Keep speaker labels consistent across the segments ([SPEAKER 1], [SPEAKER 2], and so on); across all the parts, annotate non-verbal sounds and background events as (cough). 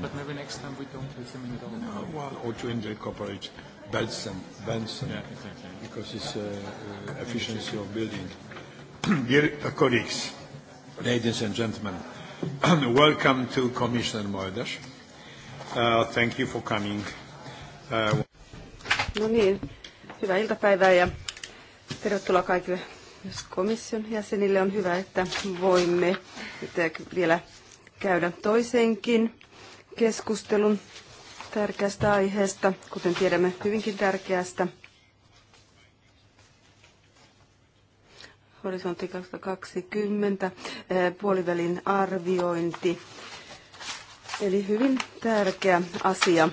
[SPEAKER 1] But maybe next time we don't use them in the oven. No, well, or to incorporate and Benson yeah, exactly. because it's uh, uh, efficiency of building. (clears throat) Dear uh, colleagues, ladies and gentlemen, (clears throat) welcome to Commissioner Moedas. Uh, thank you for coming. Uh,
[SPEAKER 2] no niin, hyvää iltapäivää ja tervetuloa kaikille myös komission jäsenille. On hyvä, että voimme nyt eh, vielä käydä toisenkin keskustelun tärkeästä aiheesta, kuten tiedämme, hyvinkin tärkeästä. Horisontti 2020, eh, puolivälin arviointi. Eli hyvin tärkeä asia.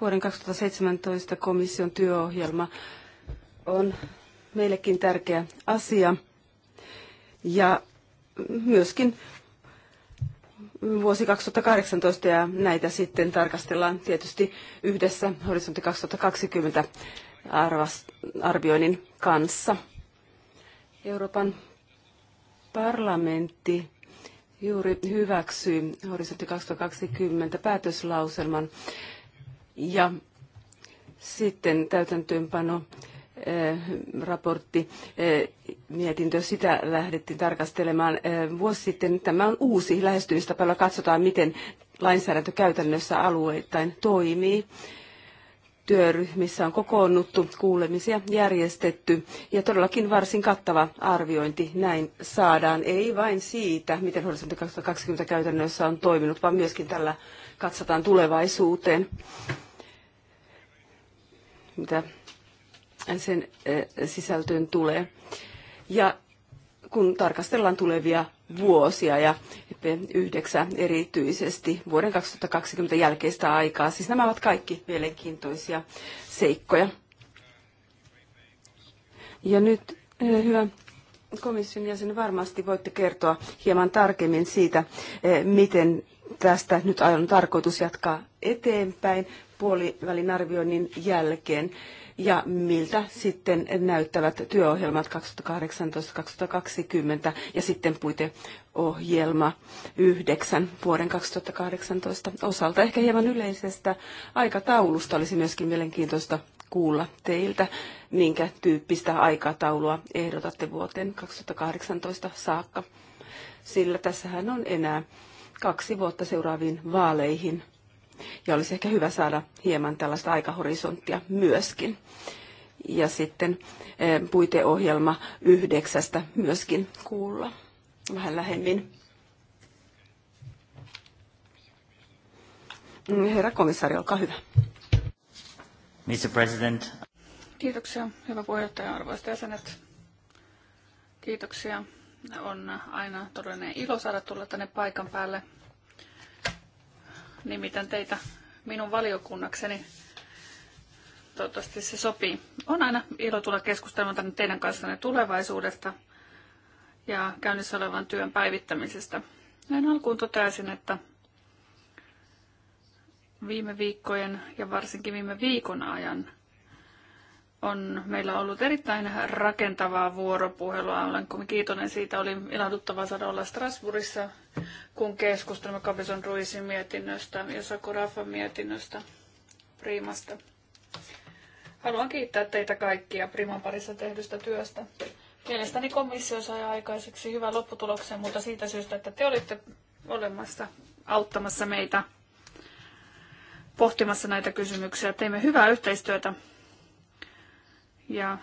[SPEAKER 2] Vuoden 2017 komission työohjelma on meillekin tärkeä asia ja myöskin vuosi 2018 ja näitä sitten tarkastellaan tietysti yhdessä horisontti 2020 arvioinnin kanssa. Euroopan parlamentti juuri hyväksyi horisontti 2020 päätöslauselman ja sitten täytäntöönpano raportti, mietintö, sitä lähdettiin tarkastelemaan vuosi sitten. Tämä on uusi lähestymistapa, jolla katsotaan, miten lainsäädäntö käytännössä alueittain toimii työryhmissä on kokoonnuttu, kuulemisia järjestetty ja todellakin varsin kattava arviointi näin saadaan. Ei vain siitä, miten horisontti 2020 käytännössä on toiminut, vaan myöskin tällä katsotaan tulevaisuuteen, mitä sen sisältöön tulee. Ja kun tarkastellaan tulevia vuosia ja EP9 erityisesti vuoden 2020 jälkeistä aikaa, siis nämä ovat kaikki mielenkiintoisia seikkoja. Ja nyt, hyvä komission jäsen, varmasti voitte kertoa hieman tarkemmin siitä, miten tästä nyt on tarkoitus jatkaa eteenpäin puolivälin arvioinnin jälkeen ja miltä sitten näyttävät työohjelmat 2018-2020 ja sitten puiteohjelma 9 vuoden 2018 osalta. Ehkä hieman yleisestä aikataulusta olisi myöskin mielenkiintoista kuulla teiltä, minkä tyyppistä aikataulua ehdotatte vuoteen 2018 saakka. Sillä tässähän on enää kaksi vuotta seuraaviin vaaleihin – ja olisi ehkä hyvä saada hieman tällaista aikahorisonttia myöskin. Ja sitten eh, puiteohjelma yhdeksästä myöskin kuulla vähän lähemmin. Herra komissaari, olkaa hyvä.
[SPEAKER 1] Mr. President. Kiitoksia, hyvä puheenjohtaja, arvoisat jäsenet. Kiitoksia. On aina todellinen ilo saada tulla tänne paikan päälle nimitän teitä minun valiokunnakseni. Toivottavasti se sopii. On aina ilo tulla keskustelemaan tänne teidän kanssanne tulevaisuudesta ja käynnissä olevan työn päivittämisestä. Näin alkuun toteaisin, että viime viikkojen ja varsinkin viime viikon ajan on meillä ollut erittäin rakentavaa vuoropuhelua. Olen kiitollinen siitä. Oli ilahduttavaa saada olla Strasbourgissa, kun keskustelimme Kapison Ruisin mietinnöstä ja Sakurafan mietinnöstä Primasta. Haluan kiittää teitä kaikkia Priman parissa tehdystä työstä. Mielestäni komissio sai aikaiseksi hyvän lopputuloksen, mutta siitä syystä, että te olitte olemassa auttamassa meitä pohtimassa näitä kysymyksiä. Teimme hyvää yhteistyötä ja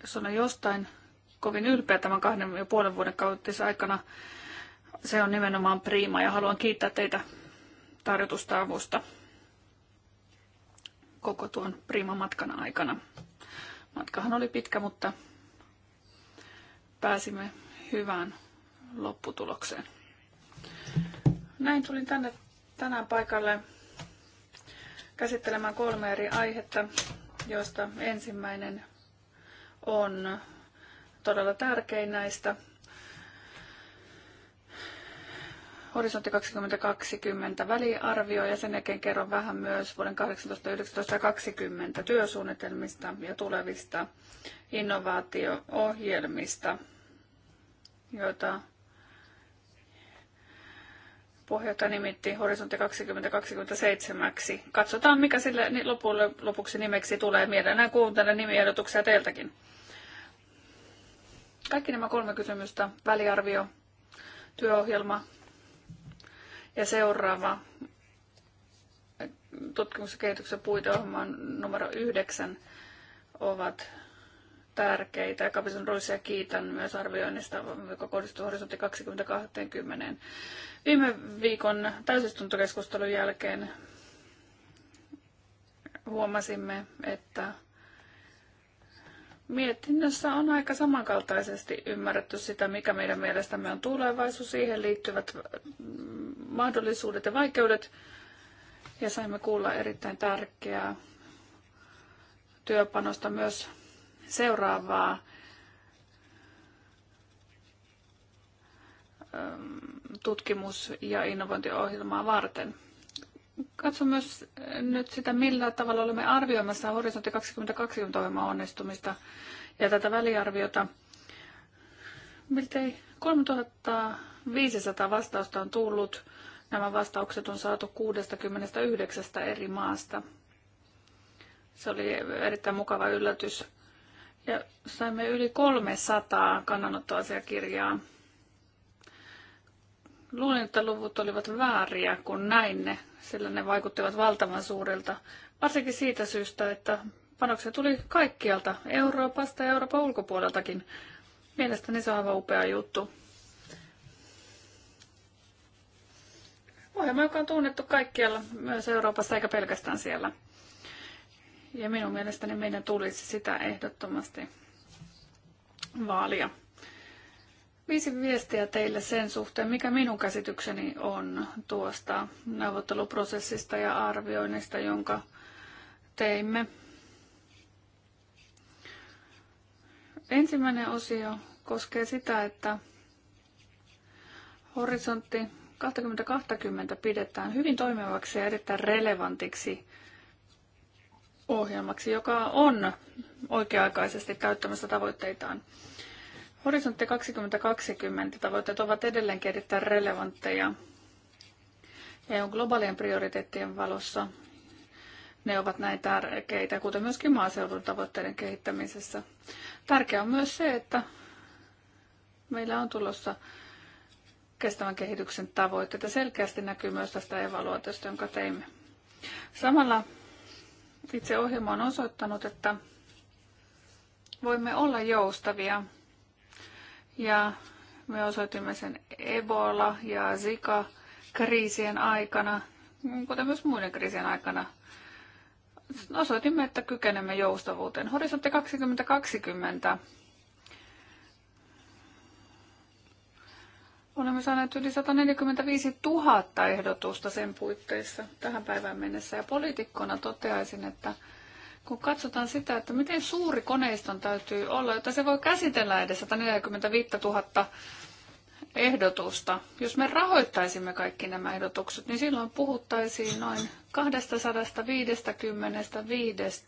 [SPEAKER 1] jos olen jostain kovin ylpeä tämän kahden ja puolen vuoden kautta aikana, se on nimenomaan Prima ja haluan kiittää teitä tarjotusta avusta koko tuon Prima-matkan aikana. Matkahan oli pitkä, mutta pääsimme hyvään lopputulokseen. Näin tulin tänne tänään paikalle käsittelemään kolme eri aihetta joista ensimmäinen on todella tärkein näistä. Horisontti 2020 väliarvio ja sen jälkeen kerron vähän myös vuoden 18, 19 ja 20 työsuunnitelmista ja tulevista innovaatio-ohjelmista, joita pohjoita nimitti Horisontti 2027. Katsotaan, mikä sille lopulle, lopuksi nimeksi tulee. Mielellään kuuntelen nimiehdotuksia teiltäkin. Kaikki nämä kolme kysymystä, väliarvio, työohjelma ja seuraava tutkimus- ja kehityksen puiteohjelman numero yhdeksän ovat tärkeitä. Kapison Ruisia kiitän myös arvioinnista, joka kohdistuu horisontti 2020. Viime viikon täysistuntokeskustelun jälkeen huomasimme, että mietinnössä on aika samankaltaisesti ymmärretty sitä, mikä meidän mielestämme on tulevaisuus, siihen liittyvät mm, mahdollisuudet ja vaikeudet. Ja saimme kuulla erittäin tärkeää työpanosta myös seuraavaa ähm, tutkimus- ja innovointiohjelmaa varten. Katso myös nyt sitä, millä tavalla olemme arvioimassa Horisontti 2020 ohjelman onnistumista ja tätä väliarviota. Miltei 3500 vastausta on tullut. Nämä vastaukset on saatu 69 eri maasta. Se oli erittäin mukava yllätys ja saimme yli 300 kannanottoasiakirjaa. Luulin, että luvut olivat vääriä, kun näin ne, sillä ne vaikuttivat valtavan suurilta. Varsinkin siitä syystä, että panoksia tuli kaikkialta, Euroopasta ja Euroopan ulkopuoleltakin. Mielestäni se on aivan upea juttu. Ohjelma, joka on tunnettu kaikkialla, myös Euroopassa eikä pelkästään siellä. Ja minun mielestäni meidän tulisi sitä ehdottomasti vaalia. Viisi viestiä teille sen suhteen, mikä minun käsitykseni on tuosta neuvotteluprosessista ja arvioinnista, jonka teimme. Ensimmäinen osio koskee sitä, että horisontti 2020 pidetään hyvin toimivaksi ja erittäin relevantiksi ohjelmaksi, joka on oikea-aikaisesti täyttämässä tavoitteitaan. Horisontti 2020 tavoitteet ovat edelleenkin erittäin relevantteja EUn globaalien prioriteettien valossa. Ne ovat näin tärkeitä, kuten myöskin maaseudun tavoitteiden kehittämisessä. Tärkeää on myös se, että meillä on tulossa kestävän kehityksen tavoitteita. Selkeästi näkyy myös tästä evaluaatiosta, jonka teimme. Samalla itse ohjelma on osoittanut, että voimme olla joustavia. Ja me osoitimme sen Ebola- ja Zika-kriisien aikana, kuten myös muiden kriisien aikana. Osoitimme, että kykenemme joustavuuteen. Horisontti 2020 Olemme saaneet yli 145 000 ehdotusta sen puitteissa tähän päivään mennessä. Ja poliitikkona toteaisin, että kun katsotaan sitä, että miten suuri koneiston täytyy olla, jotta se voi käsitellä edes 145 000 ehdotusta. Jos me rahoittaisimme kaikki nämä ehdotukset, niin silloin puhuttaisiin noin 255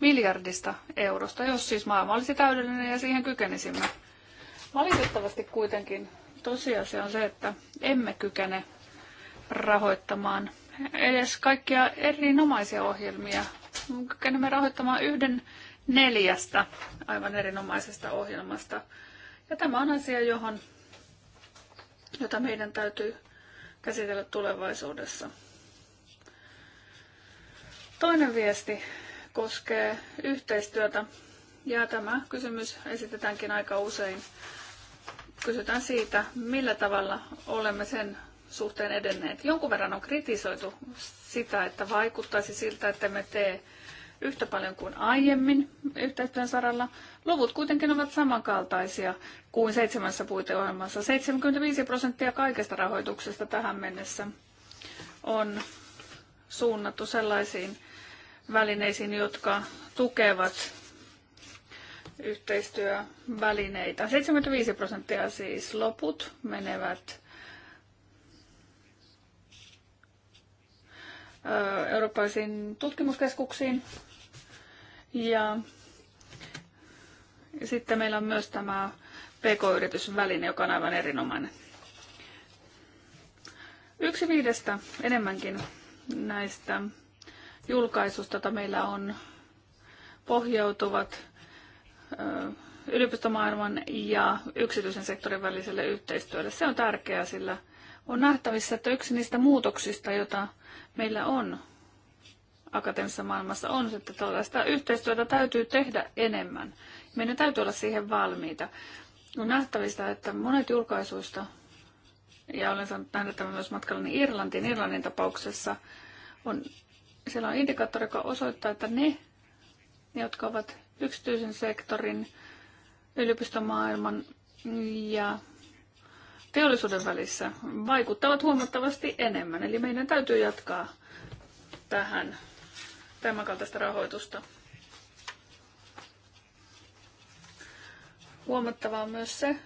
[SPEAKER 1] miljardista eurosta, jos siis maailma olisi täydellinen ja siihen kykenisimme. Valitettavasti kuitenkin tosiasia on se, että emme kykene rahoittamaan edes kaikkia erinomaisia ohjelmia. Kykenemme rahoittamaan yhden neljästä aivan erinomaisesta ohjelmasta. Ja tämä on asia, johon, jota meidän täytyy käsitellä tulevaisuudessa. Toinen viesti koskee yhteistyötä. Ja tämä kysymys esitetäänkin aika usein kysytään siitä, millä tavalla olemme sen suhteen edenneet. Jonkun verran on kritisoitu sitä, että vaikuttaisi siltä, että me tee yhtä paljon kuin aiemmin yhteistyön saralla. Luvut kuitenkin ovat samankaltaisia kuin seitsemässä puiteohjelmassa. 75 prosenttia kaikesta rahoituksesta tähän mennessä on suunnattu sellaisiin välineisiin, jotka tukevat yhteistyövälineitä. 75 prosenttia siis loput menevät eurooppalaisiin tutkimuskeskuksiin. Ja sitten meillä on myös tämä PK-yritysväline, joka on aivan erinomainen. Yksi viidestä enemmänkin näistä julkaisusta, joita meillä on, pohjautuvat yliopistomaailman ja yksityisen sektorin väliselle yhteistyölle. Se on tärkeää, sillä on nähtävissä, että yksi niistä muutoksista, jota meillä on akateemisessa maailmassa, on se, että tällaista yhteistyötä täytyy tehdä enemmän. Meidän täytyy olla siihen valmiita. On nähtävissä, että monet julkaisuista, ja olen saanut nähdä tämän myös matkallani Irlantiin, Irlannin tapauksessa, on, siellä on indikaattori, joka osoittaa, että ne, jotka ovat yksityisen sektorin, yliopistomaailman ja teollisuuden välissä vaikuttavat huomattavasti enemmän. Eli meidän täytyy jatkaa tähän tämän kaltaista rahoitusta. Huomattavaa on myös se,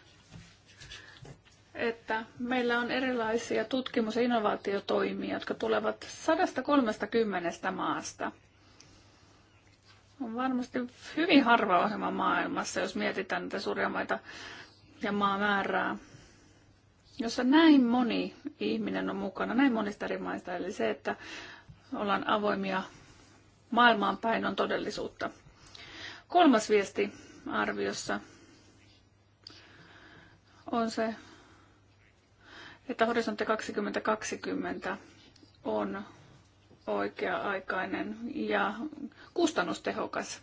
[SPEAKER 1] että meillä on erilaisia tutkimus- ja innovaatiotoimia, jotka tulevat 130 maasta – on varmasti hyvin harva ohjelma maailmassa, jos mietitään niitä suuria maita ja maamäärää, jossa näin moni ihminen on mukana, näin monista eri maista. Eli se, että ollaan avoimia maailmaan päin on todellisuutta. Kolmas viesti arviossa on se, että horisontti 2020 on oikea-aikainen ja kustannustehokas.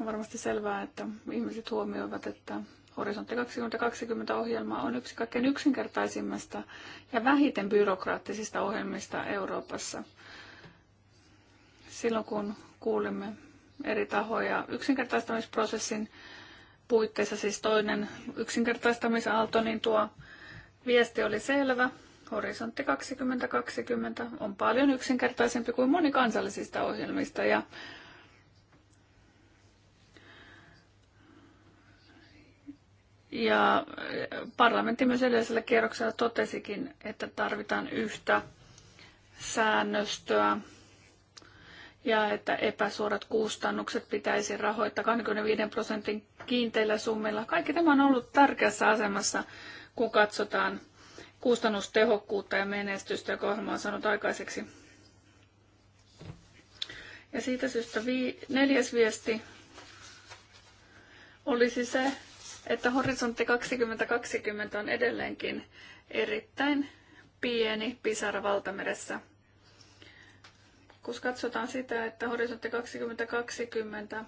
[SPEAKER 1] On varmasti selvää, että ihmiset huomioivat, että Horisontti 2020 ohjelma on yksi kaikkein yksinkertaisimmista ja vähiten byrokraattisista ohjelmista Euroopassa. Silloin kun kuulimme eri tahoja yksinkertaistamisprosessin puitteissa, siis toinen yksinkertaistamisaalto, niin tuo viesti oli selvä. Horisontti 2020 on paljon yksinkertaisempi kuin moni kansallisista ohjelmista ja Ja parlamentti myös edellisellä kierroksella totesikin, että tarvitaan yhtä säännöstöä ja että epäsuorat kustannukset pitäisi rahoittaa 25 prosentin kiinteillä summilla. Kaikki tämä on ollut tärkeässä asemassa, kun katsotaan kustannustehokkuutta ja menestystä, joka ohjelma on saanut aikaiseksi. Ja siitä syystä vi- neljäs viesti olisi se, että horisontti 2020 on edelleenkin erittäin pieni pisara valtameressä. Kun katsotaan sitä, että horisontti 2020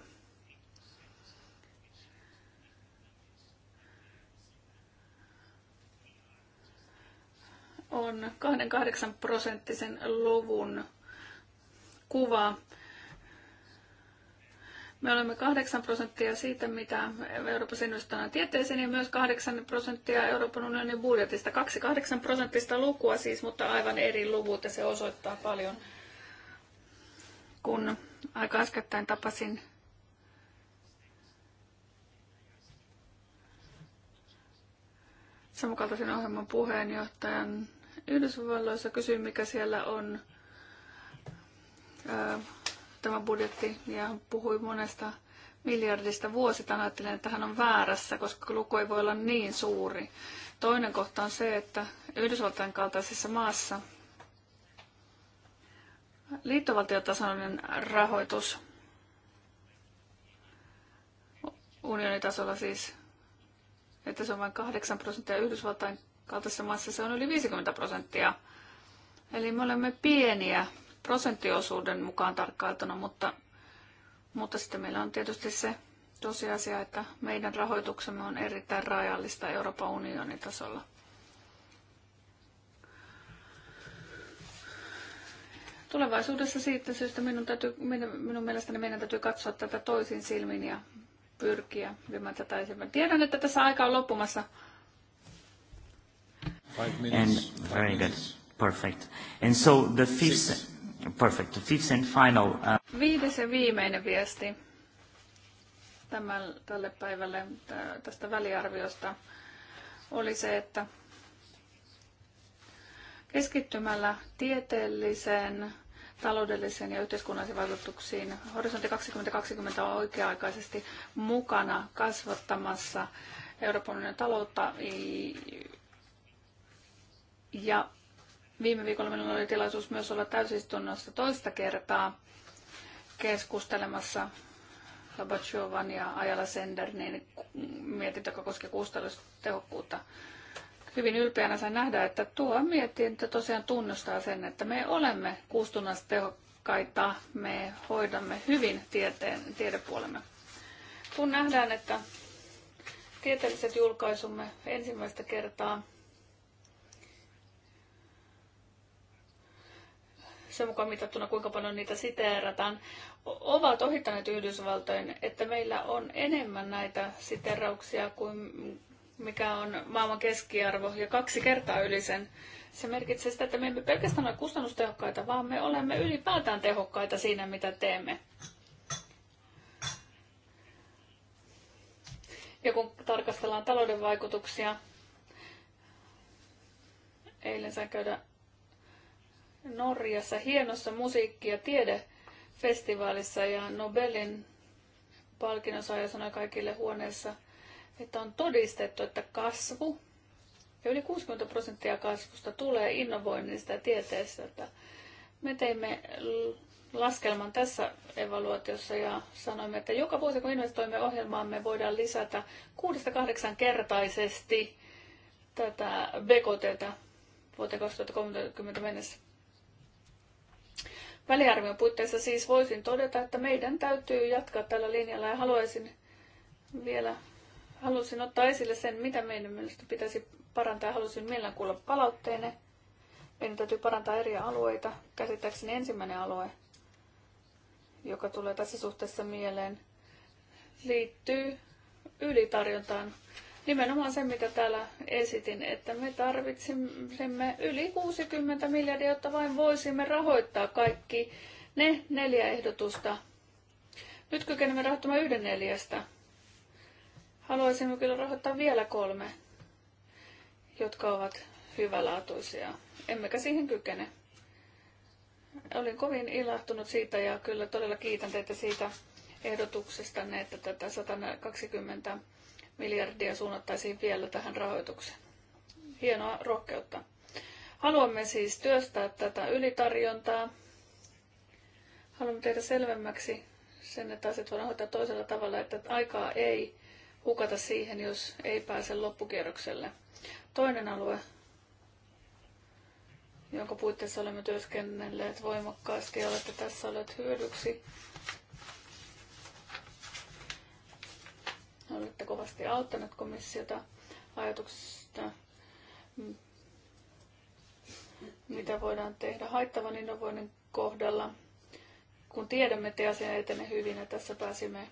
[SPEAKER 1] on 28 prosenttisen luvun kuva. Me olemme 8 prosenttia siitä, mitä Euroopan sinustana tieteeseen, ja myös 8 prosenttia Euroopan unionin budjetista. 28 prosenttista lukua siis, mutta aivan eri luvut, ja se osoittaa paljon. Kun aika äskettäin tapasin samankaltaisen ohjelman puheenjohtajan Yhdysvalloissa, kysyin mikä siellä on tämä budjetti, ja hän puhui monesta miljardista vuosittain. Ajattelen, että hän on väärässä, koska luku ei voi olla niin suuri. Toinen kohta on se, että Yhdysvaltain kaltaisessa maassa liittovaltiotasoinen rahoitus unionitasolla siis, että se on vain 8 prosenttia Yhdysvaltain kaltaisessa maassa se on yli 50 prosenttia. Eli me olemme pieniä prosenttiosuuden mukaan tarkkailtuna, mutta, mutta sitten meillä on tietysti se tosiasia, että meidän rahoituksemme on erittäin rajallista Euroopan unionin tasolla. Tulevaisuudessa siitä syystä minun, täytyy, minun, minun mielestäni meidän täytyy katsoa tätä toisin silmin ja pyrkiä viemään tätä eteenpäin. Tiedän, että tässä aika on loppumassa. Five minutes. And very good. Perfect. And so the fifth, Six. perfect. The fifth and final. Uh, Viides ja viimeinen viesti tämän, tälle päivälle tästä väliarviosta oli se, että keskittymällä tieteelliseen, taloudelliseen ja yhteiskunnallisiin vaikutuksiin Horisontti 2020 on oikea-aikaisesti mukana kasvattamassa Euroopan unionin taloutta ja viime viikolla minulla oli tilaisuus myös olla täysistunnossa toista kertaa keskustelemassa Labachovan ja Ajala niin mietintö, joka koskee kustannustehokkuutta. Hyvin ylpeänä sain nähdä, että tuo mietintö tosiaan tunnustaa sen, että me olemme kustannustehokkaita, me hoidamme hyvin tieteen, tiedepuolemme. Kun nähdään, että tieteelliset julkaisumme ensimmäistä kertaa sen mukaan mitattuna kuinka paljon niitä siteerataan, ovat ohittaneet Yhdysvaltojen, että meillä on enemmän näitä siterauksia kuin mikä on maailman keskiarvo ja kaksi kertaa yli sen. Se merkitsee sitä, että me emme pelkästään ole kustannustehokkaita, vaan me olemme ylipäätään tehokkaita siinä, mitä teemme. Ja kun tarkastellaan talouden vaikutuksia, eilen sain käydä Norjassa hienossa musiikki- ja tiedefestivaalissa ja Nobelin palkinnon sanoi kaikille huoneessa, että on todistettu, että kasvu ja yli 60 prosenttia kasvusta tulee innovoinnista ja tieteestä. Että me teimme laskelman tässä evaluaatiossa ja sanoimme, että joka vuosi kun investoimme ohjelmaan, me voidaan lisätä 6-8 kertaisesti tätä BKTtä vuoteen 2030 mennessä. Väliarvion puitteissa siis voisin todeta, että meidän täytyy jatkaa tällä linjalla ja haluaisin vielä halusin ottaa esille sen, mitä meidän mielestä pitäisi parantaa. Halusin mielellään kuulla palautteenne. Meidän täytyy parantaa eri alueita. Käsittääkseni ensimmäinen alue, joka tulee tässä suhteessa mieleen, liittyy ylitarjontaan nimenomaan se, mitä täällä esitin, että me tarvitsemme yli 60 miljardia, jotta vain voisimme rahoittaa kaikki ne neljä ehdotusta. Nyt kykenemme rahoittamaan yhden neljästä. Haluaisimme kyllä rahoittaa vielä kolme, jotka ovat hyvälaatuisia. Emmekä siihen kykene. Olin kovin ilahtunut siitä ja kyllä todella kiitän teitä siitä ehdotuksestanne, että tätä 120 miljardia suunnattaisiin vielä tähän rahoitukseen. Hienoa rohkeutta. Haluamme siis työstää tätä ylitarjontaa. Haluamme tehdä selvemmäksi sen, että asiat voidaan hoitaa toisella tavalla, että aikaa ei hukata siihen, jos ei pääse loppukierrokselle. Toinen alue, jonka puitteissa olemme työskennelleet voimakkaasti ja olette tässä olleet hyödyksi, Olette kovasti auttanut komissiota ajatuksesta, mitä voidaan tehdä haittavan innovoinnin kohdalla. Kun tiedämme, että asia etenee hyvin ja tässä pääsimme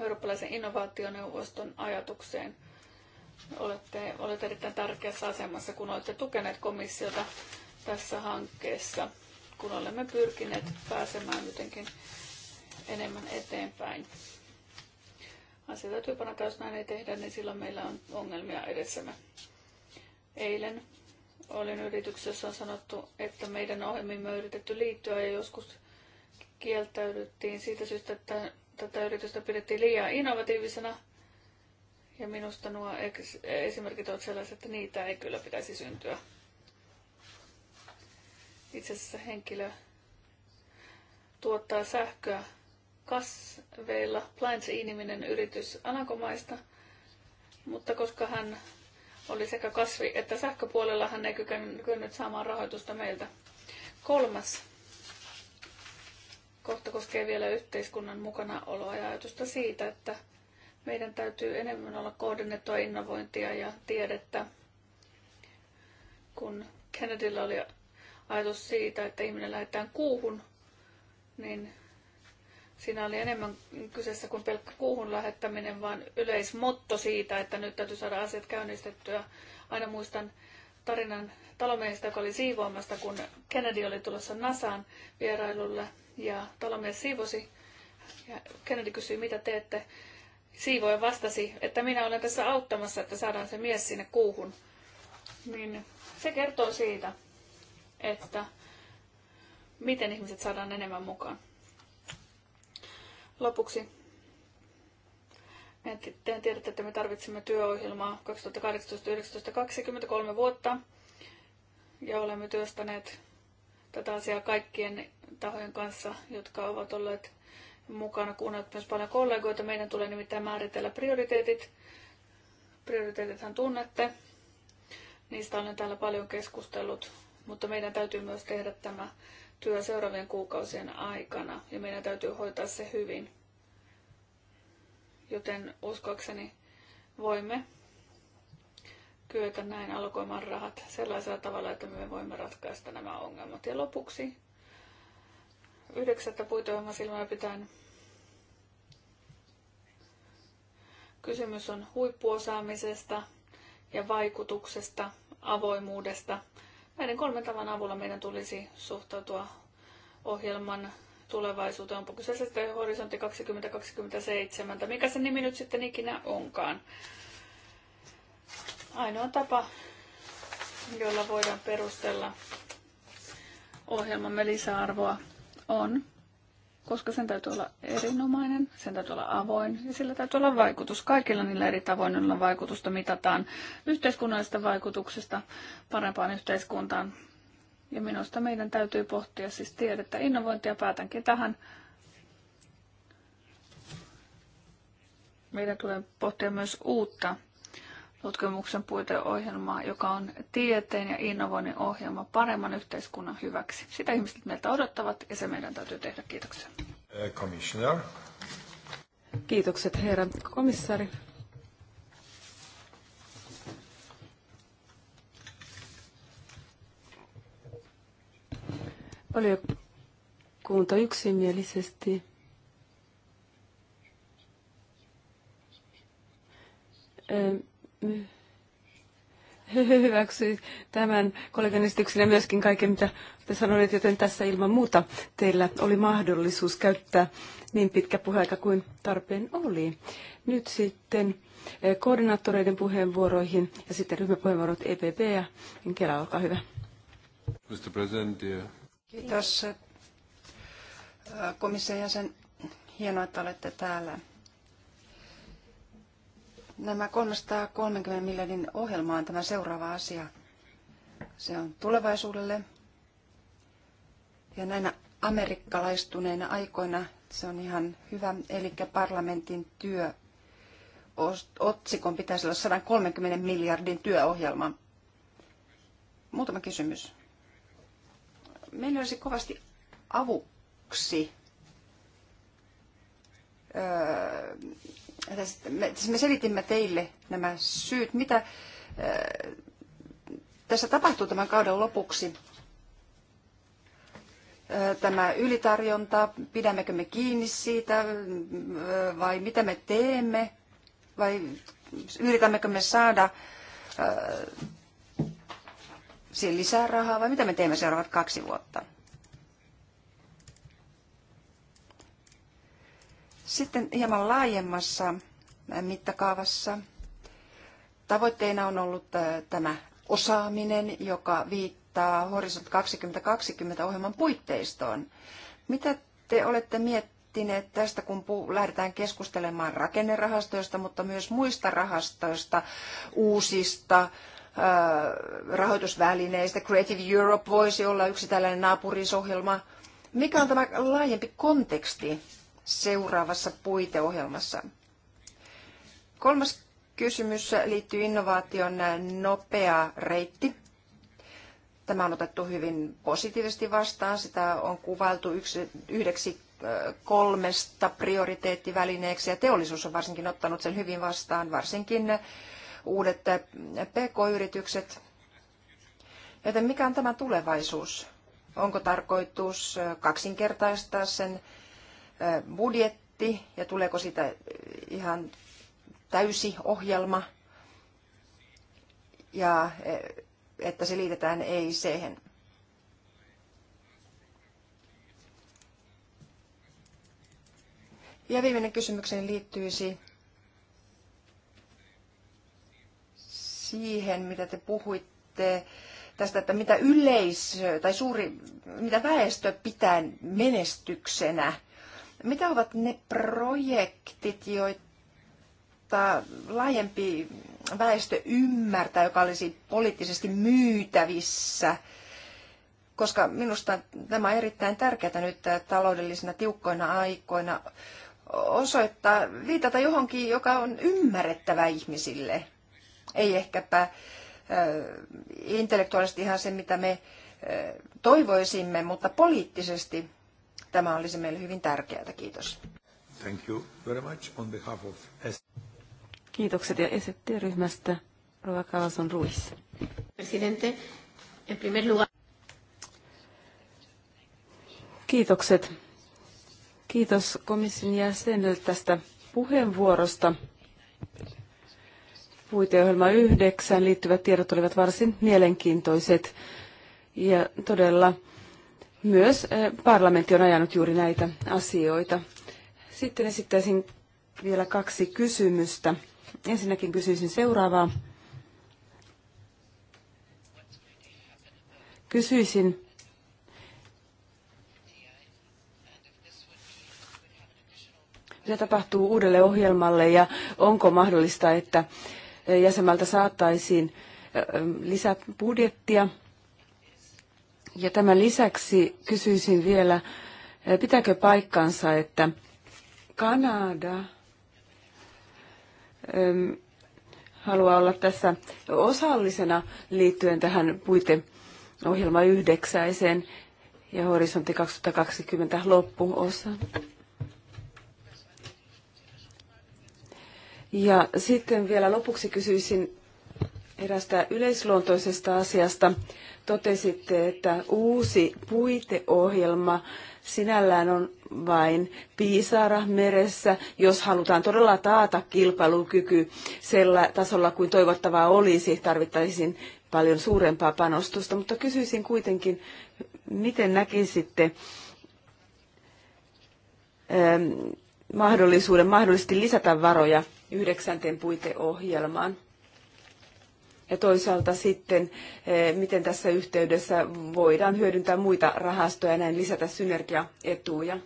[SPEAKER 1] eurooppalaisen innovaationeuvoston ajatukseen, olette, olette erittäin tärkeässä asemassa, kun olette tukeneet komissiota tässä hankkeessa, kun olemme pyrkineet pääsemään jotenkin enemmän eteenpäin. Asia täytyy panna, jos näin ei tehdä, niin silloin meillä on ongelmia edessämme. Eilen olin yrityksessä, on sanottu, että meidän ohjelmiin on yritetty liittyä ja joskus kieltäydyttiin siitä syystä, että tätä yritystä pidettiin liian innovatiivisena. Ja minusta nuo esimerkit ovat sellaiset, että niitä ei kyllä pitäisi syntyä. Itse asiassa henkilö tuottaa sähköä kasveilla, Plants-niminen yritys Anakomaista, mutta koska hän oli sekä kasvi- että sähköpuolella, hän ei kykennyt saamaan rahoitusta meiltä. Kolmas kohta koskee vielä yhteiskunnan mukanaoloa ja ajatusta siitä, että meidän täytyy enemmän olla kohdennettua innovointia ja tiedettä. Kun Kennedyllä oli ajatus siitä, että ihminen lähetetään kuuhun, niin Siinä oli enemmän kyseessä kuin pelkkä kuuhun lähettäminen, vaan yleismotto siitä, että nyt täytyy saada asiat käynnistettyä. Aina muistan tarinan talomiehestä, joka oli siivoamasta, kun Kennedy oli tulossa Nasaan vierailulle ja talomies siivosi. Ja Kennedy kysyi, mitä teette? Siivoja vastasi, että minä olen tässä auttamassa, että saadaan se mies sinne kuuhun. Niin se kertoo siitä, että miten ihmiset saadaan enemmän mukaan. Lopuksi teidän tiedätte, että me tarvitsemme työohjelmaa 2018-2023 vuotta ja olemme työstäneet tätä asiaa kaikkien tahojen kanssa, jotka ovat olleet mukana, kuunnelleet myös paljon kollegoita. Meidän tulee nimittäin määritellä prioriteetit. Prioriteetithan tunnette. Niistä olen täällä paljon keskustellut, mutta meidän täytyy myös tehdä tämä työ seuraavien kuukausien aikana ja meidän täytyy hoitaa se hyvin. Joten uskoakseni voimme kyetä näin alkoimaan rahat sellaisella tavalla, että me voimme ratkaista nämä ongelmat. Ja lopuksi yhdeksättä puitoimaa silmää pitäen kysymys on huippuosaamisesta ja vaikutuksesta, avoimuudesta Näiden kolmen tavan avulla meidän tulisi suhtautua ohjelman tulevaisuuteen, onko kyseessä sitten horisontti 2027, tai mikä se nimi nyt sitten ikinä onkaan. Ainoa tapa, jolla voidaan perustella ohjelmamme lisäarvoa, on koska sen täytyy olla erinomainen, sen täytyy olla avoin ja sillä täytyy olla vaikutus. Kaikilla niillä eri tavoilla vaikutusta mitataan yhteiskunnallisesta vaikutuksesta parempaan yhteiskuntaan. Ja minusta meidän täytyy pohtia siis tiedettä innovointia. Päätänkin tähän. Meidän tulee pohtia myös uutta tutkimuksen puiteohjelmaa, joka on tieteen ja innovoinnin ohjelma paremman yhteiskunnan hyväksi. Sitä ihmiset meiltä odottavat ja se meidän täytyy tehdä. Kiitoksia. Eh, commissioner. Kiitokset herra
[SPEAKER 2] komissaari. Valiokunta yksimielisesti hyväksyi tämän kollegan esityksen ja myöskin kaiken, mitä te sanoneet, joten tässä ilman muuta teillä oli mahdollisuus käyttää niin pitkä puheaika kuin tarpeen oli. Nyt sitten eh, koordinaattoreiden puheenvuoroihin ja sitten ryhmäpuheenvuorot EPP ja Kela, olkaa hyvä.
[SPEAKER 3] Kiitos eh, komission jäsen. Hienoa, että olette täällä. Nämä 330 miljardin ohjelma on tämä seuraava asia. Se on tulevaisuudelle. Ja näinä amerikkalaistuneina aikoina se on ihan hyvä. Eli parlamentin työ otsikon pitäisi olla 130 miljardin työohjelma. Muutama kysymys. Meillä olisi kovasti avuksi Siis me, selitimme teille nämä syyt, mitä äh, tässä tapahtuu tämän kauden lopuksi. Äh, tämä ylitarjonta, pidämmekö me kiinni siitä äh, vai mitä me teemme vai yritämmekö me saada siihen lisää rahaa vai mitä me teemme seuraavat kaksi vuotta. Sitten hieman laajemmassa äh, mittakaavassa tavoitteena on ollut äh, tämä osaaminen, joka viittaa Horisont 2020 ohjelman puitteistoon. Mitä te olette miettineet tästä, kun lähdetään keskustelemaan rakennerahastoista, mutta myös muista rahastoista, uusista äh, rahoitusvälineistä. Creative Europe voisi olla yksi tällainen naapurisohjelma. Mikä on tämä laajempi konteksti seuraavassa puiteohjelmassa. Kolmas kysymys liittyy innovaation nopea reitti. Tämä on otettu hyvin positiivisesti vastaan. Sitä on kuvailtu yksi, yhdeksi kolmesta prioriteettivälineeksi ja teollisuus on varsinkin ottanut sen hyvin vastaan, varsinkin uudet PK-yritykset. Joten mikä on tämä tulevaisuus? Onko tarkoitus kaksinkertaistaa sen budjetti ja tuleeko siitä ihan täysi ohjelma ja että se liitetään ei siihen Ja viimeinen kysymykseni liittyisi siihen, mitä te puhuitte tästä, että mitä yleis- tai suuri, mitä väestö pitää menestyksenä. Mitä ovat ne projektit, joita laajempi väestö ymmärtää, joka olisi poliittisesti myytävissä? Koska minusta tämä on erittäin tärkeää nyt taloudellisina tiukkoina aikoina osoittaa, viitata johonkin, joka on ymmärrettävä ihmisille. Ei ehkäpä intellektuaalisesti ihan se, mitä me toivoisimme, mutta poliittisesti Tämä olisi meille hyvin tärkeää. Kiitos.
[SPEAKER 1] Thank you very much on behalf of S-
[SPEAKER 3] Kiitokset
[SPEAKER 2] ja ST-ryhmästä. Rova Kavason Ruiz. Presidente, en primer lugar... Kiitokset. Kiitos komission jäsenille tästä puheenvuorosta. Puiteohjelma 9 liittyvät tiedot olivat varsin mielenkiintoiset ja todella myös eh, parlamentti on ajanut juuri näitä asioita. Sitten esittäisin vielä kaksi kysymystä. Ensinnäkin kysyisin seuraavaa. Kysyisin, mitä tapahtuu uudelle ohjelmalle ja onko mahdollista, että jäsenmältä saataisiin eh, lisäbudjettia ja tämän lisäksi kysyisin vielä, pitääkö paikkansa, että Kanada äm, haluaa olla tässä osallisena liittyen tähän puiteohjelma yhdeksäiseen ja horisontti 2020 loppuosaan. Ja sitten vielä lopuksi kysyisin erästä yleisluontoisesta asiasta. Totesitte, että uusi puiteohjelma sinällään on vain piisara meressä, jos halutaan todella taata kilpailukyky sillä tasolla kuin toivottavaa olisi, tarvittaisiin paljon suurempaa panostusta, mutta kysyisin kuitenkin, miten näkisitte ehm, mahdollisuuden mahdollisesti lisätä varoja yhdeksänteen puiteohjelmaan? Ja toisaalta sitten, eh, miten tässä yhteydessä voidaan hyödyntää muita rahastoja ja näin lisätä synergiaetuja.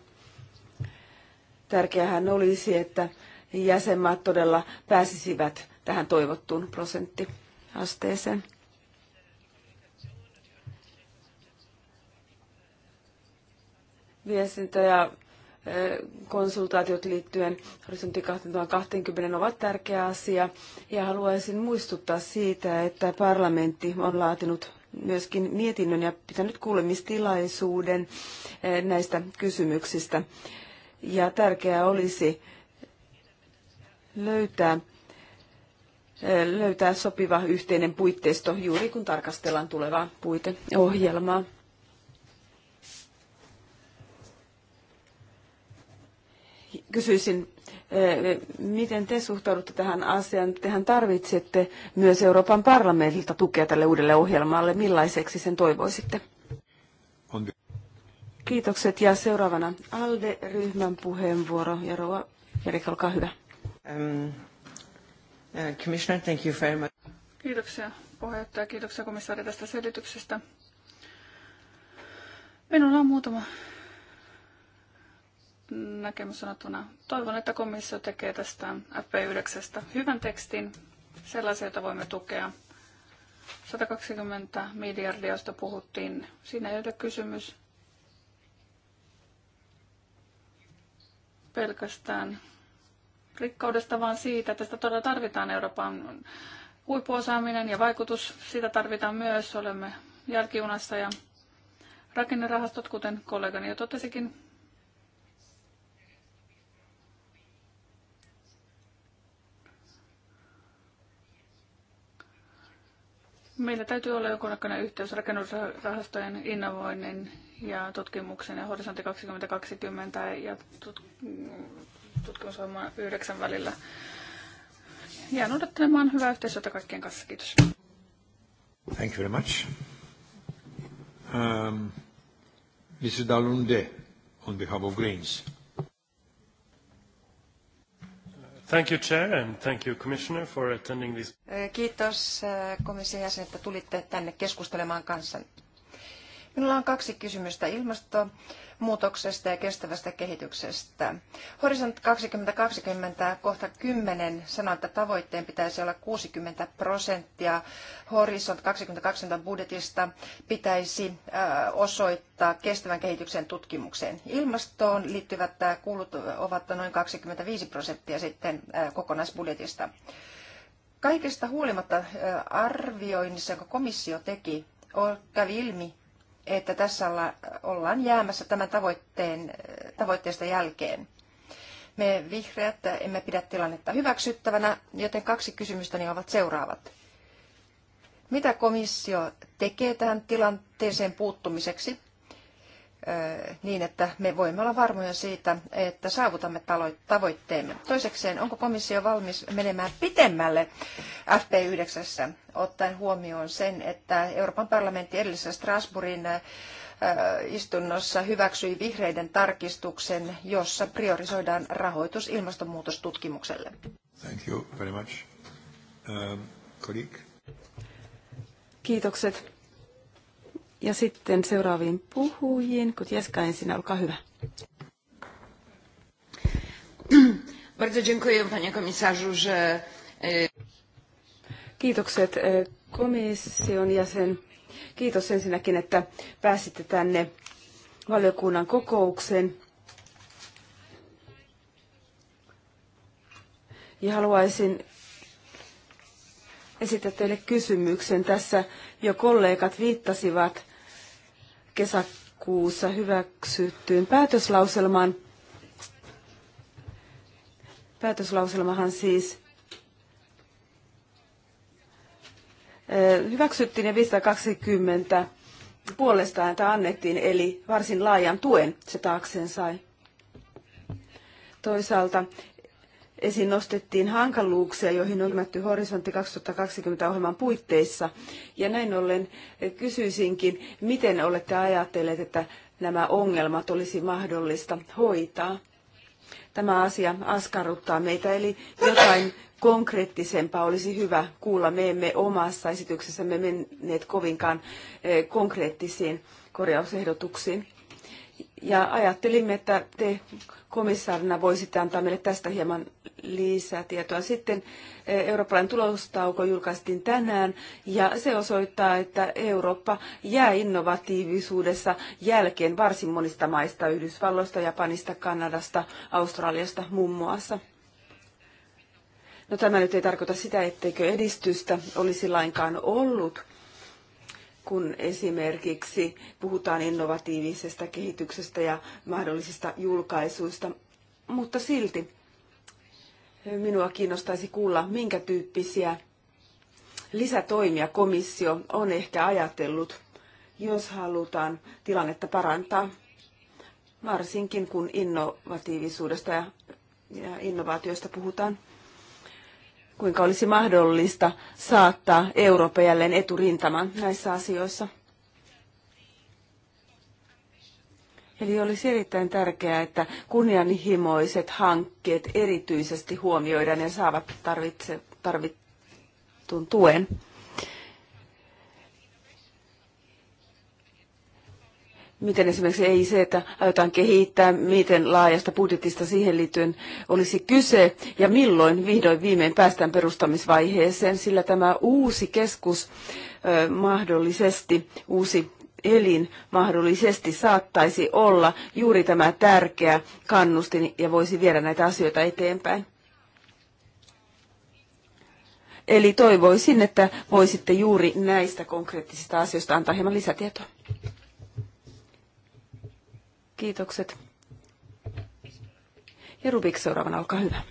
[SPEAKER 2] Tärkeähän olisi, että jäsenmaat todella pääsisivät tähän toivottuun prosenttiasteeseen. Viestintä ja konsultaatiot liittyen horisontti 2020 ovat tärkeä asia ja haluaisin muistuttaa siitä, että parlamentti on laatinut myöskin mietinnön ja pitänyt kuulemistilaisuuden näistä kysymyksistä. Ja tärkeää olisi löytää, löytää sopiva yhteinen puitteisto juuri kun tarkastellaan tulevaa puiteohjelmaa. kysyisin, eh, miten te suhtaudutte tähän asiaan? Tehän tarvitsette myös Euroopan parlamentilta tukea tälle uudelle ohjelmalle. Millaiseksi sen toivoisitte? Kiitokset ja seuraavana ALDE-ryhmän puheenvuoro. Jaroa, Erik, olkaa hyvä. Um, uh,
[SPEAKER 3] commissioner, thank you very much.
[SPEAKER 1] Kiitoksia puheenjohtaja, kiitoksia komissaari tästä selityksestä. Minulla on muutama näkemys sanottuna. Toivon, että komissio tekee tästä FP9 hyvän tekstin, sellaisia, joita voimme tukea. 120 miljardia, josta puhuttiin, siinä ei ole kysymys pelkästään rikkaudesta, vaan siitä, että sitä todella tarvitaan Euroopan huippuosaaminen ja vaikutus. Sitä tarvitaan myös, olemme jälkiunassa ja rakennerahastot, kuten kollegani jo totesikin, Meillä täytyy olla jonkunnäköinen yhteys rakennusrahastojen innovoinnin ja tutkimuksen ja horisontti 2020 ja tutkimusohjelman yhdeksän välillä. Jään odottelemaan hyvää yhteistyötä kaikkien kanssa. Kiitos. Thank you very much. Um, Mrs. Dalunde on behalf of Greens. Thank you, Chair, and thank you, Commissioner, for attending this.
[SPEAKER 3] Kiitos eh, komission jäsen, että tulitte tänne keskustelemaan kanssani. Minulla on kaksi kysymystä ilmastonmuutoksesta ja kestävästä kehityksestä. Horisont 2020 kohta 10 sanoo, että tavoitteen pitäisi olla 60 prosenttia. Horisont 2020 budjetista pitäisi äh, osoittaa kestävän kehityksen tutkimukseen. Ilmastoon liittyvät äh, kulut ovat noin 25 prosenttia sitten äh, kokonaisbudjetista. Kaikesta huolimatta arvioinnissa, jonka komissio teki, kävi ilmi, että tässä ollaan jäämässä tämän tavoitteen, tavoitteesta jälkeen. Me vihreät emme pidä tilannetta hyväksyttävänä, joten kaksi kysymystäni ovat seuraavat. Mitä komissio tekee tähän tilanteeseen puuttumiseksi? niin, että me voimme olla varmoja siitä, että saavutamme tavoitteemme. Toisekseen, onko komissio valmis menemään pitemmälle FP9, ottaen huomioon sen, että Euroopan parlamentti edellisessä Strasbourgin istunnossa hyväksyi vihreiden tarkistuksen, jossa priorisoidaan rahoitus ilmastonmuutostutkimukselle.
[SPEAKER 1] Thank you very much. Um,
[SPEAKER 3] Kiitokset.
[SPEAKER 2] Ja sitten seuraaviin puhujiin, Kut Jeska ensin, olkaa hyvä.
[SPEAKER 3] Bardzo dziękuję, panie komisarzu, że... E,
[SPEAKER 2] Kiitokset e, komission jäsen. Kiitos ensinnäkin, että pääsitte tänne valiokunnan kokoukseen. Ja haluaisin esittää teille kysymyksen. Tässä jo kollegat viittasivat kesäkuussa hyväksyttyyn päätöslauselmaan. Päätöslauselmahan siis hyväksyttiin ja 520 puolesta ääntä annettiin, eli varsin laajan tuen se taakseen sai. Toisaalta esiin nostettiin hankaluuksia, joihin on ilmätty Horisontti 2020 ohjelman puitteissa. Ja näin ollen eh, kysyisinkin, miten olette ajatelleet, että nämä ongelmat olisi mahdollista hoitaa? Tämä asia askarruttaa meitä, eli jotain konkreettisempaa olisi hyvä kuulla. Me emme omassa esityksessämme menneet kovinkaan eh, konkreettisiin korjausehdotuksiin. Ja ajattelimme, että te komissaarina voisitte antaa meille tästä hieman lisää tietoa. Sitten eh, eurooppalainen tulostauko julkaistiin tänään ja se osoittaa, että Eurooppa jää innovatiivisuudessa jälkeen varsin monista maista, Yhdysvalloista, Japanista, Kanadasta, Australiasta muun muassa. No tämä nyt ei tarkoita sitä, etteikö edistystä olisi lainkaan ollut, kun esimerkiksi puhutaan innovatiivisesta kehityksestä ja mahdollisista julkaisuista, mutta silti minua kiinnostaisi kuulla, minkä tyyppisiä lisätoimia komissio on ehkä ajatellut, jos halutaan tilannetta parantaa, varsinkin kun innovatiivisuudesta ja innovaatioista puhutaan kuinka olisi mahdollista saattaa Eurooppa jälleen eturintamaan näissä asioissa. Eli olisi erittäin tärkeää, että kunnianhimoiset hankkeet erityisesti huomioidaan ja saavat tarvitse, tarvitun tuen. miten esimerkiksi ei se, että aiotaan kehittää, miten laajasta budjetista siihen liittyen olisi kyse ja milloin vihdoin viimein päästään perustamisvaiheeseen, sillä tämä uusi keskus mahdollisesti, uusi elin mahdollisesti saattaisi olla juuri tämä tärkeä kannustin ja voisi viedä näitä asioita eteenpäin. Eli toivoisin, että voisitte juuri näistä konkreettisista asioista antaa hieman lisätietoa. Kiitokset. Ja Rubik seuraavana, olkaa hyvä.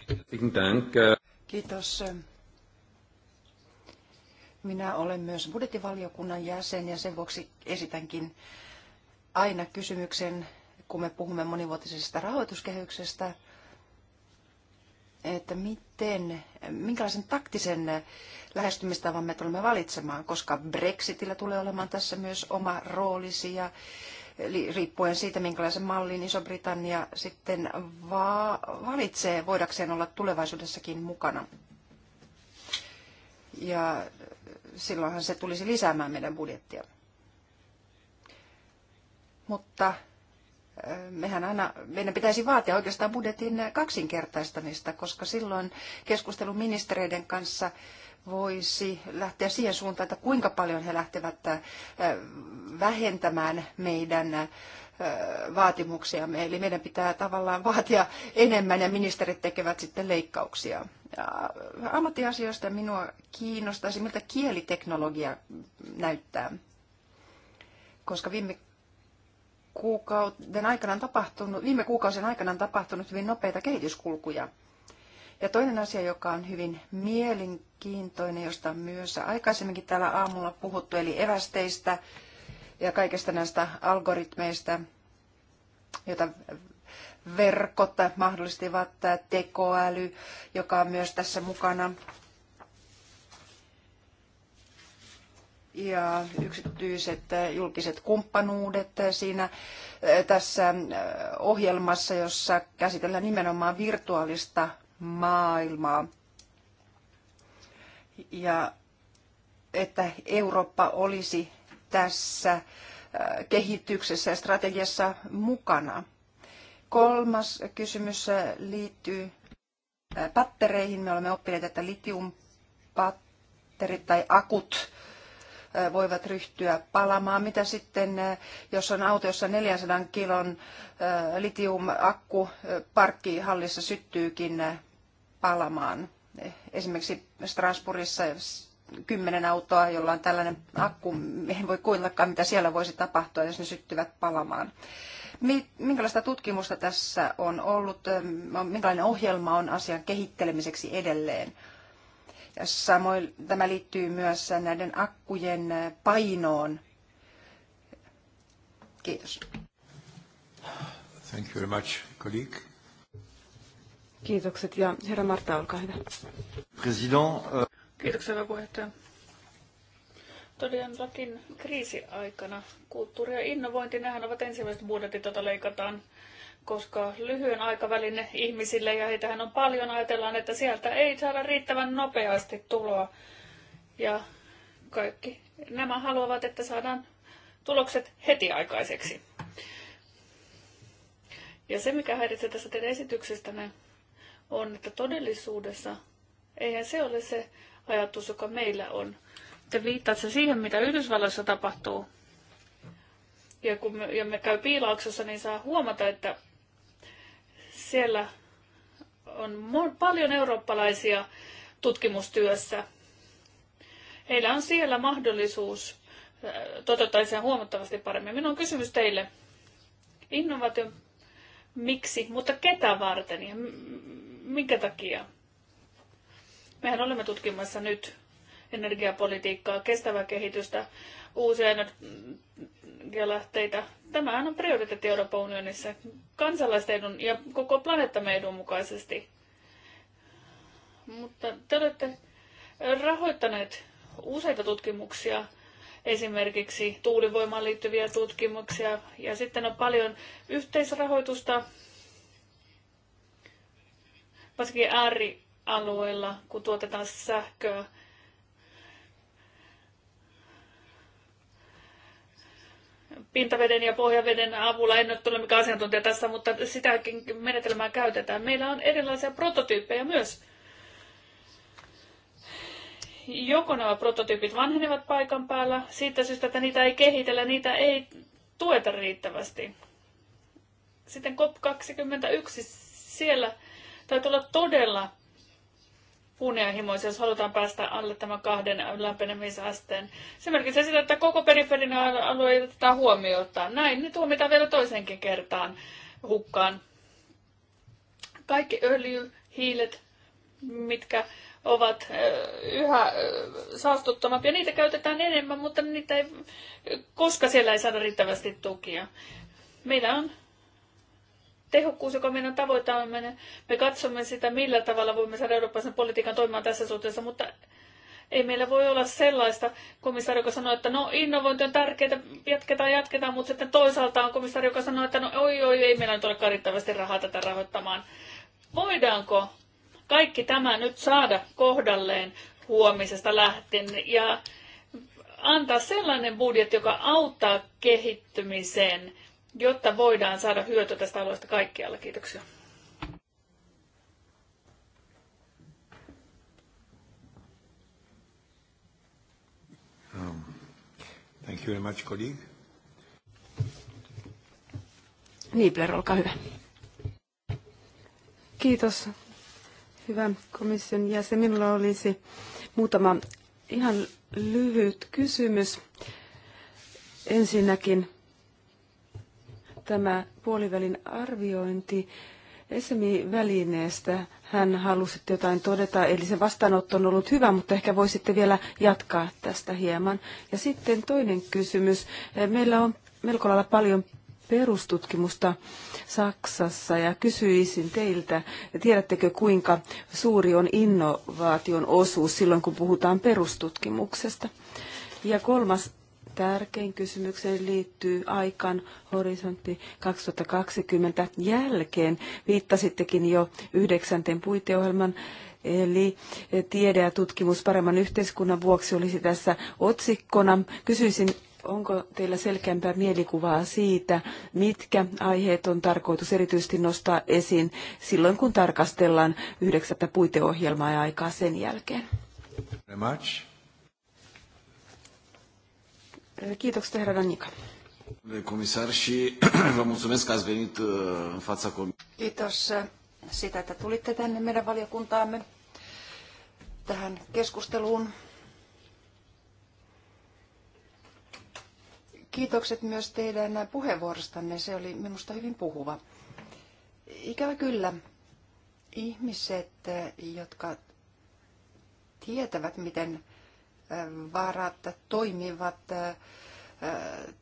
[SPEAKER 3] Kiitos. Minä olen myös budjettivaliokunnan jäsen ja sen vuoksi esitänkin aina kysymyksen, kun me puhumme monivuotisesta rahoituskehyksestä, että miten, minkälaisen taktisen lähestymistavan me tulemme valitsemaan, koska Brexitillä tulee olemaan tässä myös oma roolisi ja Eli riippuen siitä, minkälaisen mallin Iso-Britannia sitten va- valitsee, voidakseen olla tulevaisuudessakin mukana. Ja silloinhan se tulisi lisäämään meidän budjettia. Mutta eh, mehän aina, meidän pitäisi vaatia oikeastaan budjetin kaksinkertaistamista, koska silloin keskustelu ministereiden kanssa – voisi lähteä siihen suuntaan, että kuinka paljon he lähtevät äh, vähentämään meidän äh, vaatimuksiamme. Eli meidän pitää tavallaan vaatia enemmän ja ministerit tekevät sitten leikkauksia. Ammattiasioista minua kiinnostaisi, miltä kieliteknologia näyttää. Koska viime kuukauden aikana on tapahtunut, viime kuukausien aikana on tapahtunut hyvin nopeita kehityskulkuja – ja toinen asia, joka on hyvin mielenkiintoinen, josta on myös aikaisemminkin täällä aamulla puhuttu, eli evästeistä ja kaikista näistä algoritmeista, joita verkot mahdollistivat, tekoäly, joka on myös tässä mukana. ja yksityiset julkiset kumppanuudet siinä tässä ohjelmassa, jossa käsitellään nimenomaan virtuaalista maailmaa. Ja että Eurooppa olisi tässä äh, kehityksessä ja strategiassa mukana. Kolmas kysymys äh, liittyy äh, pattereihin. Me olemme oppineet, että litiumpatterit tai akut voivat ryhtyä palamaan. Mitä sitten, jos on auto, jossa 400 kilon litiumakku parkkihallissa syttyykin palamaan. Esimerkiksi Strasbourgissa kymmenen autoa, jolla on tällainen akku, en voi kuillakaan, mitä siellä voisi tapahtua, jos ne syttyvät palamaan. Minkälaista tutkimusta tässä on ollut, minkälainen ohjelma on asian kehittelemiseksi edelleen? Ja samoin tämä liittyy myös näiden akkujen painoon. Kiitos.
[SPEAKER 1] Thank you very much, colleague.
[SPEAKER 2] Kiitokset ja herra Martta, olkaa hyvä.
[SPEAKER 3] President, äh,
[SPEAKER 1] Kiitoksia, hyvä puheenjohtaja. Todellakin kriisiaikana kulttuuri ja innovointi, nehän ovat ensimmäiset budjetit, joita leikataan, koska lyhyen aikavälin ihmisille, ja heitähän on paljon, ajatellaan, että sieltä ei saada riittävän nopeasti tuloa. Ja kaikki nämä haluavat, että saadaan tulokset heti aikaiseksi. Ja se, mikä häiritsee tässä teidän esityksestänne, on, että todellisuudessa eihän se ole se ajatus, joka meillä on. Te viittaatte siihen, mitä Yhdysvalloissa tapahtuu. Ja kun me, ja me käy piilauksessa, niin saa huomata, että siellä on paljon eurooppalaisia tutkimustyössä. Heillä on siellä mahdollisuus toteuttaa sen huomattavasti paremmin. Minun on kysymys teille. Innovaatio, miksi, mutta ketä varten ja Minkä takia? Mehän olemme tutkimassa nyt energiapolitiikkaa, kestävää kehitystä, uusia energialähteitä. Tämähän on prioriteetti Euroopan unionissa kansalaisten edun ja koko planeettamme edun mukaisesti. Mutta te olette rahoittaneet useita tutkimuksia, esimerkiksi tuulivoimaan liittyviä tutkimuksia, ja sitten on paljon yhteisrahoitusta varsinkin äärialueilla, kun tuotetaan sähköä, pintaveden ja pohjaveden avulla, en nyt tullut mikään asiantuntija tässä, mutta sitäkin menetelmää käytetään. Meillä on erilaisia prototyyppejä myös. Joko nämä prototyypit vanhenevat paikan päällä siitä syystä, että niitä ei kehitellä, niitä ei tueta riittävästi. Sitten COP21 siellä Täytyy olla todella kunnianhimoisia, jos halutaan päästä alle tämän kahden lämpenemisasteen. Se merkitsee sitä, että koko periferinen alue jätetään huomiota. Näin, niin tuomitaan vielä toisenkin kertaan hukkaan. Kaikki öljy, hiilet, mitkä ovat yhä saastuttomampia. Niitä käytetään enemmän, mutta niitä ei, koska siellä ei saada riittävästi tukia. Meillä on tehokkuus, joka meidän tavoitamme. Me katsomme sitä, millä tavalla voimme saada eurooppalaisen politiikan toimimaan tässä suhteessa, mutta ei meillä voi olla sellaista komissaari, joka sanoo, että no innovointi on tärkeää, jatketaan, jatketaan, mutta sitten toisaalta on komissaari, joka sanoo, että no oi, oi, ei meillä nyt ole karittavasti rahaa tätä rahoittamaan. Voidaanko kaikki tämä nyt saada kohdalleen huomisesta lähtien ja antaa sellainen budjetti, joka auttaa kehittymiseen – jotta voidaan saada hyötyä tästä alueesta kaikkialla. Kiitoksia. Um, thank you very much, colleague.
[SPEAKER 2] Niebler, niin, olkaa hyvä. Kiitos, hyvä komission jäsen. Minulla olisi muutama ihan lyhyt kysymys. Ensinnäkin tämä puolivälin arviointi. SMI-välineestä hän halusi jotain todeta, eli se vastaanotto on ollut hyvä, mutta ehkä voisitte vielä jatkaa tästä hieman. Ja sitten toinen kysymys. Meillä on melko lailla paljon perustutkimusta Saksassa ja kysyisin teiltä, tiedättekö kuinka suuri on innovaation osuus silloin, kun puhutaan perustutkimuksesta? Ja kolmas tärkein kysymykseen liittyy aikaan horisontti 2020 jälkeen. Viittasittekin jo yhdeksänten puiteohjelman Eli tiede ja tutkimus paremman yhteiskunnan vuoksi olisi tässä otsikkona. Kysyisin onko teillä selkeämpää mielikuvaa siitä, mitkä aiheet on tarkoitus erityisesti nostaa esiin silloin, kun tarkastellaan yhdeksättä puiteohjelmaa ja aikaa sen jälkeen?
[SPEAKER 3] Very much.
[SPEAKER 2] Kiitokset, herra Danica. Komisar, și (clears throat) vă mulțumesc că ați venit uh, în fața
[SPEAKER 3] Kiitos uh, siitä, että tulitte tänne meidän valiokuntaamme tähän keskusteluun. Kiitokset myös teidän puheenvuorostanne. Se oli minusta hyvin puhuva. Ikävä kyllä, ihmiset, eh, jotka tietävät, miten varat toimivat ja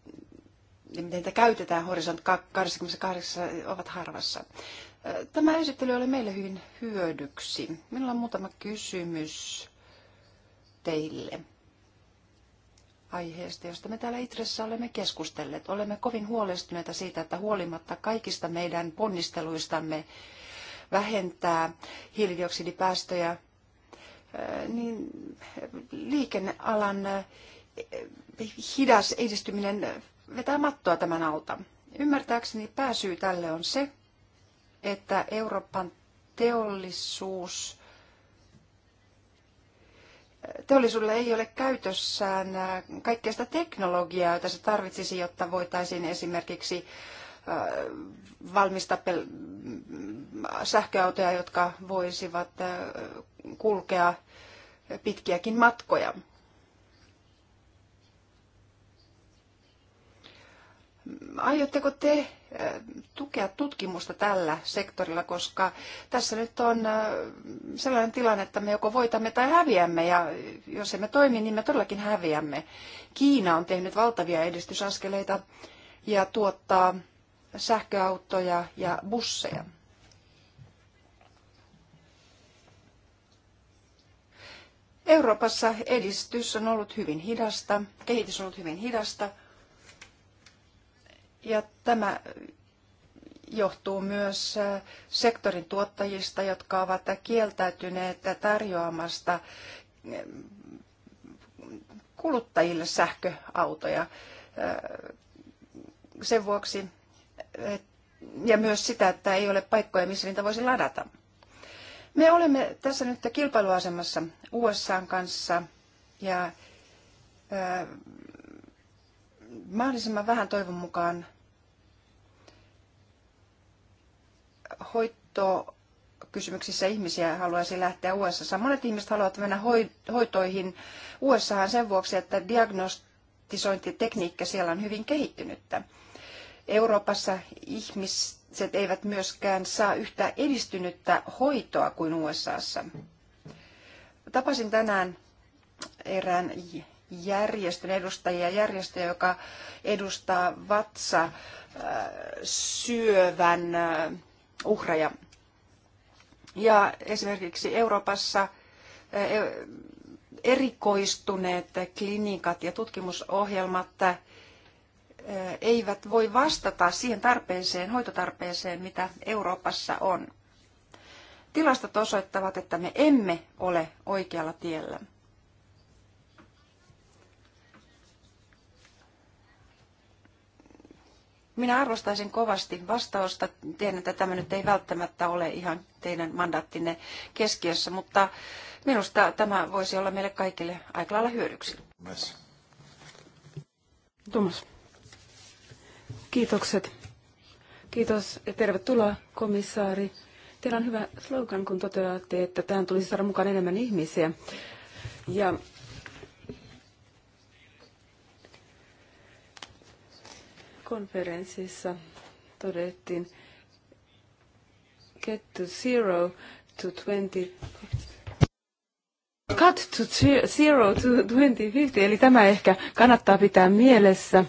[SPEAKER 3] miten niitä käytetään Horisont 28 ovat harvassa. Tämä esittely oli meille hyvin hyödyksi. Minulla on muutama kysymys teille aiheesta, josta me täällä Itressä olemme keskustelleet. Olemme kovin huolestuneita siitä, että huolimatta kaikista meidän ponnisteluistamme vähentää hiilidioksidipäästöjä niin liikennealan hidas edistyminen vetää mattoa tämän alta. Ymmärtääkseni pääsyy tälle on se, että Euroopan teollisuus, teollisuudella ei ole käytössään kaikkea sitä teknologiaa, jota se tarvitsisi, jotta voitaisiin esimerkiksi valmistaa sähköautoja, jotka voisivat kulkea pitkiäkin matkoja. Aiotteko te eh, tukea tutkimusta tällä sektorilla, koska tässä nyt on eh, sellainen tilanne, että me joko voitamme tai häviämme, ja jos emme toimi, niin me todellakin häviämme. Kiina on tehnyt valtavia edistysaskeleita ja tuottaa sähköautoja ja busseja. Euroopassa edistys on ollut hyvin hidasta, kehitys on ollut hyvin hidasta. Ja tämä johtuu myös äh, sektorin tuottajista, jotka ovat kieltäytyneet tarjoamasta äh, kuluttajille sähköautoja äh, sen vuoksi, ja myös sitä, että ei ole paikkoja, missä niitä voisi ladata. Me olemme tässä nyt kilpailuasemassa USAn kanssa ja ää, mahdollisimman vähän toivon mukaan hoitokysymyksissä ihmisiä haluaisi lähteä USA. Monet ihmiset haluavat mennä hoitoihin USAhan sen vuoksi, että diagnostisointitekniikka siellä on hyvin kehittynyttä. Euroopassa ihmis, ihmiset eivät myöskään saa yhtä edistynyttä hoitoa kuin USAssa. Tapasin tänään erään järjestön edustajia, järjestö, joka edustaa vatsa äh, syövän äh, uhreja. Ja esimerkiksi Euroopassa äh, e- erikoistuneet klinikat ja tutkimusohjelmat eivät voi vastata siihen tarpeeseen, hoitotarpeeseen, mitä Euroopassa on. Tilastot osoittavat, että me emme ole oikealla tiellä. Minä arvostaisin kovasti vastausta. Tiedän, että tämä nyt ei välttämättä ole ihan teidän mandaattinne keskiössä, mutta minusta tämä voisi olla meille kaikille aika lailla hyödyksi.
[SPEAKER 1] Thomas.
[SPEAKER 2] Kiitokset. Kiitos ja tervetuloa, komissaari. Teillä on hyvä slogan, kun toteatte, että tähän tulisi saada mukaan enemmän ihmisiä. Ja konferenssissa todettiin Get to Zero to 20. Cut to Zero to 2050, eli tämä ehkä kannattaa pitää mielessä.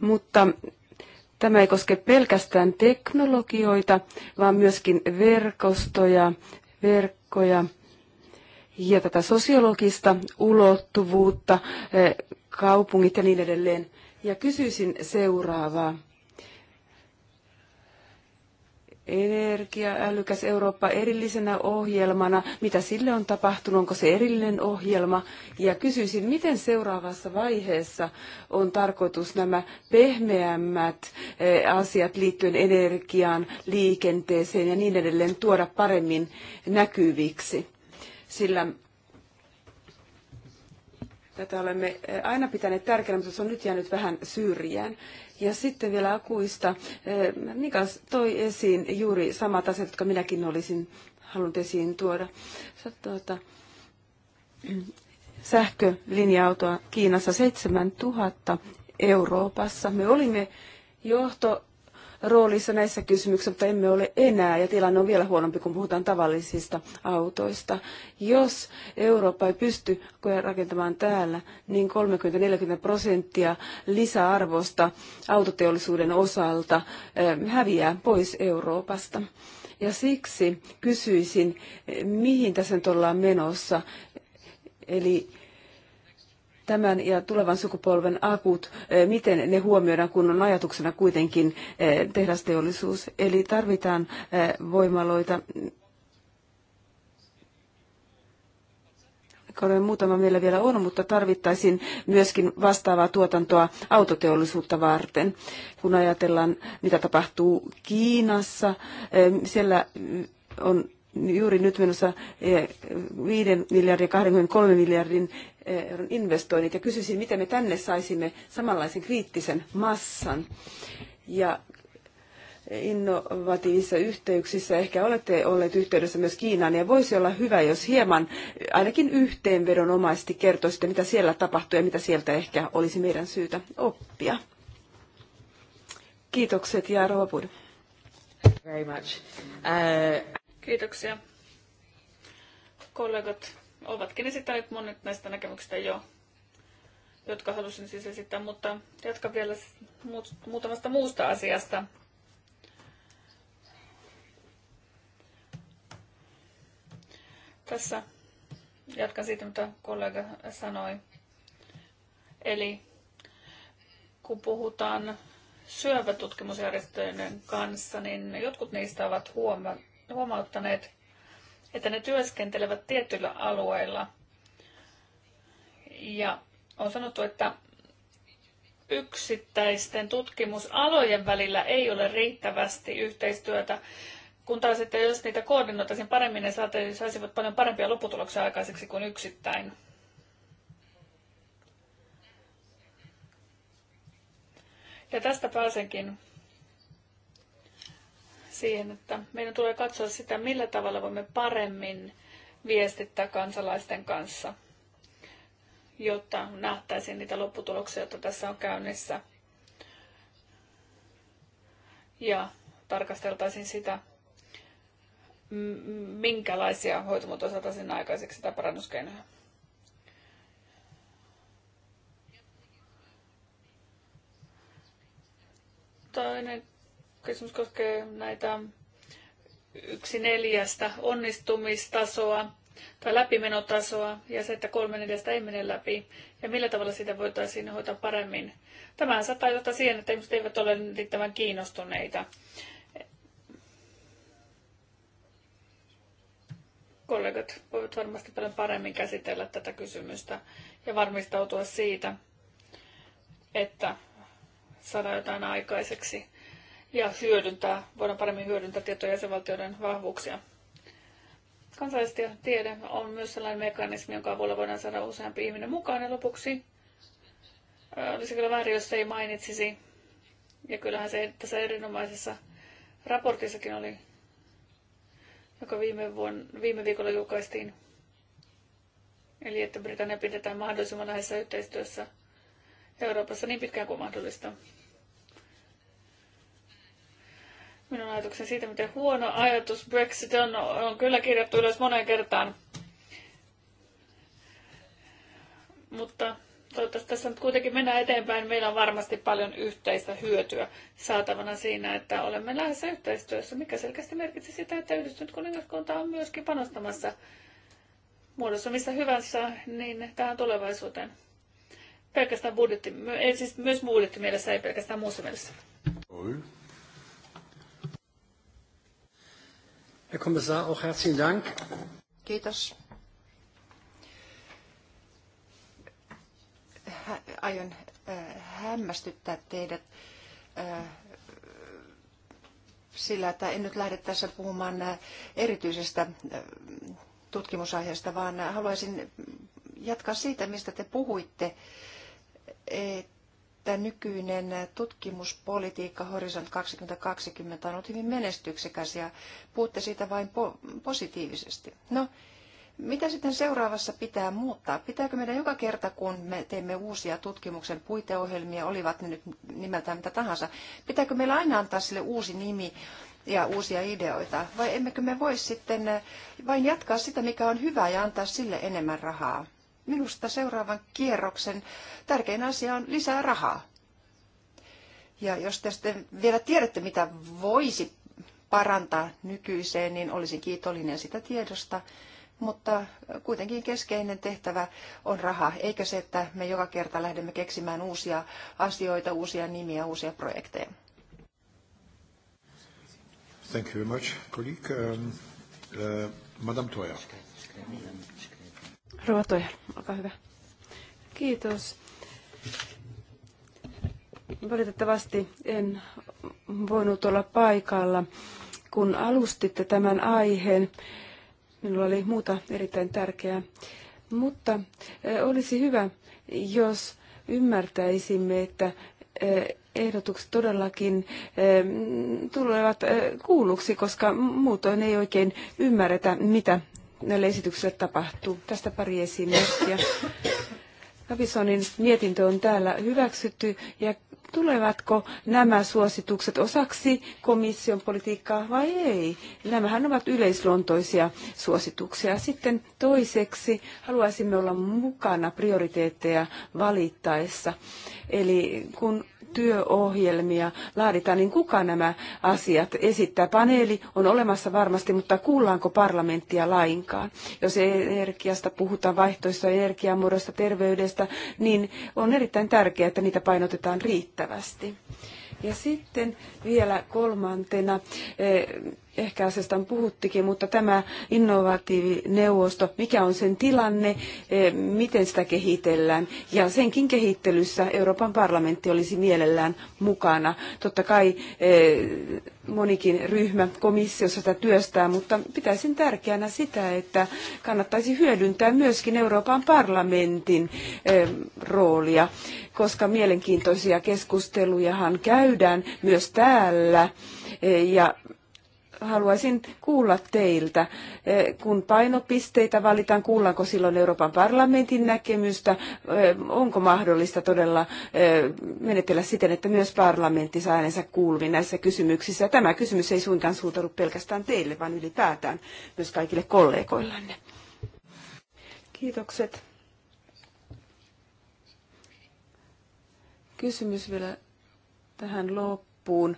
[SPEAKER 2] Mutta Tämä ei koske pelkästään teknologioita, vaan myöskin verkostoja, verkkoja ja tätä sosiologista ulottuvuutta, eh, kaupungit ja niin edelleen. Ja kysyisin seuraavaa energia, älykäs Eurooppa erillisenä ohjelmana. Mitä sille on tapahtunut? Onko se erillinen ohjelma? Ja kysyisin, miten seuraavassa vaiheessa on tarkoitus nämä pehmeämmät eh, asiat liittyen energiaan, liikenteeseen ja niin edelleen tuoda paremmin näkyviksi? Sillä Tätä olemme eh, aina pitäneet tärkeänä, mutta se on nyt jäänyt vähän syrjään. Ja sitten vielä akuista. Nikas eh, toi esiin juuri samat asiat, jotka minäkin olisin halunnut esiin tuoda. Tuota, mm, sähkölinja-autoa Kiinassa 7000 Euroopassa. Me olimme johto roolissa näissä kysymyksissä, mutta emme ole enää, ja tilanne on vielä huonompi, kun puhutaan tavallisista autoista. Jos Eurooppa ei pysty rakentamaan täällä, niin 30-40 prosenttia lisäarvosta autoteollisuuden osalta ähm, häviää pois Euroopasta. Ja siksi kysyisin, mihin tässä nyt ollaan menossa. Eli tämän ja tulevan sukupolven akut, e, miten ne huomioidaan, kun on ajatuksena kuitenkin e, tehdasteollisuus. Eli tarvitaan e, voimaloita. Muutama meillä vielä on, mutta tarvittaisiin myöskin vastaavaa tuotantoa autoteollisuutta varten. Kun ajatellaan, mitä tapahtuu Kiinassa, siellä on juuri nyt menossa 5 eh, miljardin ja 23 miljardin eh, euron investoinnit ja kysyisin, miten me tänne saisimme samanlaisen kriittisen massan. Ja innovatiivisissa yhteyksissä. Ehkä olette olleet yhteydessä myös Kiinaan ja voisi olla hyvä, jos hieman ainakin yhteenvedonomaisesti kertoisitte, mitä siellä tapahtuu ja mitä sieltä ehkä olisi meidän syytä oppia. Kiitokset ja rouva Very much. Uh...
[SPEAKER 1] Kiitoksia. Kollegat ovatkin esittäneet monet näistä näkemyksistä jo, jotka halusin siis esittää, mutta jatkan vielä muutamasta muusta asiasta. Tässä jatkan siitä, mitä kollega sanoi. Eli kun puhutaan syövätutkimusjärjestöjen kanssa, niin jotkut niistä ovat huomanneet, huomauttaneet, että ne työskentelevät tietyillä alueilla. Ja on sanottu, että yksittäisten tutkimusalojen välillä ei ole riittävästi yhteistyötä, kun taas sitten jos niitä koordinoitaisiin paremmin, ne saisivat paljon parempia lopputuloksia aikaiseksi kuin yksittäin. Ja tästä pääsenkin siihen, että meidän tulee katsoa sitä, millä tavalla voimme paremmin viestittää kansalaisten kanssa, jotta nähtäisiin niitä lopputuloksia, joita tässä on käynnissä. Ja tarkasteltaisiin sitä, minkälaisia hoitomuotoja saataisiin aikaiseksi tai parannuskeinoja. Toinen kysymys koskee näitä yksi neljästä onnistumistasoa tai läpimenotasoa ja se, että kolme neljästä ei mene läpi ja millä tavalla sitä voitaisiin hoitaa paremmin. Tämähän saattaa johtaa siihen, että ihmiset eivät ole riittävän kiinnostuneita. Kollegat voivat varmasti paljon paremmin käsitellä tätä kysymystä ja varmistautua siitä, että saadaan jotain aikaiseksi ja hyödyntää, voidaan paremmin hyödyntää tietoja jäsenvaltioiden vahvuuksia. Kansallisesti tiede on myös sellainen mekanismi, jonka avulla voidaan saada useampi ihminen mukaan. Ja lopuksi äh, olisi kyllä väärin, jos ei mainitsisi. Ja kyllähän se tässä erinomaisessa raportissakin oli, joka viime, vuonna, viime viikolla julkaistiin. Eli että Britannia pidetään mahdollisimman lähes yhteistyössä Euroopassa niin pitkään kuin mahdollista. minun ajatuksen siitä, miten huono ajatus Brexit on, on kyllä kirjattu ylös moneen kertaan. Mutta toivottavasti tässä nyt kuitenkin mennään eteenpäin. Meillä on varmasti paljon yhteistä hyötyä saatavana siinä, että olemme lähes yhteistyössä, mikä selkeästi merkitsee sitä, että yhdistynyt kuningaskunta on myöskin panostamassa muodossa missä hyvänsä niin tähän tulevaisuuteen. Pelkästään budjetti, ei siis myös budjettimielessä, ei pelkästään muussa mielessä. Oi. Herr Kommissar, auch herzlichen Dank.
[SPEAKER 3] aion äh, hämmästyttää teidät äh, sillä, että en nyt lähde tässä puhumaan äh, erityisestä tutkimusaiheesta, vaan haluaisin jatkaa siitä, mistä te puhuitte, että että nykyinen tutkimuspolitiikka Horizon 2020 on ollut hyvin menestyksekäs ja puhutte siitä vain po- positiivisesti. No, mitä sitten seuraavassa pitää muuttaa? Pitääkö meidän joka kerta, kun me teemme uusia tutkimuksen puiteohjelmia, olivat ne nyt nimeltään mitä tahansa, pitääkö meillä aina antaa sille uusi nimi ja uusia ideoita? Vai emmekö me voi sitten eh, vain jatkaa sitä, mikä on hyvä ja antaa sille enemmän rahaa? minusta seuraavan kierroksen tärkein asia on lisää rahaa. Ja jos te sitten vielä tiedätte, mitä voisi parantaa nykyiseen, niin olisin kiitollinen sitä tiedosta. Mutta kuitenkin keskeinen tehtävä on raha, eikä se, että me joka kerta lähdemme keksimään uusia asioita, uusia nimiä, uusia projekteja.
[SPEAKER 1] Thank you very much, colleague. Um, uh, Madame Toya.
[SPEAKER 3] Rouva Toija, olkaa hyvä.
[SPEAKER 2] Kiitos. Valitettavasti en voinut olla paikalla, kun alustitte tämän aiheen. Minulla oli muuta erittäin tärkeää. Mutta eh, olisi hyvä, jos ymmärtäisimme, että eh, ehdotukset todellakin eh, tulevat kuulluksi, koska muutoin ei oikein ymmärretä, mitä näille esityksille tapahtuu. Tästä pari esimerkkiä. Kavisonin mietintö on täällä hyväksytty ja tulevatko nämä suositukset osaksi komission politiikkaa vai ei? Nämähän ovat yleisluontoisia suosituksia. Sitten toiseksi haluaisimme olla mukana prioriteetteja valittaessa. Eli kun työohjelmia laaditaan, niin kuka nämä asiat esittää? Paneeli on olemassa varmasti, mutta kuullaanko parlamenttia lainkaan? Jos energiasta puhutaan vaihtoista energiamuodosta, terveydestä, niin on erittäin tärkeää, että niitä painotetaan riittävästi. Ja sitten vielä kolmantena eh, ehkä asiasta on puhuttikin, mutta tämä innovatiivineuvosto, mikä on sen tilanne, e, miten sitä kehitellään. Ja senkin kehittelyssä Euroopan parlamentti olisi mielellään mukana. Totta kai e, monikin ryhmä komissiossa sitä työstää, mutta pitäisin tärkeänä sitä, että kannattaisi hyödyntää myöskin Euroopan parlamentin e, roolia, koska mielenkiintoisia keskustelujahan käydään myös täällä. Ja haluaisin kuulla teiltä, eh, kun painopisteitä valitaan, kuullaanko silloin Euroopan parlamentin näkemystä, eh, onko mahdollista todella eh, menetellä siten, että myös parlamentti saa äänensä kuuluviin näissä kysymyksissä. Tämä kysymys ei suinkaan suuntaudu pelkästään teille, vaan ylipäätään myös kaikille kollegoillanne. Kiitokset. Kysymys vielä tähän loppuun.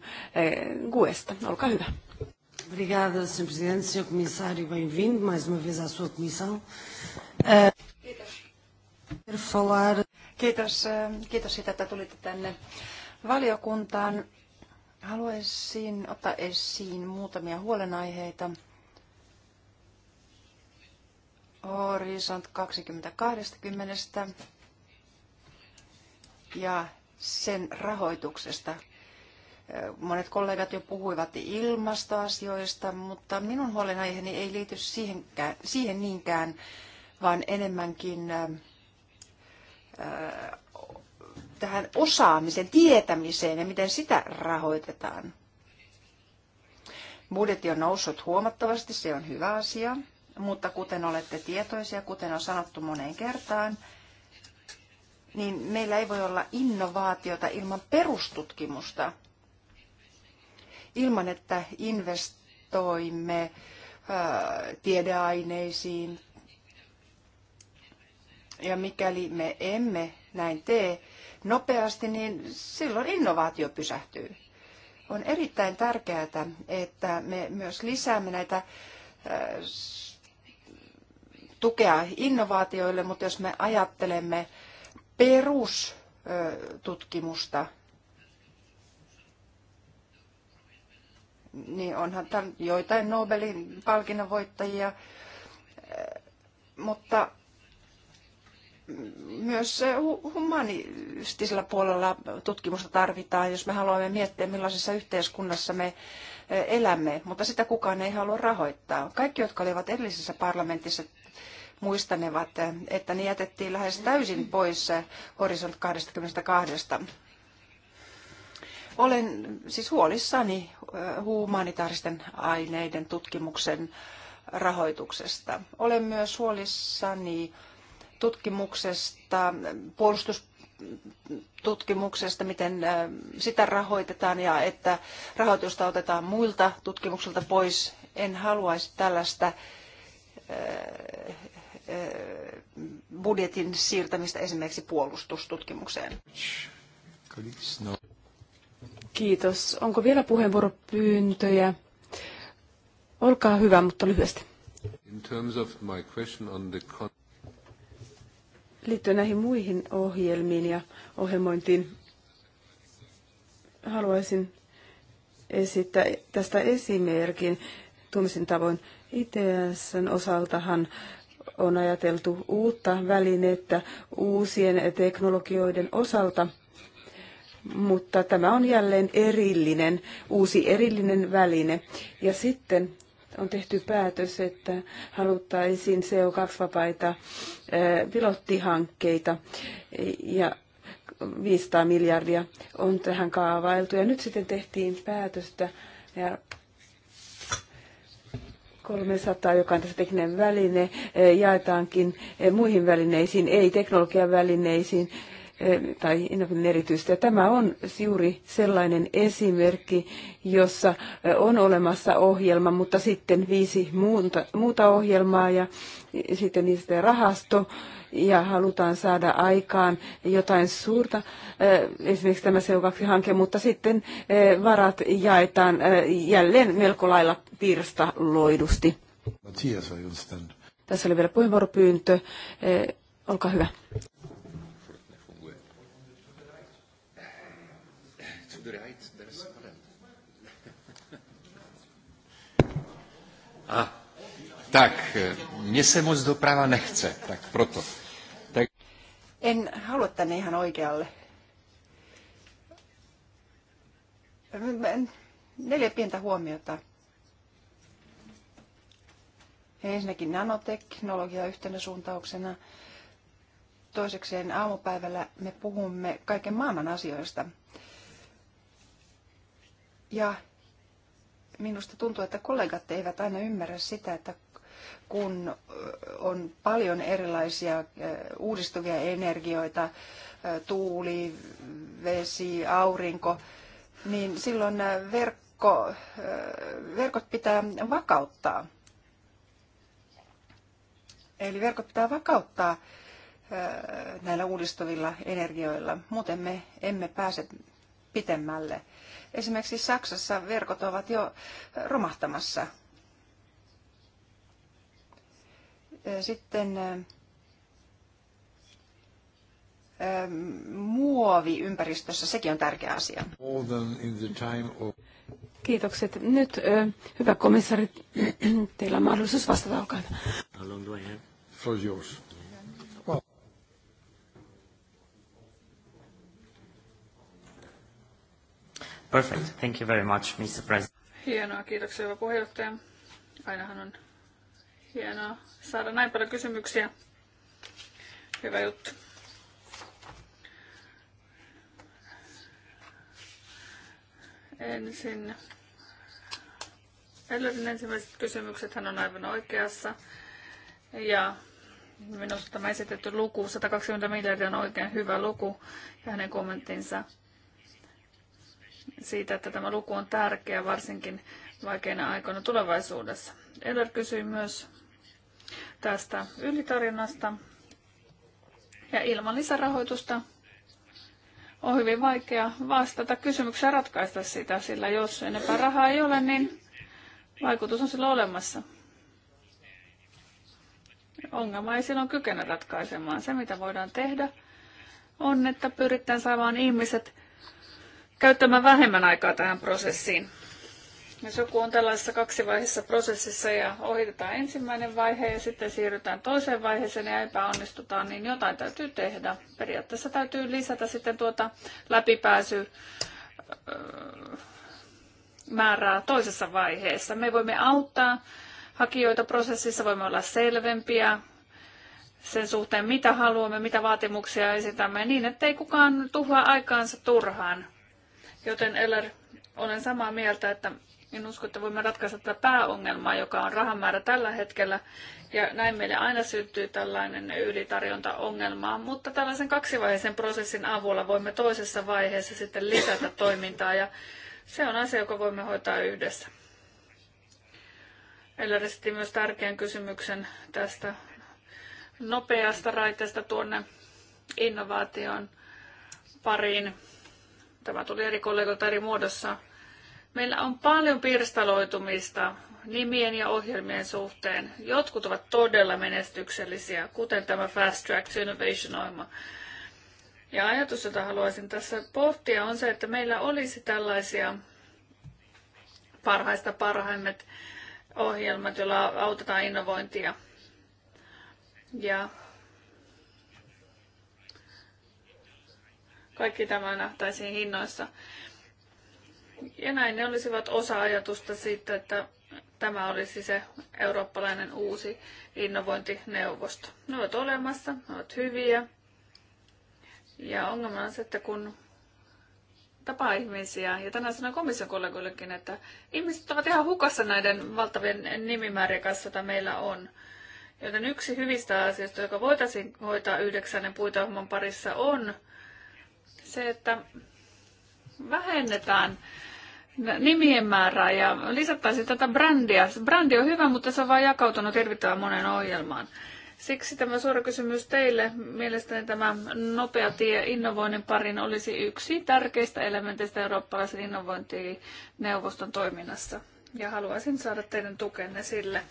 [SPEAKER 2] Guesta, olkaa hyvä. Obrigada, Sr. Presidente. Sr.
[SPEAKER 3] Comissário, bem-vindo mais uma vez à sua comissão. Kiitos. Kiitos, eh, kiitos siitä, että tulitte tänne valiokuntaan. Haluaisin ottaa esiin muutamia huolenaiheita. Horisont 2020 ja sen rahoituksesta Monet kollegat jo puhuivat ilmastoasioista, mutta minun huolenaiheeni ei liity siihenkään, siihen niinkään, vaan enemmänkin tähän osaamisen tietämiseen ja miten sitä rahoitetaan. Budjetti on noussut huomattavasti, se on hyvä asia, mutta kuten olette tietoisia, kuten on sanottu moneen kertaan, niin meillä ei voi olla innovaatiota ilman perustutkimusta – ilman, että investoimme tiedeaineisiin. Ja mikäli me emme näin tee nopeasti, niin silloin innovaatio pysähtyy. On erittäin tärkeää, että me myös lisäämme näitä tukea innovaatioille, mutta jos me ajattelemme perustutkimusta, niin onhan tämän joitain Nobelin palkinnon voittajia, mutta myös humanistisella puolella tutkimusta tarvitaan, jos me haluamme miettiä, millaisessa yhteiskunnassa me elämme, mutta sitä kukaan ei halua rahoittaa. Kaikki, jotka olivat edellisessä parlamentissa, muistanevat, että ne jätettiin lähes täysin pois Horizont 22. Olen siis huolissani humanitaaristen aineiden tutkimuksen rahoituksesta. Olen myös huolissani tutkimuksesta, puolustustutkimuksesta, miten sitä rahoitetaan ja että rahoitusta otetaan muilta tutkimuksilta pois. En haluaisi tällaista budjetin siirtämistä esimerkiksi puolustustutkimukseen.
[SPEAKER 2] Kiitos. Onko vielä puheenvuoropyyntöjä? Olkaa hyvä, mutta lyhyesti. In terms of my question on the Liittyen näihin muihin ohjelmiin ja ohjelmointiin, haluaisin esittää tästä esimerkin tunnisin tavoin. ITSn osaltahan on ajateltu uutta välinettä uusien teknologioiden osalta – mutta tämä on jälleen erillinen, uusi erillinen väline. Ja sitten on tehty päätös, että haluttaisiin CO2-vapaita pilottihankkeita ja 500 miljardia on tähän kaavailtu. Ja nyt sitten tehtiin päätöstä ja 300, joka on tässä tekninen väline, jaetaankin muihin välineisiin, ei teknologian välineisiin, tai innovin erityistä. Ja tämä on juuri sellainen esimerkki, jossa on olemassa ohjelma, mutta sitten viisi muuta, muuta ohjelmaa ja sitten niistä rahasto ja halutaan saada aikaan jotain suurta, esimerkiksi tämä CO2-hanke, mutta sitten varat jaetaan jälleen melko lailla pirsta loidusti. Tässä oli vielä puheenvuoropyyntö. Olkaa hyvä.
[SPEAKER 3] A, tak, e, mně se moc doprava nechce, tak proto. Tak... En halua tänne ihan oikealle. Neljä pientä huomiota. Ensinnäkin nanoteknologia yhtenä suuntauksena. Toisekseen aamupäivällä me puhumme kaiken maailman asioista. Ja minusta tuntuu, että kollegat eivät aina ymmärrä sitä, että kun on paljon erilaisia uudistuvia energioita, tuuli, vesi, aurinko, niin silloin verkko, verkot pitää vakauttaa. Eli verkot pitää vakauttaa näillä uudistuvilla energioilla, muuten me emme pääse pitemmälle. Esimerkiksi Saksassa verkot ovat jo romahtamassa. Sitten muovi ympäristössä, sekin on tärkeä asia. Kiitokset. Nyt,
[SPEAKER 1] hyvä komissari, (clears throat) teillä on mahdollisuus vastata, olkaa hyvä. How long do I have? For yours.
[SPEAKER 2] Perfect. Thank you very much, Mr. President.
[SPEAKER 1] Hienoa, kiitoksia hyvä puheenjohtaja. Ainahan on hienoa saada näin paljon kysymyksiä. Hyvä juttu. Ensin Ellerin ensimmäiset kysymykset hän on aivan oikeassa. Ja minusta tämä esitetty luku, 120 miljardia on oikein hyvä luku ja hänen kommenttinsa siitä, että tämä luku on tärkeä varsinkin vaikeina aikoina tulevaisuudessa. Eller kysyi myös tästä ylitarinasta. Ja ilman lisärahoitusta on hyvin vaikea vastata kysymykseen ratkaista sitä, sillä jos enempää rahaa ei ole, niin vaikutus on sillä olemassa. Ongelma ei silloin kykene ratkaisemaan. Se, mitä voidaan tehdä, on, että pyritään saamaan ihmiset käyttämään vähemmän aikaa tähän prosessiin. Jos joku on tällaisessa kaksivaiheessa prosessissa ja ohitetaan ensimmäinen vaihe ja sitten siirrytään toiseen vaiheeseen ja epäonnistutaan, niin jotain täytyy tehdä. Periaatteessa täytyy lisätä sitten tuota läpipääsy äh, määrää toisessa vaiheessa. Me voimme auttaa hakijoita prosessissa, voimme olla selvempiä sen suhteen, mitä haluamme, mitä vaatimuksia esitämme, niin ettei kukaan tuhlaa aikaansa turhaan Joten Eller, olen samaa mieltä, että en usko, että voimme ratkaista tätä pääongelmaa, joka on rahamäärä tällä hetkellä. Ja näin meille aina syntyy tällainen ylitarjontaongelma, mutta tällaisen kaksivaiheisen prosessin avulla voimme toisessa vaiheessa sitten lisätä toimintaa ja se on asia, joka voimme hoitaa yhdessä. Eller esitti myös tärkeän kysymyksen tästä nopeasta raiteesta tuonne innovaation pariin. Tämä tuli eri kollegoilta eri muodossa. Meillä on paljon pirstaloitumista nimien ja ohjelmien suhteen. Jotkut ovat todella menestyksellisiä, kuten tämä Fast Track to Innovation-ohjelma. Ja ajatus, jota haluaisin tässä pohtia, on se, että meillä olisi tällaisia parhaista parhaimmat ohjelmat, joilla autetaan innovointia. Ja Kaikki tämä nähtäisiin hinnoissa. Ja näin ne olisivat osa ajatusta siitä, että tämä olisi se eurooppalainen uusi innovointineuvosto. Ne ovat olemassa, ne ovat hyviä. Ja ongelma on se, että kun tapaa ihmisiä, ja tänään sanoin komission kollegoillekin, että ihmiset ovat ihan hukassa näiden valtavien nimimäärien kanssa, joita meillä on. Joten yksi hyvistä asioista, joka voitaisiin hoitaa yhdeksännen puitohjelman parissa, on se, että vähennetään nimien määrää ja lisättäisiin tätä brändiä. Brändi on hyvä, mutta se on vain jakautunut hirvittävän monen ohjelmaan. Siksi tämä suora kysymys teille. Mielestäni tämä nopea tie innovoinnin parin olisi yksi tärkeistä elementeistä eurooppalaisen innovointineuvoston toiminnassa. Ja haluaisin saada teidän tukenne sille.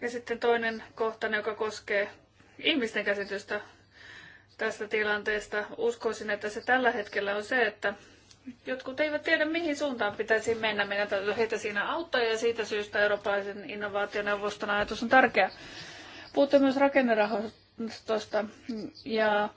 [SPEAKER 1] Ja sitten toinen kohta, joka koskee ihmisten käsitystä tästä tilanteesta. Uskoisin, että se tällä hetkellä on se, että jotkut eivät tiedä, mihin suuntaan pitäisi mennä. Meidän täytyy heitä siinä auttaa ja siitä syystä Euroopan innovaationeuvoston ajatus on tärkeä. Puhutte myös rakennerahoitusta ja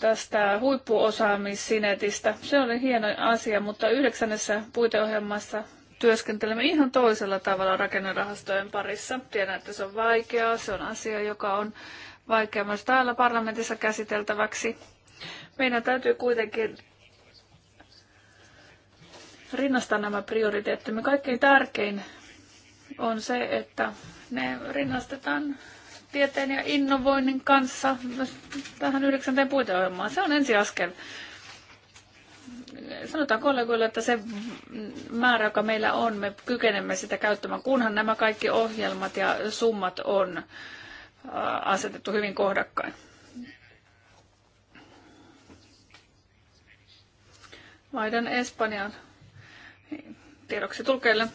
[SPEAKER 1] tästä huippuosaamissinetistä. Se oli hieno asia, mutta yhdeksännessä puiteohjelmassa työskentelemme ihan toisella tavalla rakennerahastojen parissa. Tiedän, että se on vaikeaa, se on asia, joka on vaikea myös täällä parlamentissa käsiteltäväksi. Meidän täytyy kuitenkin rinnastaa nämä prioriteettimme. Kaikkein tärkein on se, että ne rinnastetaan tieteen ja innovoinnin kanssa tähän yhdeksänteen puiteohjelmaan. Se on ensiaskel. Sanotaan kollegoille, että se määrä, joka meillä on, me kykenemme sitä käyttämään, kunhan nämä kaikki ohjelmat ja summat on asetettu hyvin kohdakkain. Vaihdan Espanjan tiedoksi tulkeille.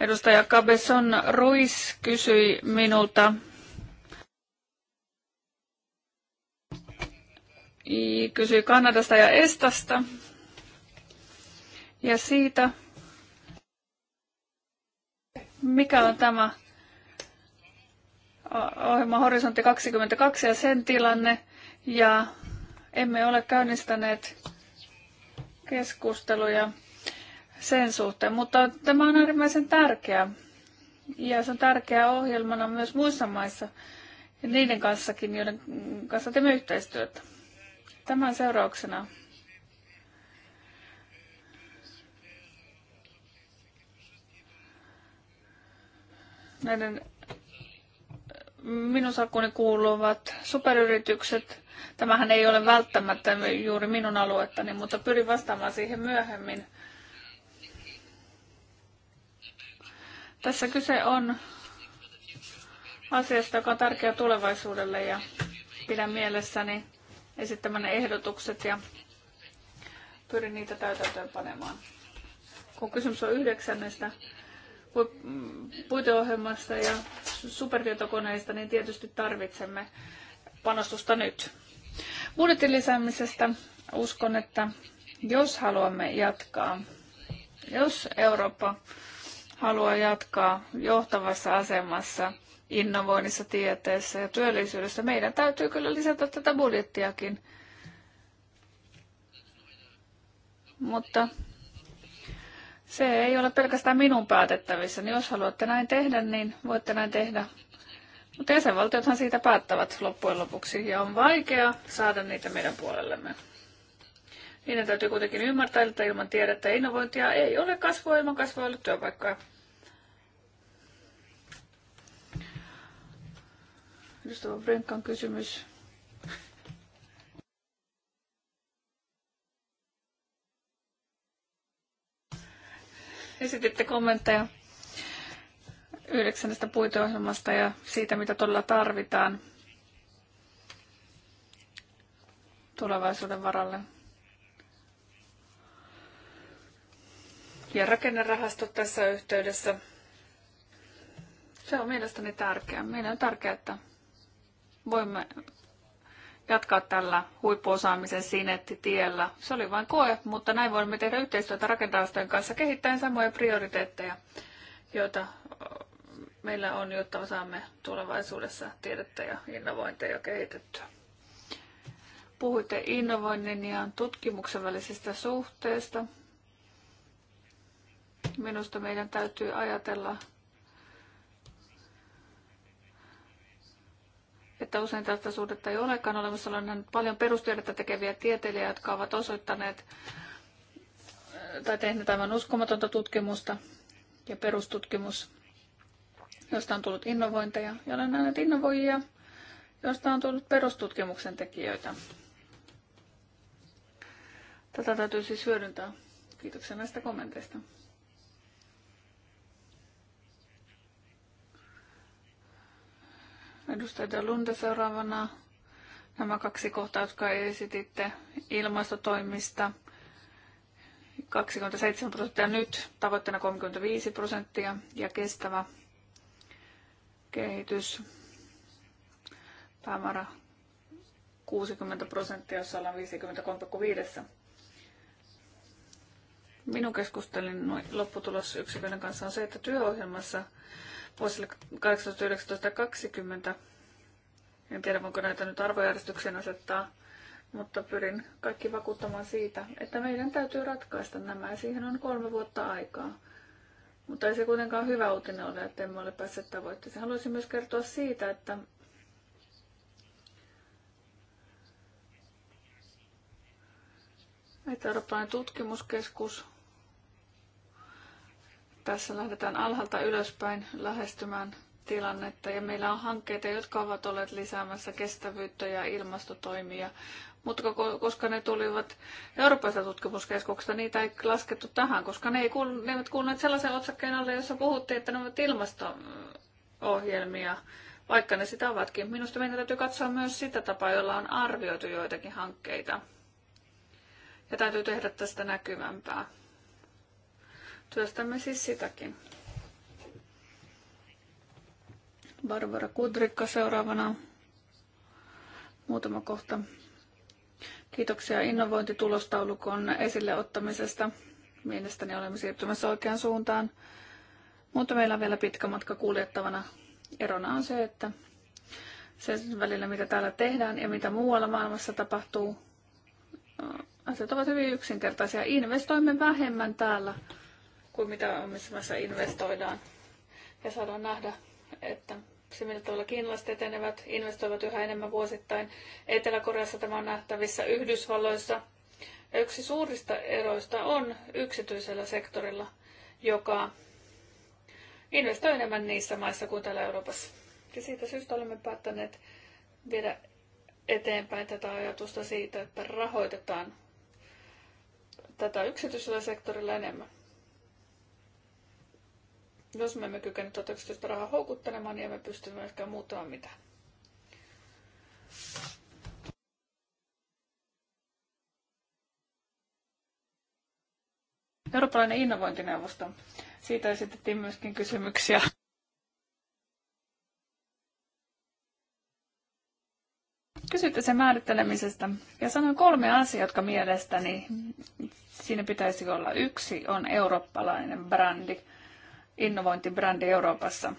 [SPEAKER 1] Edustaja Cabezon Ruiz kysyi minulta kysyi Kanadasta ja Estasta ja siitä, mikä on tämä ohjelma Horisontti 22 ja sen tilanne. Ja emme ole käynnistäneet keskusteluja sen suhteen, mutta tämä on äärimmäisen tärkeä. Ja se on tärkeä ohjelmana myös muissa maissa ja niiden kanssakin, joiden kanssa teemme yhteistyötä. Tämän seurauksena näiden minun salkkuuni kuuluvat superyritykset. Tämähän ei ole välttämättä juuri minun aluettani, mutta pyrin vastaamaan siihen myöhemmin. Tässä kyse on asiasta, joka on tärkeä tulevaisuudelle ja pidän mielessäni esittämänne ehdotukset ja pyrin niitä täytäntöön panemaan. Kun kysymys on yhdeksännestä puiteohjelmasta ja supertietokoneista, niin tietysti tarvitsemme panostusta nyt. Budjetin lisäämisestä uskon, että jos haluamme jatkaa, jos Eurooppa haluaa jatkaa johtavassa asemassa innovoinnissa, tieteessä ja työllisyydessä, meidän täytyy kyllä lisätä tätä budjettiakin. Mutta se ei ole pelkästään minun päätettävissä, niin jos haluatte näin tehdä, niin voitte näin tehdä. Mutta jäsenvaltiothan siitä päättävät loppujen lopuksi ja on vaikea saada niitä meidän puolellemme. Niiden täytyy kuitenkin ymmärtää, että ilman tiedettä innovointia ei ole kasvua, ilman kasvua ollut työpaikkoja. Ystävä Brinkan kysymys. esititte kommentteja yhdeksännestä puiteohjelmasta ja siitä, mitä todella tarvitaan tulevaisuuden varalle. Ja rakennerahasto tässä yhteydessä. Se on mielestäni tärkeää. Meidän on tärkeää, että voimme jatkaa tällä huippuosaamisen sinettitiellä. Se oli vain koe, mutta näin voimme tehdä yhteistyötä rakentajastojen kanssa kehittäen samoja prioriteetteja, joita meillä on, jotta osaamme tulevaisuudessa tiedettä ja innovointeja kehitettyä. Puhuitte innovoinnin ja tutkimuksen välisestä suhteesta. Minusta meidän täytyy ajatella että usein tällaista suhdetta ei olekaan olemassa. Olen paljon perustiedettä tekeviä tieteilijöitä, jotka ovat osoittaneet äh, tai tehneet aivan uskomatonta tutkimusta ja perustutkimus, josta on tullut innovointeja. Ja olen nähnyt innovoijia, josta on tullut perustutkimuksen tekijöitä. Tätä täytyy siis hyödyntää. Kiitoksia näistä kommenteista. Edustaja Lunde seuraavana. Nämä kaksi kohtaa, jotka esititte ilmastotoimista. 27 prosenttia nyt, tavoitteena 35 prosenttia ja kestävä kehitys. Päämäärä 60 prosenttia, jossa ollaan 53,5. Minun keskustelin lopputulos yksikön kanssa on se, että työohjelmassa vuosille 18-19-20. En tiedä, voinko näitä nyt arvojärjestykseen asettaa, mutta pyrin kaikki vakuuttamaan siitä, että meidän täytyy ratkaista nämä ja siihen on kolme vuotta aikaa. Mutta ei se kuitenkaan hyvä uutinen ole, että emme ole päässeet tavoitteeseen. Haluaisin myös kertoa siitä, että että Eurooppalainen tutkimuskeskus tässä lähdetään alhaalta ylöspäin lähestymään tilannetta ja meillä on hankkeita, jotka ovat olleet lisäämässä kestävyyttä ja ilmastotoimia, mutta koska ne tulivat Euroopasta tutkimuskeskuksesta, niitä ei laskettu tähän, koska ne, ei kuul- ne eivät kuuluneet sellaisen otsakkeen alle, jossa puhuttiin, että ne ovat ilmasto-ohjelmia, vaikka ne sitä ovatkin. Minusta meidän täytyy katsoa myös sitä tapaa, jolla on arvioitu joitakin hankkeita. Ja täytyy tehdä tästä näkyvämpää. Työstämme siis sitäkin. Barbara Kudrikka seuraavana. Muutama kohta. Kiitoksia innovointitulostaulukon esille ottamisesta. Mielestäni olemme siirtymässä oikeaan suuntaan, mutta meillä on vielä pitkä matka kuljettavana. Erona on se, että sen välillä, mitä täällä tehdään ja mitä muualla maailmassa tapahtuu, asiat ovat hyvin yksinkertaisia. Investoimme vähemmän täällä kuin mitä omistamassa investoidaan. Ja saadaan nähdä, että se millä tavalla kiinalaiset etenevät, investoivat yhä enemmän vuosittain. Etelä-Koreassa tämä on nähtävissä Yhdysvalloissa. Ja yksi suurista eroista on yksityisellä sektorilla, joka investoi enemmän niissä maissa kuin täällä Euroopassa. Ja siitä syystä olemme päättäneet viedä eteenpäin tätä ajatusta siitä, että rahoitetaan tätä yksityisellä sektorilla enemmän. Jos me emme kykene tuota rahaa houkuttelemaan, niin emme pysty myöskään muuttamaan mitään. Eurooppalainen innovointineuvosto. Siitä esitettiin myöskin kysymyksiä. Kysytte sen määrittelemisestä ja sanoin kolme asiaa, jotka mielestäni siinä pitäisi olla. Yksi on eurooppalainen brändi innovointibrändi Euroopassa,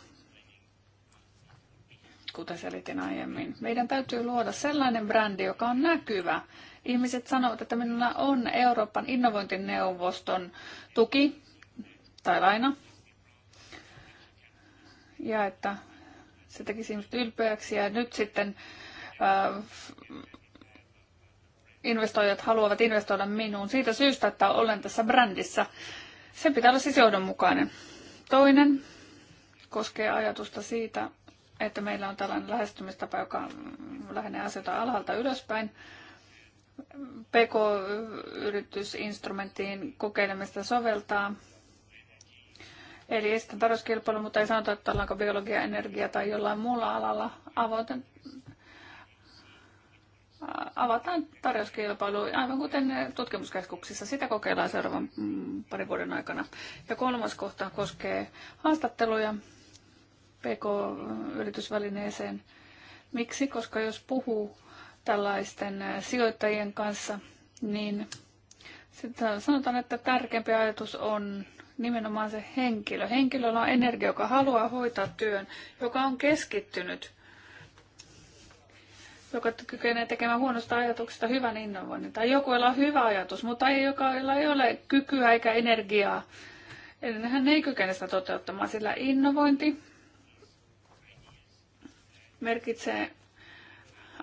[SPEAKER 1] kuten selitin aiemmin. Meidän täytyy luoda sellainen brändi, joka on näkyvä. Ihmiset sanovat, että minulla on Euroopan innovointineuvoston tuki tai laina. Ja että se tekisi ihmiset ylpeäksi ja nyt sitten äh, investoijat haluavat investoida minuun siitä syystä, että olen tässä brändissä. Sen pitää olla siis johdonmukainen. Toinen koskee ajatusta siitä, että meillä on tällainen lähestymistapa, joka lähenee asioita alhaalta ylöspäin. PK-yritysinstrumenttiin kokeilemista soveltaa. Eli estetään tarjouskilpailu, mutta ei sanota, että ollaanko biologia, energia tai jollain muulla alalla avointen avataan tarjouskilpailu, aivan kuten eh, tutkimuskeskuksissa. Sitä kokeillaan seuraavan mm, parin vuoden aikana. Ja kolmas kohta koskee haastatteluja PK-yritysvälineeseen. Miksi? Koska jos puhuu tällaisten eh, sijoittajien kanssa, niin sitten sanotaan, että tärkeämpi ajatus on nimenomaan se henkilö. Henkilöllä on energia, joka haluaa hoitaa työn, joka on keskittynyt joka kykenee tekemään huonosta ajatuksesta hyvän innovoinnin. Tai joku, jolla on hyvä ajatus, mutta ei, joka, jolla ei ole kykyä eikä energiaa. Eli hän ei kykene sitä toteuttamaan, sillä innovointi merkitsee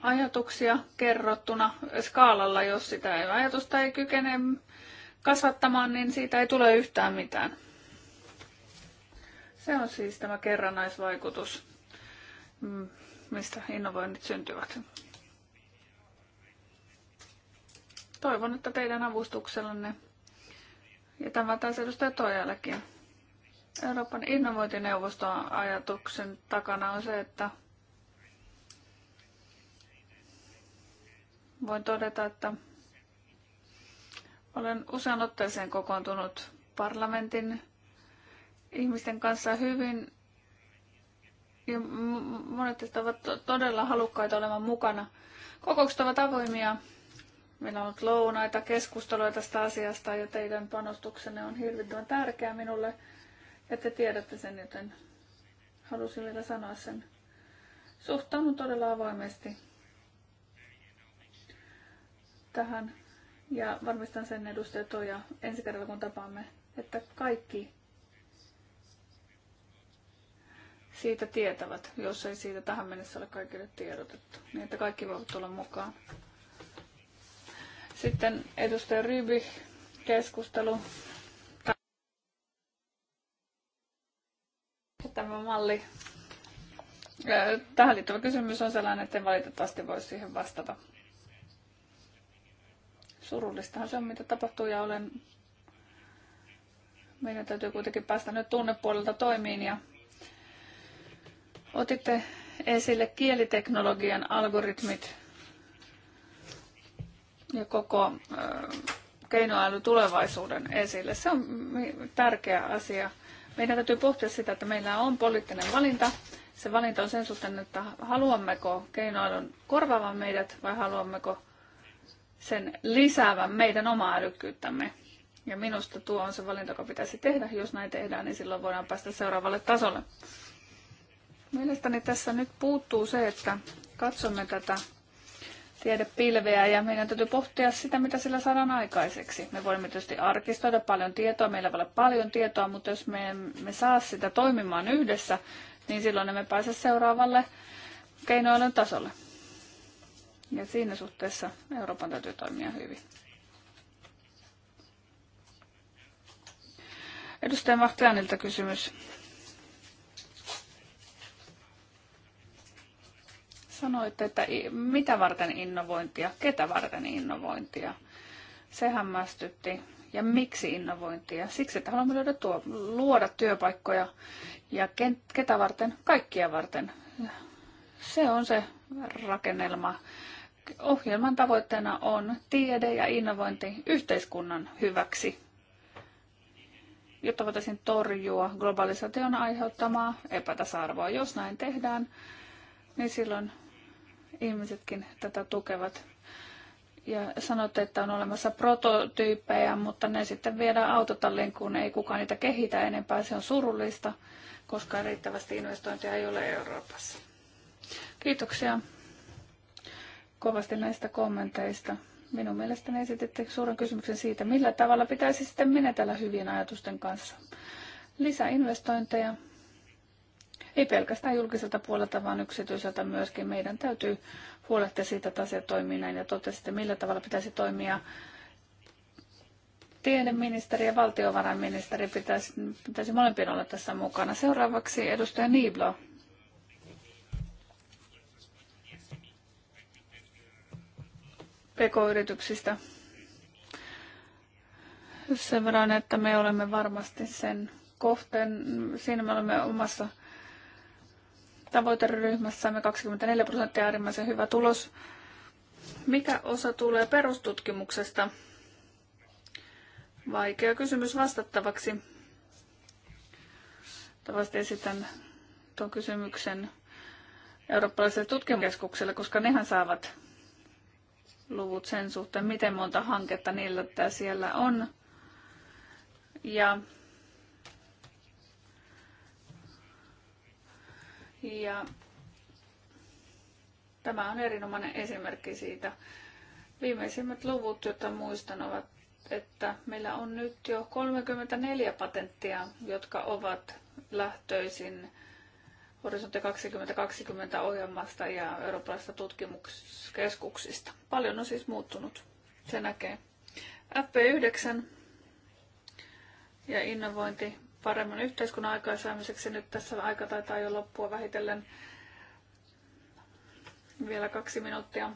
[SPEAKER 1] ajatuksia kerrottuna skaalalla. Jos sitä ei, ajatusta ei kykene kasvattamaan, niin siitä ei tule yhtään mitään. Se on siis tämä kerrannaisvaikutus mm mistä innovoinnit syntyvät. Toivon, että teidän avustuksellanne ja tämä taas edustaja Toijallekin. Euroopan innovointineuvoston ajatuksen takana on se, että voin todeta, että olen usean otteeseen kokoontunut parlamentin ihmisten kanssa hyvin ja monet teistä ovat todella halukkaita olemaan mukana. Kokoukset ovat avoimia. Meillä on ollut lounaita, keskusteluja tästä asiasta ja teidän panostuksenne on hirvittävän tärkeä minulle. Ja te tiedätte sen, joten halusin vielä sanoa sen. Suhtaudun todella avoimesti tähän ja varmistan sen edustajat ja ensi kerralla kun tapaamme, että kaikki siitä tietävät, jos ei siitä tähän mennessä ole kaikille tiedotettu, niin että kaikki voivat tulla mukaan. Sitten edustaja Ryby, keskustelu. Tämä malli. Tähän liittyvä kysymys on sellainen, että en valitettavasti voi siihen vastata. Surullistahan se on, mitä tapahtuu ja olen... Meidän täytyy kuitenkin päästä nyt tunnepuolelta toimiin ja Otitte esille kieliteknologian algoritmit ja koko keinoäly tulevaisuuden esille. Se on tärkeä asia. Meidän täytyy pohtia sitä, että meillä on poliittinen valinta. Se valinta on sen suhteen, että haluammeko keinoälyn korvaavan meidät vai haluammeko sen lisäävän meidän omaa älykkyyttämme. Ja minusta tuo on se valinta, joka pitäisi tehdä. Jos näin tehdään, niin silloin voidaan päästä seuraavalle tasolle. Mielestäni tässä nyt puuttuu se, että katsomme tätä tiedepilveä ja meidän täytyy pohtia sitä, mitä sillä saadaan aikaiseksi. Me voimme tietysti arkistoida paljon tietoa, meillä voi olla paljon tietoa, mutta jos me emme saa sitä toimimaan yhdessä, niin silloin emme pääse seuraavalle keinoilun tasolle. Ja siinä suhteessa Euroopan täytyy toimia hyvin. Edustaja Mahtianilta kysymys. Sanoitte, että mitä varten innovointia, ketä varten innovointia. Se hämmästytti. Ja miksi innovointia? Siksi, että haluamme luoda, tuo, luoda työpaikkoja ja ketä varten? Kaikkia varten. Se on se rakennelma. Ohjelman tavoitteena on tiede ja innovointi yhteiskunnan hyväksi, jotta voitaisiin torjua globalisaation aiheuttamaa epätasa-arvoa. Jos näin tehdään, niin silloin ihmisetkin tätä tukevat. Ja sanotte, että on olemassa prototyyppejä, mutta ne sitten viedään autotalliin, kun ei kukaan niitä kehitä enempää. Se on surullista, koska riittävästi investointia ei ole Euroopassa. Kiitoksia kovasti näistä kommenteista. Minun mielestäni esititte suuren kysymyksen siitä, millä tavalla pitäisi sitten menetellä hyvien ajatusten kanssa. Lisäinvestointeja ei pelkästään julkiselta puolelta, vaan yksityiseltä myöskin. Meidän täytyy huolehtia siitä, että asia toimii näin ja totesitte, millä tavalla pitäisi toimia. Tiedeministeri ja valtiovarainministeri pitäisi, pitäisi molempien olla tässä mukana. Seuraavaksi edustaja Niiblo. PK-yrityksistä sen verran, että me olemme varmasti sen kohteen, siinä me olemme omassa tavoiteryhmässämme 24 prosenttia äärimmäisen hyvä tulos. Mikä osa tulee perustutkimuksesta? Vaikea kysymys vastattavaksi. Tavasti esitän tuon kysymyksen eurooppalaiselle tutkimuskeskukselle, koska nehän saavat luvut sen suhteen, miten monta hanketta niillä siellä on. Ja Ja tämä on erinomainen esimerkki siitä. Viimeisimmät luvut, joita muistan, ovat, että meillä on nyt jo 34 patenttia, jotka ovat lähtöisin Horisontti 2020 ohjelmasta ja eurooppalaisista tutkimuskeskuksista. Paljon on siis muuttunut. Se näkee. FP9 ja innovointi paremman yhteiskunnan aikaansaamiseksi. Nyt tässä aika taitaa jo loppua vähitellen vielä kaksi minuuttia.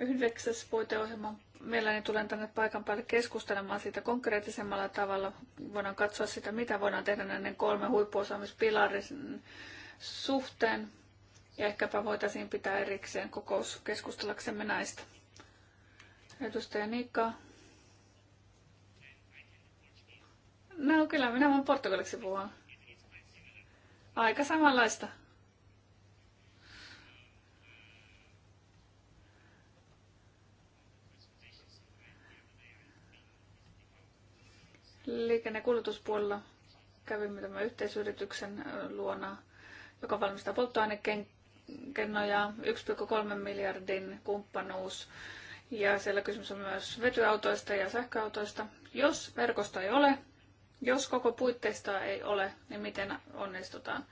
[SPEAKER 1] Yhdeksäs puiteohjelma. Mielelläni tulen tänne paikan päälle keskustelemaan siitä konkreettisemmalla tavalla. Voidaan katsoa sitä, mitä voidaan tehdä näiden kolme huippuosaamispilarin suhteen. Ja ehkäpä voitaisiin pitää erikseen kokous keskustellaksemme näistä. Edustaja Niikka, No kyllä, minä voin portugaliksi puhua. Aika samanlaista. Liikenne- kävimme tämän yhteisyrityksen luona, joka valmistaa polttoainekennoja, 1,3 miljardin kumppanuus. Ja siellä kysymys on myös vetyautoista ja sähköautoista. Jos verkosta ei ole, jos koko puitteistoa ei ole, niin miten onnistutaan?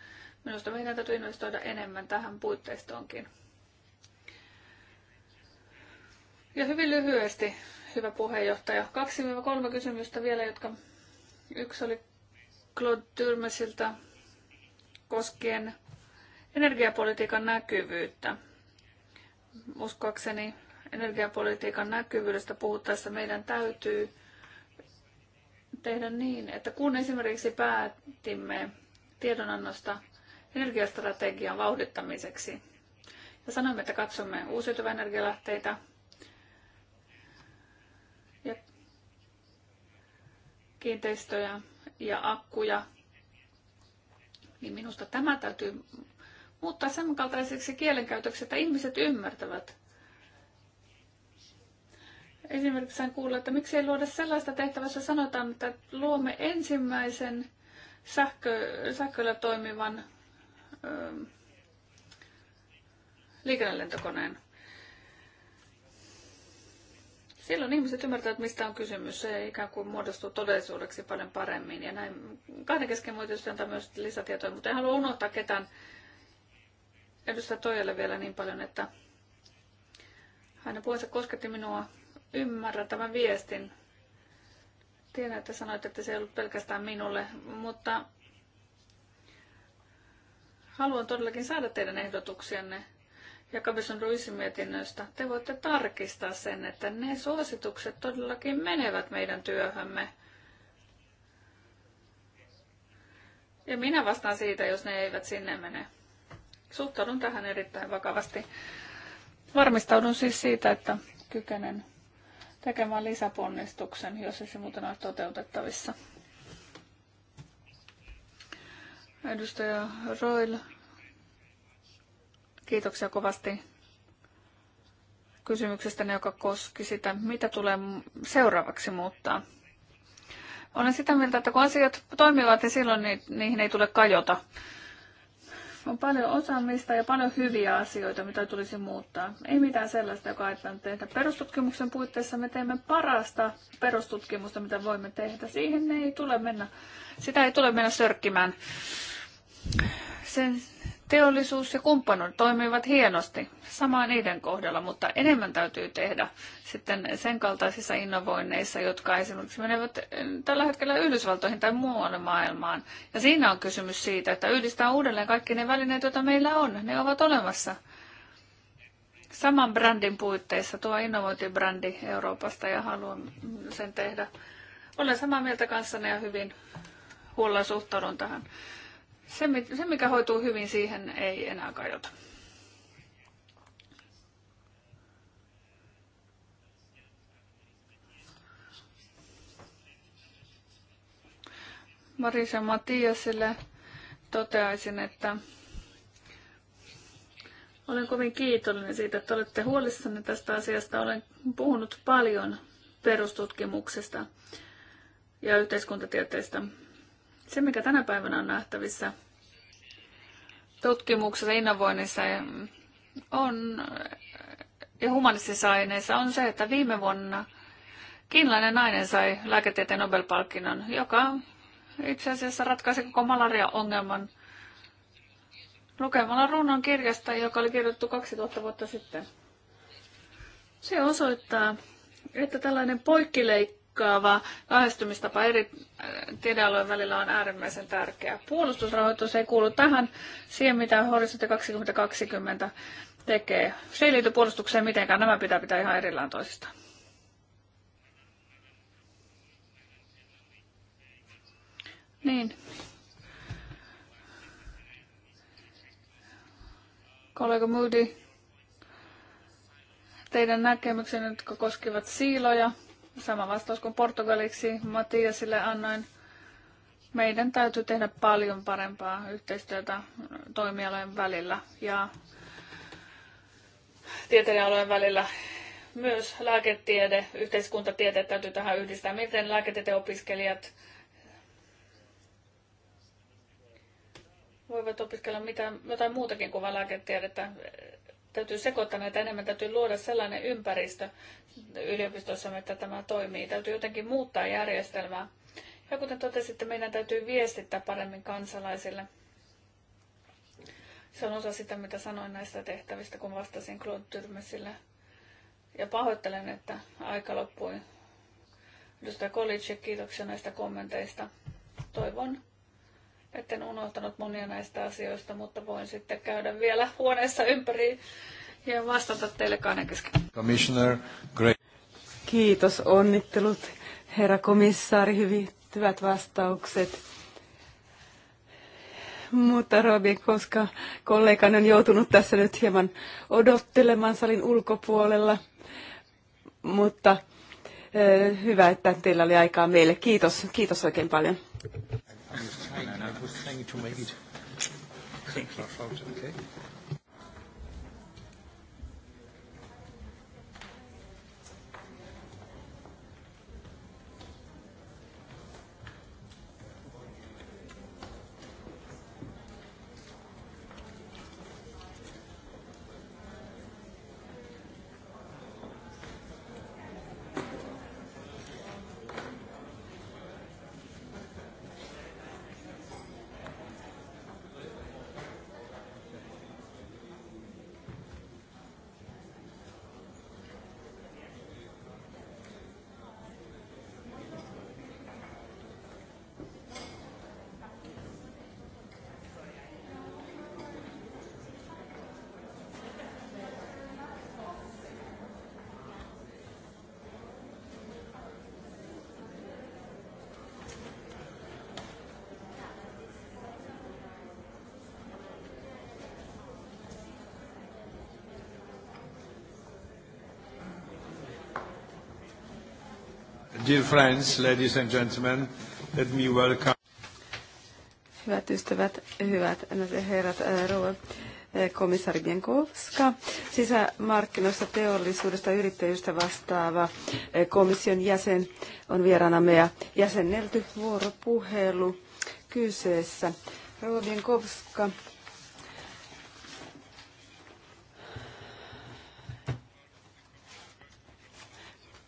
[SPEAKER 1] Minusta meidän täytyy investoida enemmän tähän puitteistoonkin. Ja hyvin lyhyesti, hyvä puheenjohtaja. 2 kolme kysymystä vielä, jotka yksi oli Claude Tyrmäsiltä koskien energiapolitiikan näkyvyyttä. Uskoakseni energiapolitiikan näkyvyydestä puhuttaessa meidän täytyy tehdä niin, että kun esimerkiksi päätimme tiedonannosta energiastrategian vauhdittamiseksi ja sanoimme, että katsomme uusiutuvia energialähteitä ja kiinteistöjä ja akkuja, niin minusta tämä täytyy muuttaa sen kaltaiseksi kielenkäytöksi, että ihmiset ymmärtävät, Esimerkiksi sain kuulla, että miksi ei luoda sellaista tehtävässä sanotaan, että luomme ensimmäisen sähkö, sähköllä toimivan ö, ähm, liikennelentokoneen. Silloin ihmiset ymmärtävät, mistä on kysymys. Se ikään kuin muodostuu todellisuudeksi paljon paremmin. Ja näin kahden kesken voi tietysti antaa myös lisätietoja, mutta en halua unohtaa ketään edustaja Toijalle vielä niin paljon, että hänen puheensa kosketti minua ymmärrän tämän viestin. Tiedän, että sanoit, että se ei ollut pelkästään minulle, mutta haluan todellakin saada teidän ehdotuksianne ja Cabison Ruisin mietinnöstä. Te voitte tarkistaa sen, että ne suositukset todellakin menevät meidän työhömme. Ja minä vastaan siitä, jos ne eivät sinne mene. Suhtaudun tähän erittäin vakavasti. Varmistaudun siis siitä, että kykenen tekemään lisäponnistuksen, jos ei se muuten ole toteutettavissa. Edustaja Roil, kiitoksia kovasti kysymyksestä, joka koski sitä, mitä tulee seuraavaksi muuttaa. Olen sitä mieltä, että kun asiat toimivat, niin silloin niihin ei tule kajota. On paljon osaamista ja paljon hyviä asioita, mitä tulisi muuttaa. Ei mitään sellaista, joka aiotaan tehdä. Perustutkimuksen puitteissa me teemme parasta perustutkimusta, mitä voimme tehdä. Siihen ei tule mennä, sitä ei tule mennä sörkkimään. Sen Teollisuus ja kumppanuudet toimivat hienosti samaan niiden kohdalla, mutta enemmän täytyy tehdä sitten sen kaltaisissa innovoinneissa, jotka esimerkiksi menevät eh, tällä hetkellä Yhdysvaltoihin tai muualle maailmaan. Ja siinä on kysymys siitä, että yhdistää uudelleen kaikki ne välineet, joita meillä on. Ne ovat olemassa saman brändin puitteissa, tuo innovointibrändi Euroopasta ja haluan sen tehdä. Olen samaa mieltä kanssanne ja hyvin huolella suhtaudun tähän. Se, se, mikä hoituu hyvin, siihen ei enää kajota. Marisa Matiasille toteaisin, että olen kovin kiitollinen siitä, että olette huolissanne tästä asiasta. Olen puhunut paljon perustutkimuksesta ja yhteiskuntatieteestä se, mikä tänä päivänä on nähtävissä tutkimuksessa, innovoinnissa on, ja humanistisissa aineissa on se, että viime vuonna kiinalainen nainen sai lääketieteen Nobel-palkinnon, joka itse asiassa ratkaisi koko malaria-ongelman lukemalla runon kirjasta, joka oli kirjoitettu 2000 vuotta sitten. Se osoittaa, että tällainen poikkileikki uhkaava lähestymistapa eri äh, tiedealojen välillä on äärimmäisen tärkeä. Puolustusrahoitus ei kuulu tähän siihen, mitä Horisontti 2020 tekee. Se ei liity puolustukseen mitenkään, nämä pitää pitää ihan erillään toisistaan. Niin. Kollega Moody, teidän näkemyksenne, jotka koskivat siiloja, Sama vastaus kuin Portugaliksi Matiasille annoin. Meidän täytyy tehdä paljon parempaa yhteistyötä toimialojen välillä ja alojen välillä. Myös lääketiede, yhteiskuntatieteet täytyy tähän yhdistää. Miten lääketieteen opiskelijat voivat opiskella mitä, jotain muutakin kuin vain lääketiedettä täytyy sekoittaa näitä enemmän, täytyy luoda sellainen ympäristö yliopistossa, että tämä toimii. Täytyy jotenkin muuttaa järjestelmää. Ja kuten totesitte, meidän täytyy viestittää paremmin kansalaisille. Se on osa sitä, mitä sanoin näistä tehtävistä, kun vastasin Claude Tyrmesille. Ja pahoittelen, että aika loppui. Edustaja Kolitsche, kiitoksia näistä kommenteista. Toivon, etten unohtanut monia näistä asioista, mutta voin sitten käydä vielä huoneessa ympäri ja vastata teille kahden kesken. Commissioner, great.
[SPEAKER 2] Kiitos, onnittelut, herra komissaari, hyvin hyvät vastaukset. Mutta Robin, koska kollegani on joutunut tässä nyt hieman odottelemaan salin ulkopuolella, mutta hyvä, että teillä oli aikaa meille. Kiitos, kiitos oikein paljon.
[SPEAKER 1] I Thank you to make it. Okay. Dear friends, ladies and gentlemen, let me welcome.
[SPEAKER 2] Hyvät ystävät, hyvät herrat, äh, rouva äh, komissaari Bienkowska, sisämarkkinoista, teollisuudesta, yrittäjyystä vastaava äh, komission jäsen on vieraanamme ja jäsennelty vuoropuhelu kyseessä. Rouva Bienkowska,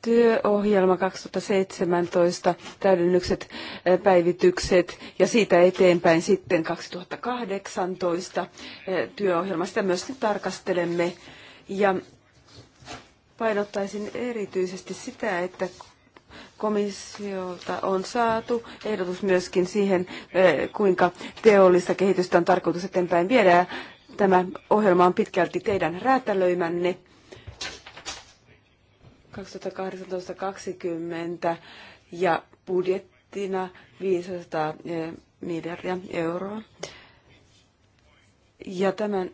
[SPEAKER 2] työohjelma 2017, täydennykset, eh, päivitykset ja siitä eteenpäin sitten 2018 eh, työohjelma. Sitä myös nyt tarkastelemme ja painottaisin erityisesti sitä, että komissiolta on saatu ehdotus myöskin siihen, eh, kuinka teollista kehitystä on tarkoitus eteenpäin viedä. Tämä ohjelma on pitkälti teidän räätälöimänne 2018-2020 ja budjettina 500 eh, miljardia euroa. Ja tämän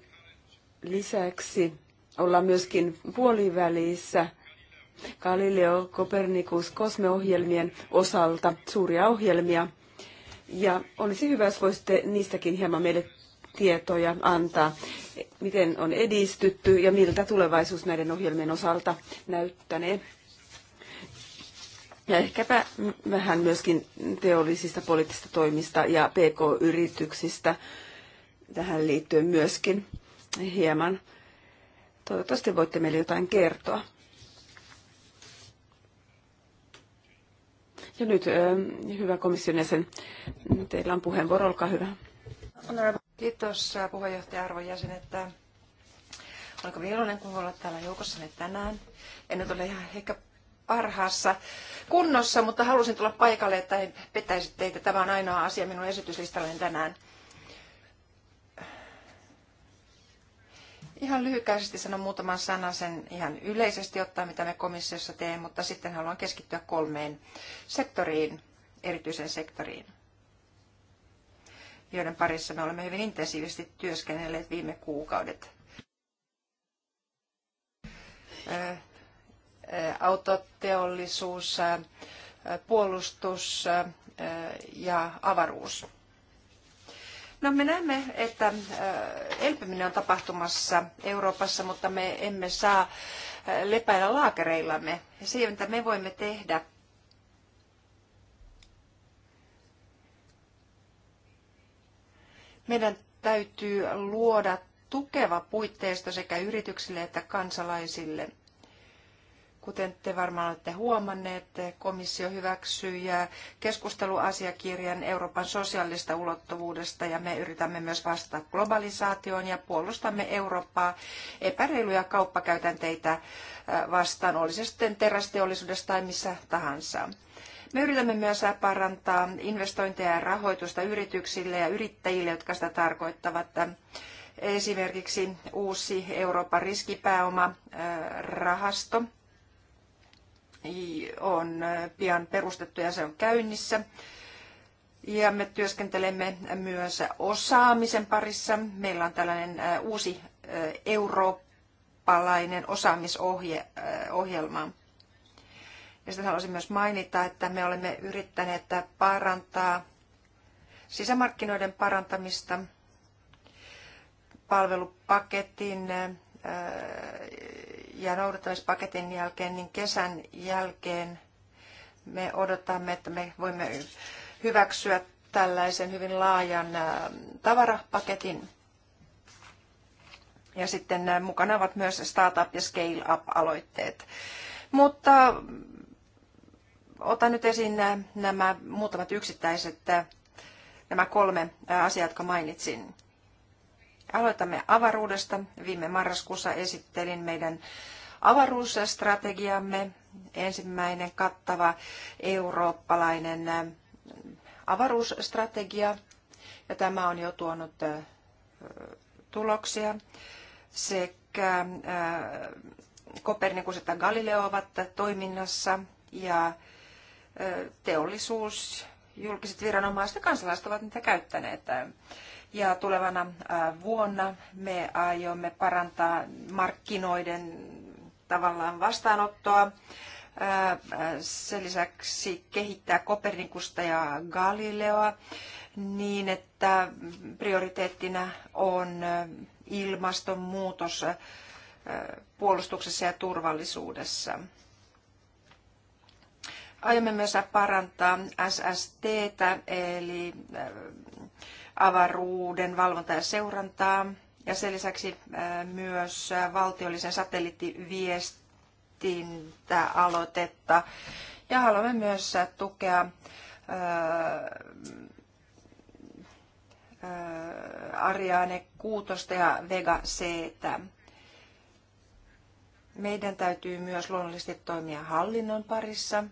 [SPEAKER 2] lisäksi ollaan myöskin puolivälissä Galileo, Copernicus, kosmeohjelmien osalta suuria ohjelmia. Ja olisi hyvä, jos voisitte niistäkin hieman meille tietoja antaa, miten on edistytty ja miltä tulevaisuus näiden ohjelmien osalta näyttänee. Ja ehkäpä vähän myöskin teollisista poliittisista toimista ja PK-yrityksistä tähän liittyen myöskin hieman. Toivottavasti voitte meille jotain kertoa. Ja nyt, hyvä komission jäsen, teillä on puheenvuoro, olkaa hyvä.
[SPEAKER 3] Kiitos puheenjohtaja arvon jäsenet. Olen kovin iloinen, kun olla täällä joukossanne tänään. En nyt ole ihan ehkä parhaassa kunnossa, mutta halusin tulla paikalle, että en pettäisi teitä. Tämä on ainoa asia minun esityslistalleni tänään. Ihan lyhykäisesti sanon muutaman sanan sen ihan yleisesti ottaen, mitä me komissiossa teemme, mutta sitten haluan keskittyä kolmeen sektoriin, erityisen sektoriin joiden parissa me olemme hyvin intensiivisesti työskennelleet viime kuukaudet. Autoteollisuus, puolustus ja avaruus. No me näemme, että elpyminen on tapahtumassa Euroopassa, mutta me emme saa lepäillä laakereillamme. Se, mitä me voimme tehdä Meidän täytyy luoda tukeva puitteisto sekä yrityksille että kansalaisille. Kuten te varmaan olette huomanneet, komissio hyväksyi keskusteluasiakirjan Euroopan sosiaalista ulottuvuudesta ja me yritämme myös vastata globalisaatioon ja puolustamme Eurooppaa epäreiluja kauppakäytänteitä vastaan, oli se sitten terästeollisuudessa tai missä tahansa. Me yritämme myös parantaa investointeja ja rahoitusta yrityksille ja yrittäjille, jotka sitä tarkoittavat. Esimerkiksi uusi Euroopan riskipääomarahasto äh, on äh, pian perustettu ja se on käynnissä. Ja me työskentelemme myös osaamisen parissa. Meillä on tällainen äh, uusi eurooppalainen osaamisohjelma. Ja sitten haluaisin myös mainita, että me olemme yrittäneet parantaa sisämarkkinoiden parantamista palvelupaketin ja noudattamispaketin jälkeen, niin kesän jälkeen me odotamme, että me voimme hyväksyä tällaisen hyvin laajan tavarapaketin. Ja sitten mukana ovat myös startup- ja scale-up-aloitteet. Mutta otan nyt esiin nämä muutamat yksittäiset, äh, nämä kolme äh, asiaa, jotka mainitsin. Aloitamme avaruudesta. Viime marraskuussa esittelin meidän avaruusstrategiamme, ensimmäinen kattava eurooppalainen äh, avaruusstrategia, ja tämä on jo tuonut tuloksia. Sekä Kopernikus että Galileo ovat toiminnassa, ja teollisuus, julkiset viranomaiset ja kansalaiset ovat niitä käyttäneet. Ja tulevana vuonna me aiomme parantaa markkinoiden tavallaan vastaanottoa. Sen lisäksi kehittää Kopernikusta ja Galileoa niin, että prioriteettina on ilmastonmuutos puolustuksessa ja turvallisuudessa. Aiomme myös parantaa SSTtä, eli äh, avaruuden valvontaa ja seurantaa, ja sen lisäksi äh, myös valtiollisen satelliittiviestintäaloitetta. Ja haluamme myös tukea äh, Ariane 6 ja Vega C. Meidän täytyy myös luonnollisesti toimia hallinnon parissa –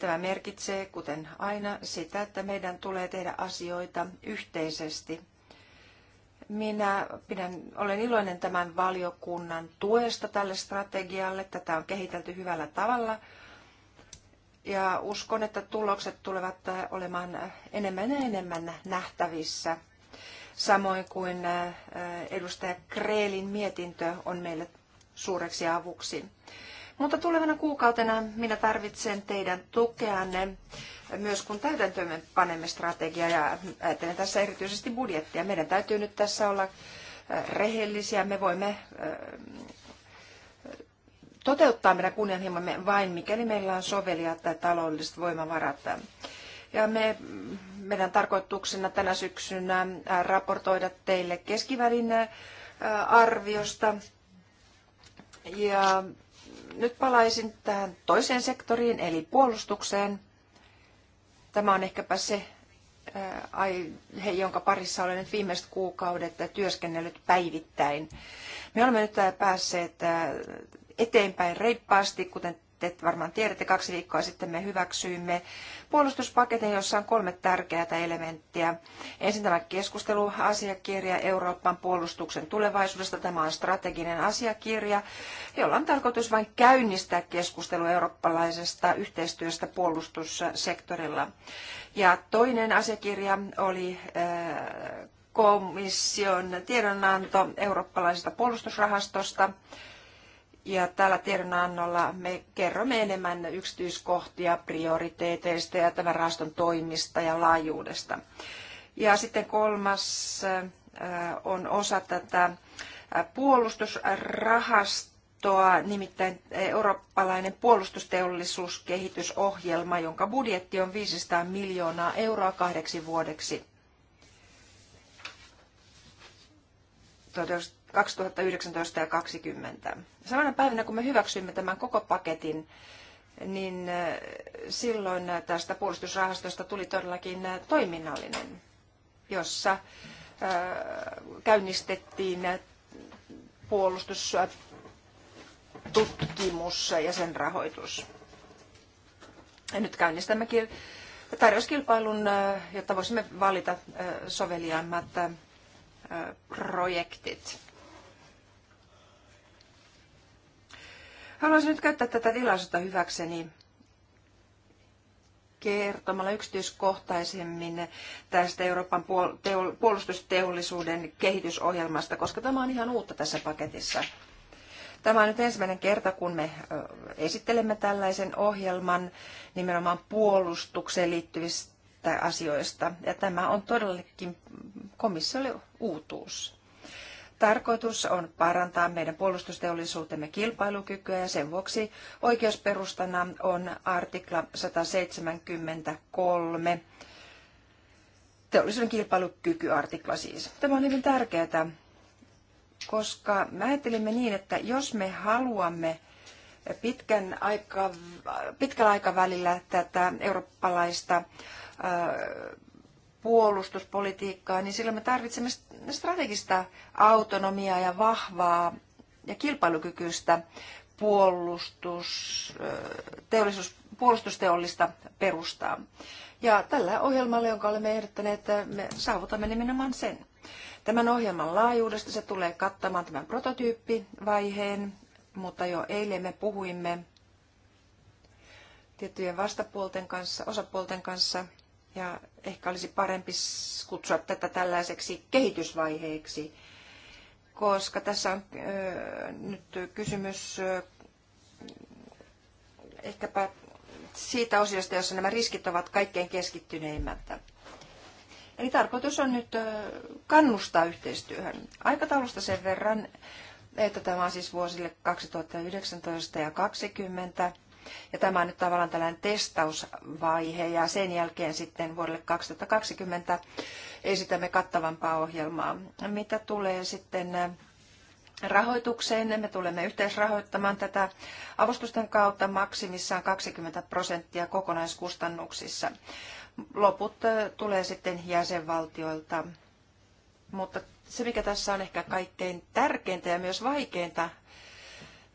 [SPEAKER 3] Tämä merkitsee, kuten aina, sitä, että meidän tulee tehdä asioita yhteisesti. Minä pidän, olen iloinen tämän valiokunnan tuesta tälle strategialle. Tätä on kehitelty hyvällä tavalla. Ja uskon, että tulokset tulevat olemaan enemmän ja enemmän nähtävissä. Samoin kuin edustaja Kreelin mietintö on meille suureksi avuksi. Mutta tulevana kuukautena minä tarvitsen teidän tukeanne myös kun täytäntöön panemme strategiaa ja ajattelen tässä erityisesti budjettia. Meidän täytyy nyt tässä olla äh, rehellisiä. Me voimme äh, toteuttaa meidän kunnianhimomme vain, mikäli meillä on sovelia tai taloudelliset voimavarat. Ja me, meidän tarkoituksena tänä syksynä äh, raportoida teille keskivälin arviosta. Ja nyt palaisin tähän toiseen sektoriin, eli puolustukseen. Tämä on ehkäpä se äh, aihe, jonka parissa olen nyt viimeiset kuukaudet työskennellyt päivittäin. Me olemme nyt äh, päässeet äh, eteenpäin reippaasti, kuten te varmaan tiedätte, kaksi viikkoa sitten me hyväksyimme puolustuspaketin, jossa on kolme tärkeää elementtiä. Ensin tämä keskusteluasiakirja Euroopan puolustuksen tulevaisuudesta. Tämä on strateginen asiakirja, jolla on tarkoitus vain käynnistää keskustelu eurooppalaisesta yhteistyöstä puolustussektorilla. Ja toinen asiakirja oli äh, komission tiedonanto eurooppalaisesta puolustusrahastosta ja tällä tiedonannolla me kerromme enemmän yksityiskohtia prioriteeteista ja tämän rahaston toimista ja laajuudesta. Ja sitten kolmas äh, on osa tätä äh, puolustusrahastoa, nimittäin eurooppalainen puolustusteollisuuskehitysohjelma, jonka budjetti on 500 miljoonaa euroa kahdeksi vuodeksi. 2019 ja 2020. Samana päivänä, kun me hyväksyimme tämän koko paketin, niin äh, silloin tästä puolustusrahastosta tuli todellakin äh, toiminnallinen, jossa äh, käynnistettiin puolustustutkimus ja sen rahoitus. Ja nyt käynnistämme tarjouskilpailun, jotta voisimme valita soveliaimmat projektit. Haluaisin nyt käyttää tätä tilaisuutta hyväkseni kertomalla yksityiskohtaisemmin tästä Euroopan puolustusteollisuuden kehitysohjelmasta, koska tämä on ihan uutta tässä paketissa. Tämä on nyt ensimmäinen kerta, kun me esittelemme tällaisen ohjelman nimenomaan puolustukseen liittyvistä asioista. Ja tämä on todellakin komissiolle uutuus. Tarkoitus on parantaa meidän puolustusteollisuutemme kilpailukykyä ja sen vuoksi oikeusperustana on artikla 173 teollisuuden kilpailukykyartikla siis. Tämä on hyvin tärkeää, koska me ajattelimme niin, että jos me haluamme pitkän aika, pitkällä aikavälillä tätä eurooppalaista puolustuspolitiikkaa, niin silloin me tarvitsemme strategista autonomiaa ja vahvaa ja kilpailukykyistä puolustus, teollisuus, puolustusteollista perustaa. Ja tällä ohjelmalla, jonka olemme ehdottaneet, me saavutamme nimenomaan sen. Tämän ohjelman laajuudesta se tulee kattamaan tämän prototyyppivaiheen, mutta jo eilen me puhuimme tiettyjen vastapuolten kanssa, osapuolten kanssa ja ehkä olisi parempi kutsua tätä tällaiseksi kehitysvaiheeksi, koska tässä on nyt kysymys ehkäpä siitä osiosta, jossa nämä riskit ovat kaikkein keskittyneimmät. Eli tarkoitus on nyt kannustaa yhteistyöhön. Aikataulusta sen verran, että tämä on siis vuosille 2019 ja 2020. Ja tämä on nyt tavallaan tällainen testausvaihe ja sen jälkeen sitten vuodelle 2020 esitämme kattavampaa ohjelmaa. Mitä tulee sitten äh, rahoitukseen. Me tulemme yhteisrahoittamaan tätä avustusten kautta maksimissaan 20 prosenttia kokonaiskustannuksissa. Loput äh, tulee sitten jäsenvaltioilta. Mutta se, mikä tässä on ehkä kaikkein tärkeintä ja myös vaikeinta,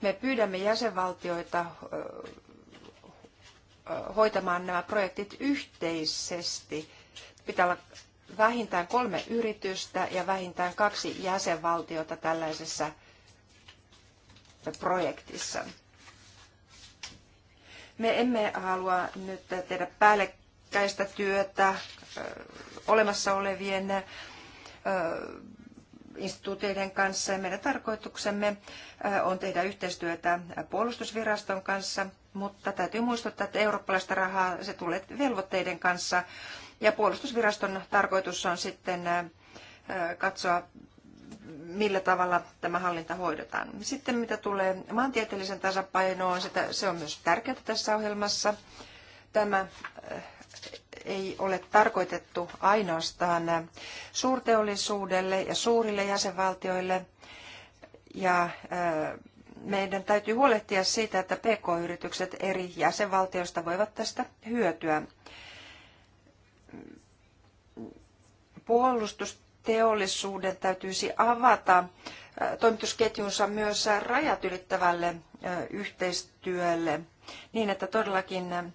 [SPEAKER 3] me pyydämme jäsenvaltioita äh, hoitamaan nämä projektit yhteisesti. Pitää olla vähintään kolme yritystä ja vähintään kaksi jäsenvaltiota tällaisessa projektissa. Me emme halua nyt tehdä päällekkäistä työtä olemassa olevien instituutioiden kanssa ja meidän tarkoituksemme on tehdä yhteistyötä puolustusviraston kanssa, mutta täytyy muistuttaa, että eurooppalaista rahaa se tulee velvoitteiden kanssa ja puolustusviraston tarkoitus on sitten katsoa millä tavalla tämä hallinta hoidetaan. Sitten mitä tulee maantieteellisen tasapainoon, se on myös tärkeää tässä ohjelmassa. Tämä ei ole tarkoitettu ainoastaan suurteollisuudelle ja suurille jäsenvaltioille. Ja meidän täytyy huolehtia siitä, että pk-yritykset eri jäsenvaltioista voivat tästä hyötyä. Puolustusteollisuuden täytyisi avata toimitusketjunsa myös rajat ylittävälle yhteistyölle niin, että todellakin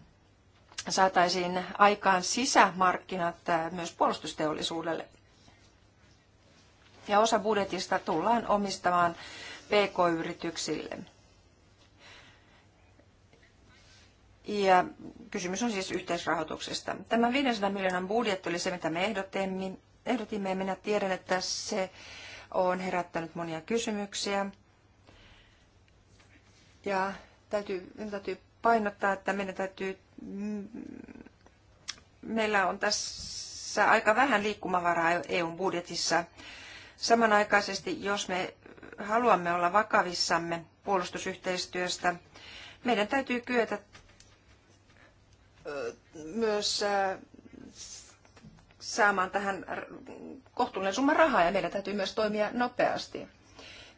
[SPEAKER 3] saataisiin aikaan sisämarkkinat äh, myös puolustusteollisuudelle. Ja osa budjetista tullaan omistamaan PK-yrityksille. Ja kysymys on siis yhteisrahoituksesta. Tämä 500 miljoonan budjetti oli se, mitä me ehdotimme, ja minä tiedän, että se on herättänyt monia kysymyksiä. Ja täytyy, täytyy painottaa, että meidän täytyy Mm, meillä on tässä aika vähän liikkumavaraa EUn budjetissa. Samanaikaisesti, jos me haluamme olla vakavissamme puolustusyhteistyöstä, meidän täytyy kyetä myös saamaan tähän kohtuullinen summa rahaa ja meidän täytyy myös toimia nopeasti.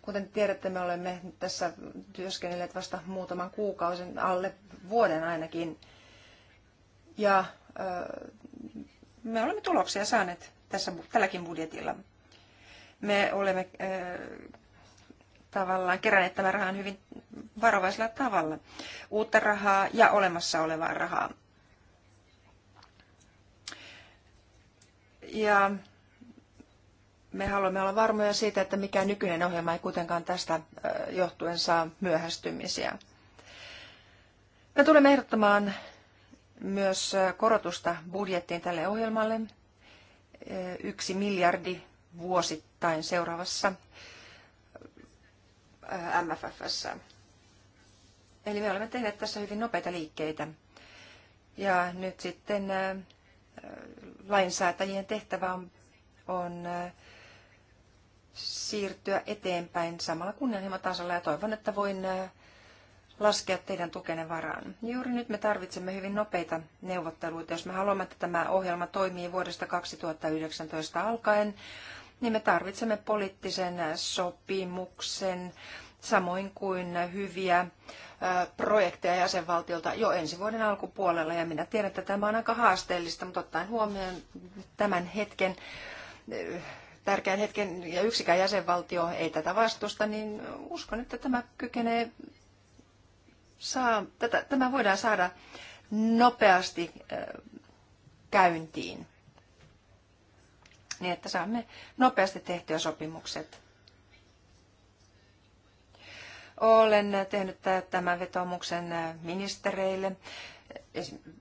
[SPEAKER 3] Kuten tiedätte, me olemme tässä työskennelleet vasta muutaman kuukauden alle vuoden ainakin ja me olemme tuloksia saaneet tässä, tälläkin budjetilla. Me olemme tavallaan keränneet tämän rahan hyvin varovaisella tavalla. Uutta rahaa ja olemassa olevaa rahaa. Ja me haluamme olla varmoja siitä, että mikä nykyinen ohjelma ei kuitenkaan tästä johtuen saa myöhästymisiä. Me tulemme ehdottamaan myös korotusta budjettiin tälle ohjelmalle yksi miljardi vuosittain seuraavassa MFFssä. Eli me olemme tehneet tässä hyvin nopeita liikkeitä. Ja nyt sitten lainsäätäjien tehtävä on, on siirtyä eteenpäin samalla kunnianhimotasolla ja toivon, että voin laskea teidän tukenne varaan. Juuri nyt me tarvitsemme hyvin nopeita neuvotteluita. Jos me haluamme, että tämä ohjelma toimii vuodesta 2019 alkaen, niin me tarvitsemme poliittisen sopimuksen, samoin kuin hyviä projekteja jäsenvaltiolta jo ensi vuoden alkupuolella. Ja minä tiedän, että tämä on aika haasteellista, mutta ottaen huomioon tämän hetken tärkeän hetken ja yksikään jäsenvaltio ei tätä vastusta, niin uskon, että tämä kykenee saa, tätä, tämä voidaan saada nopeasti käyntiin, niin että saamme nopeasti tehtyä sopimukset. Olen tehnyt tämän vetomuksen ministereille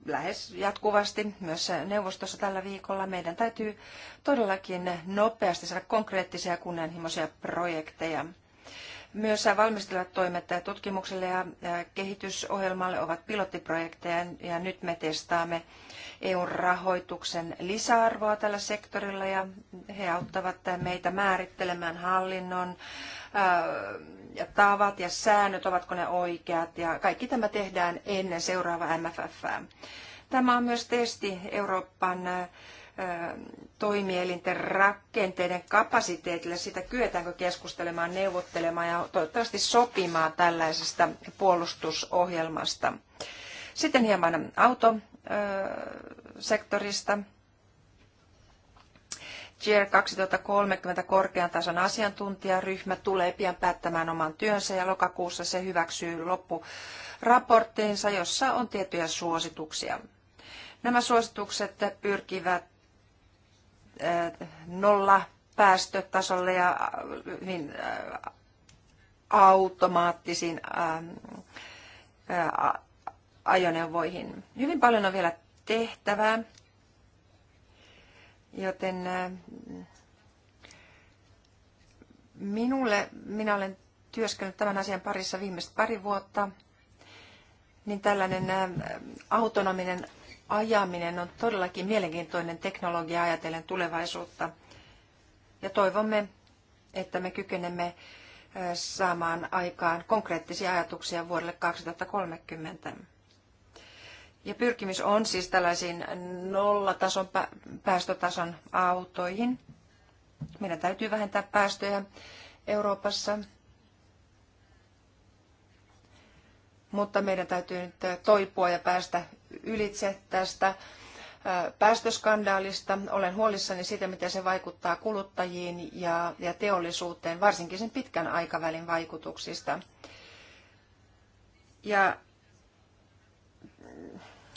[SPEAKER 3] lähes jatkuvasti myös neuvostossa tällä viikolla. Meidän täytyy todellakin nopeasti saada konkreettisia kunnianhimoisia projekteja myös valmistelevat toimet tutkimukselle ja kehitysohjelmalle ovat pilottiprojekteja ja nyt me testaamme EUn rahoituksen lisäarvoa tällä sektorilla ja he auttavat meitä määrittelemään hallinnon ja tavat ja säännöt, ovatko ne oikeat ja kaikki tämä tehdään ennen seuraavaa MFF. Tämä on myös testi Euroopan toimielinten rakenteiden kapasiteetille, sitä kyetäänkö keskustelemaan, neuvottelemaan ja toivottavasti sopimaan tällaisesta puolustusohjelmasta. Sitten hieman autosektorista. GER 2030 korkean tason asiantuntijaryhmä tulee pian päättämään oman työnsä ja lokakuussa se hyväksyy loppuraporttinsa, jossa on tiettyjä suosituksia. Nämä suositukset pyrkivät nolla päästötasolle ja äh, hyvin äh, automaattisiin ähm, äh, ajoneuvoihin. Hyvin paljon on vielä tehtävää, joten minulle, minä olen työskennellyt tämän asian parissa viimeiset pari vuotta, niin tällainen autonominen ajaminen on todellakin mielenkiintoinen teknologia ajatellen tulevaisuutta. Ja toivomme, että me kykenemme saamaan aikaan konkreettisia ajatuksia vuodelle 2030. Ja pyrkimys on siis tällaisiin nollatason päästötason autoihin. Meidän täytyy vähentää päästöjä Euroopassa, mutta meidän täytyy nyt toipua ja päästä ylitse tästä äh, päästöskandaalista. Olen huolissani siitä, miten se vaikuttaa kuluttajiin ja, ja teollisuuteen, varsinkin sen pitkän aikavälin vaikutuksista. Ja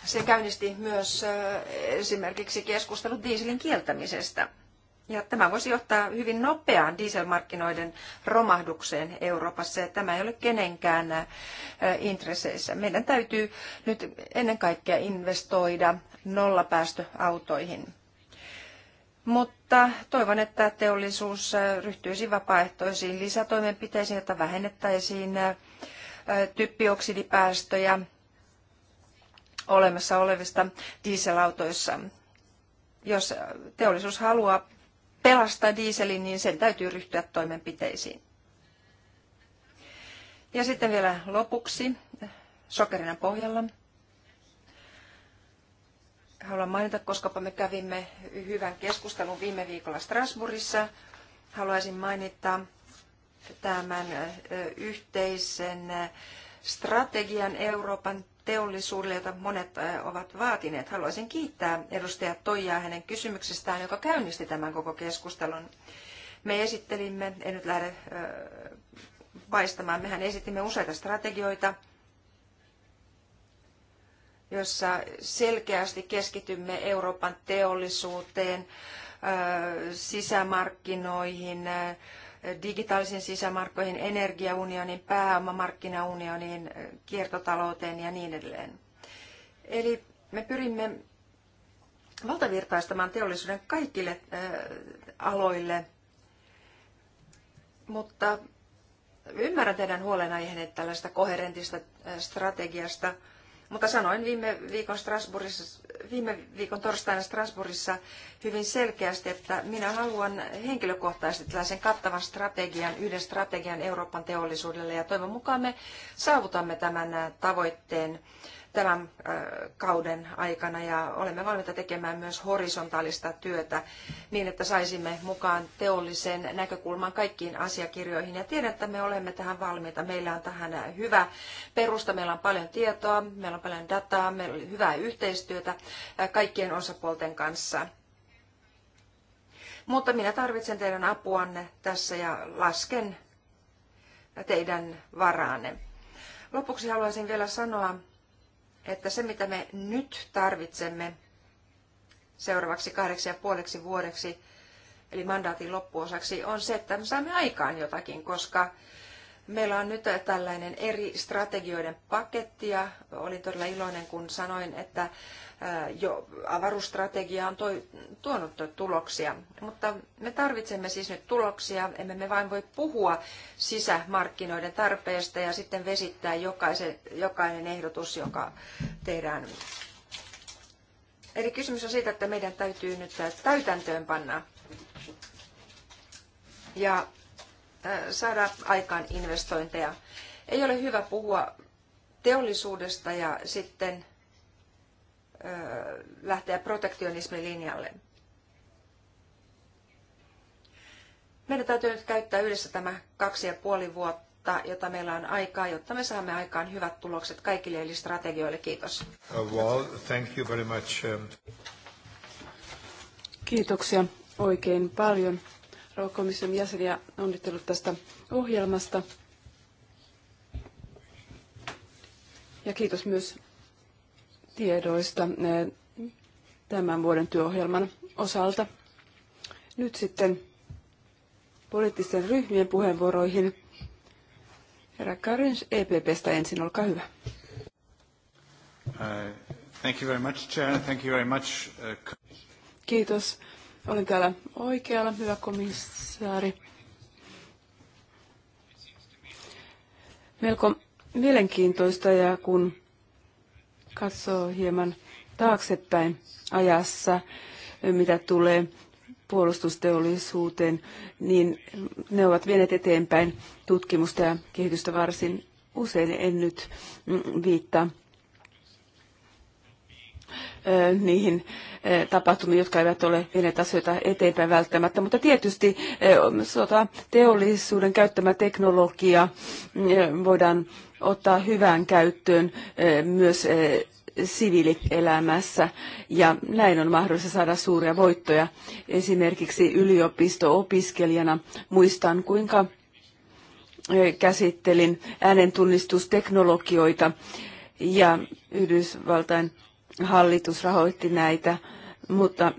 [SPEAKER 3] se käynnisti myös äh, esimerkiksi keskustelun dieselin kieltämisestä. Ja tämä voisi johtaa hyvin nopeaan dieselmarkkinoiden romahdukseen Euroopassa ja tämä ei ole kenenkään intresseissä. Meidän täytyy nyt ennen kaikkea investoida nollapäästöautoihin. Mutta toivon, että teollisuus ryhtyisi vapaaehtoisiin lisätoimenpiteisiin, jotta vähennettäisiin typpioksidipäästöjä olemassa olevista dieselautoissa. Jos teollisuus haluaa pelastaa dieselin, niin sen täytyy ryhtyä toimenpiteisiin. Ja sitten vielä lopuksi sokerina pohjalla. Haluan mainita, koska me kävimme hyvän keskustelun viime viikolla Strasbourgissa. Haluaisin mainita tämän yhteisen strategian Euroopan teollisuudelle, jota monet ovat vaatineet. Haluaisin kiittää edustaja Toijaa hänen kysymyksestään, joka käynnisti tämän koko keskustelun. Me esittelimme, en nyt lähde paistamaan, mehän esitimme useita strategioita, jossa selkeästi keskitymme Euroopan teollisuuteen, sisämarkkinoihin, digitaalisiin sisämarkkoihin, energiaunioniin, pääomamarkkinaunioniin, kiertotalouteen ja niin edelleen. Eli me pyrimme valtavirtaistamaan teollisuuden kaikille äh, aloille, mutta ymmärrän teidän huolenaiheenne tällaista koherentista äh, strategiasta – mutta sanoin viime viikon, Strasbourgissa, viime viikon torstaina Strasbourgissa hyvin selkeästi, että minä haluan henkilökohtaisesti tällaisen kattavan strategian, yhden strategian Euroopan teollisuudelle ja toivon mukaan me saavutamme tämän tavoitteen tämän kauden aikana ja olemme valmiita tekemään myös horisontaalista työtä niin, että saisimme mukaan teollisen näkökulman kaikkiin asiakirjoihin. Ja tiedän, että me olemme tähän valmiita. Meillä on tähän hyvä perusta, meillä on paljon tietoa, meillä on paljon dataa, meillä on hyvää yhteistyötä kaikkien osapuolten kanssa. Mutta minä tarvitsen teidän apuanne tässä ja lasken teidän varaanne. Lopuksi haluaisin vielä sanoa, että se mitä me nyt tarvitsemme seuraavaksi kahdeksi ja puoleksi vuodeksi, eli mandaatin loppuosaksi, on se, että me saamme aikaan jotakin, koska Meillä on nyt tällainen eri strategioiden paketti ja olin todella iloinen, kun sanoin, että jo avaruusstrategia on toi, tuonut tuloksia. Mutta me tarvitsemme siis nyt tuloksia, emme me vain voi puhua sisämarkkinoiden tarpeesta ja sitten vesittää jokaisen, jokainen ehdotus, joka tehdään. Eli kysymys on siitä, että meidän täytyy nyt täytäntöön panna. Ja Äh, saada aikaan investointeja. Ei ole hyvä puhua teollisuudesta ja sitten äh, lähteä protektionismin linjalle. Meidän täytyy nyt käyttää yhdessä tämä kaksi ja puoli vuotta, jota meillä on aikaa, jotta me saamme aikaan hyvät tulokset kaikille eli strategioille. Kiitos.
[SPEAKER 1] Uh, well, thank you very much. Um,
[SPEAKER 2] Kiitoksia oikein paljon rouva komission jäseniä onnittelut tästä ohjelmasta. Ja kiitos myös tiedoista eh, tämän vuoden työohjelman osalta. Nyt sitten poliittisten ryhmien puheenvuoroihin. Herra Karins EPPstä ensin, olkaa hyvä.
[SPEAKER 1] Uh, thank you very much, Chair. Thank you very much. Uh,
[SPEAKER 2] kiitos olen täällä oikealla, hyvä komissaari. Melko mielenkiintoista ja kun katsoo hieman taaksepäin ajassa, mitä tulee puolustusteollisuuteen, niin ne ovat vieneet eteenpäin tutkimusta ja kehitystä varsin usein. En nyt mm, viittaa niihin tapahtumiin, jotka eivät ole vieneet asioita eteenpäin välttämättä. Mutta tietysti sota, teollisuuden käyttämä teknologia mm, voidaan ottaa hyvään käyttöön myös siviilielämässä ja näin on mahdollista saada suuria voittoja. Esimerkiksi yliopisto-opiskelijana muistan, kuinka käsittelin äänentunnistusteknologioita ja Yhdysvaltain hallitus rahoitti näitä, mutta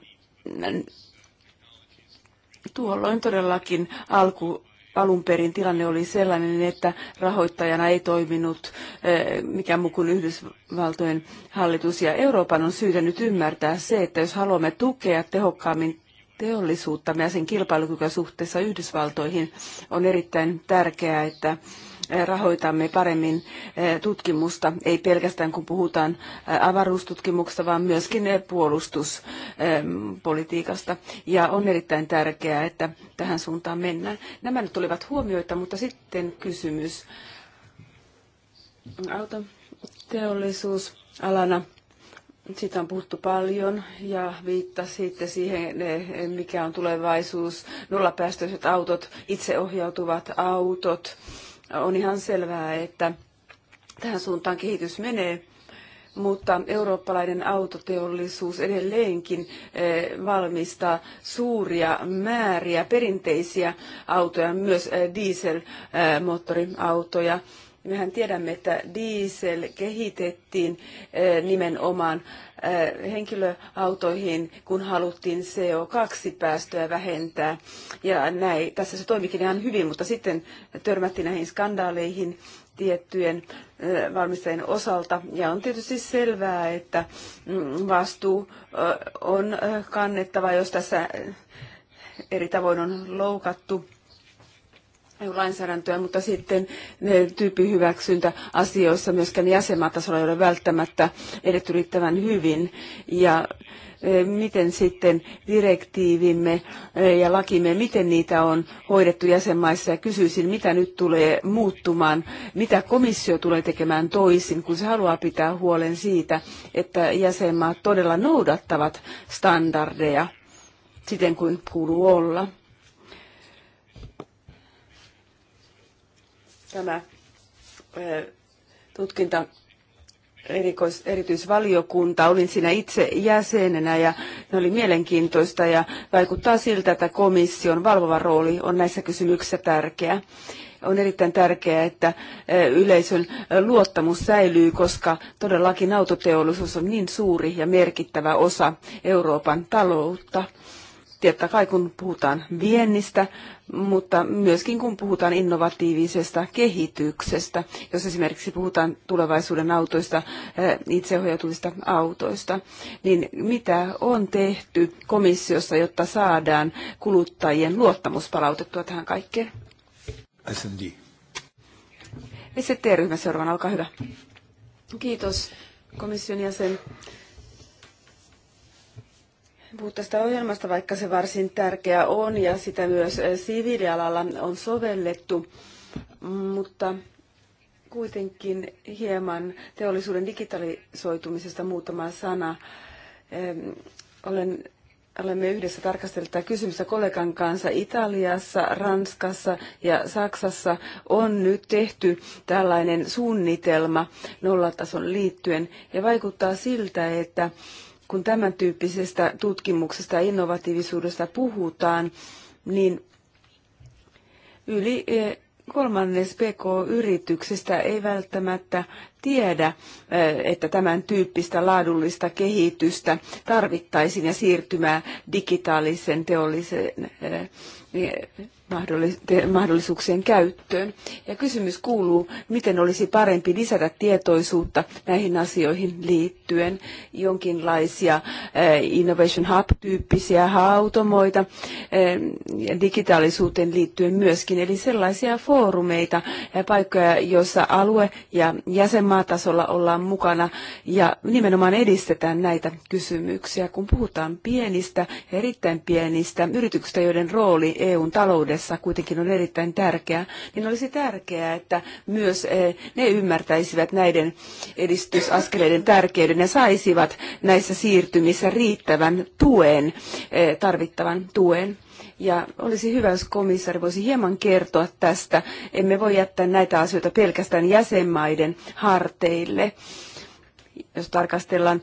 [SPEAKER 2] tuolloin todellakin alku, alun perin tilanne oli sellainen, että rahoittajana ei toiminut eh, mikä muu kuin Yhdysvaltojen hallitus. Ja Euroopan on syytä nyt ymmärtää se, että jos haluamme tukea tehokkaammin teollisuutta ja sen kilpailukykyä suhteessa Yhdysvaltoihin, on erittäin tärkeää, että rahoitamme paremmin eh, tutkimusta, ei pelkästään kun puhutaan eh, avaruustutkimuksesta, vaan myöskin eh, puolustuspolitiikasta. Ja on erittäin tärkeää, että tähän suuntaan mennään. Nämä nyt olivat huomioita, mutta sitten kysymys. Autoteollisuusalana. Siitä on puhuttu paljon ja viittasitte siihen, mikä on tulevaisuus, nollapäästöiset autot, itseohjautuvat autot on ihan selvää, että tähän suuntaan kehitys menee mutta eurooppalainen autoteollisuus edelleenkin eh, valmistaa suuria määriä perinteisiä autoja, myös eh, dieselmoottoriautoja. Mehän tiedämme, että diesel kehitettiin eh, nimenomaan eh, henkilöautoihin, kun haluttiin CO2-päästöä vähentää. Ja näin, tässä se toimikin ihan hyvin, mutta sitten törmättiin näihin skandaaleihin tiettyjen eh, valmistajien osalta. Ja on tietysti selvää, että mm, vastuu on kannettava, jos tässä eri tavoin on loukattu lainsäädäntöä, mutta sitten tyyppihyväksyntä asioissa myöskään jäsenmaatasolla ei ole välttämättä edetty riittävän hyvin. Ja e, miten sitten direktiivimme e, ja lakimme, miten niitä on hoidettu jäsenmaissa ja kysyisin, mitä nyt tulee muuttumaan, mitä komissio tulee tekemään toisin, kun se haluaa pitää huolen siitä, että jäsenmaat todella noudattavat standardeja siten kuin kuuluu olla. tämä tutkinta erikois, erityisvaliokunta. Olin siinä itse jäsenenä ja ne oli mielenkiintoista ja vaikuttaa siltä, että komission valvova rooli on näissä kysymyksissä tärkeä. On erittäin tärkeää, että yleisön luottamus säilyy, koska todellakin autoteollisuus on niin suuri ja merkittävä osa Euroopan taloutta totta kai kun puhutaan viennistä, mutta myöskin kun puhutaan innovatiivisesta kehityksestä, jos esimerkiksi puhutaan tulevaisuuden autoista, eh, itseohjautuvista autoista, niin mitä on tehty komissiossa, jotta saadaan kuluttajien luottamus palautettua tähän kaikkeen? SND. ST-ryhmä seuraavana, olkaa hyvä. Kiitos komission jäsen puhu tästä ohjelmasta, vaikka se varsin tärkeä on ja sitä myös eh, siviilialalla on sovellettu, mutta kuitenkin hieman teollisuuden digitalisoitumisesta muutama sana. Olen olemme yhdessä tarkastelleet tätä kysymystä kollegan kanssa. Italiassa, Ranskassa ja Saksassa on nyt tehty tällainen suunnitelma nollatason liittyen ja vaikuttaa siltä, että kun tämän tyyppisestä tutkimuksesta ja innovatiivisuudesta puhutaan, niin yli eh, kolmannes PK-yrityksistä ei välttämättä tiedä, eh, että tämän tyyppistä laadullista kehitystä tarvittaisiin ja siirtymää digitaalisen teollisen eh, mahdollisuuksien käyttöön. Ja kysymys kuuluu, miten olisi parempi lisätä tietoisuutta näihin asioihin liittyen, jonkinlaisia eh, Innovation Hub-tyyppisiä hautomoita eh, digitaalisuuteen liittyen myöskin, eli sellaisia foorumeita ja paikkoja, joissa alue- ja jäsenmaatasolla ollaan mukana ja nimenomaan edistetään näitä kysymyksiä, kun puhutaan pienistä, erittäin pienistä yrityksistä, joiden rooli EUn taloudessa tulevaisuudessa kuitenkin on erittäin tärkeää, niin olisi tärkeää, että myös eh, ne ymmärtäisivät näiden edistysaskeleiden tärkeyden ja saisivat näissä siirtymissä riittävän tuen, eh, tarvittavan tuen. Ja olisi hyvä, jos komissaari voisi hieman kertoa tästä. Emme voi jättää näitä asioita pelkästään jäsenmaiden harteille jos tarkastellaan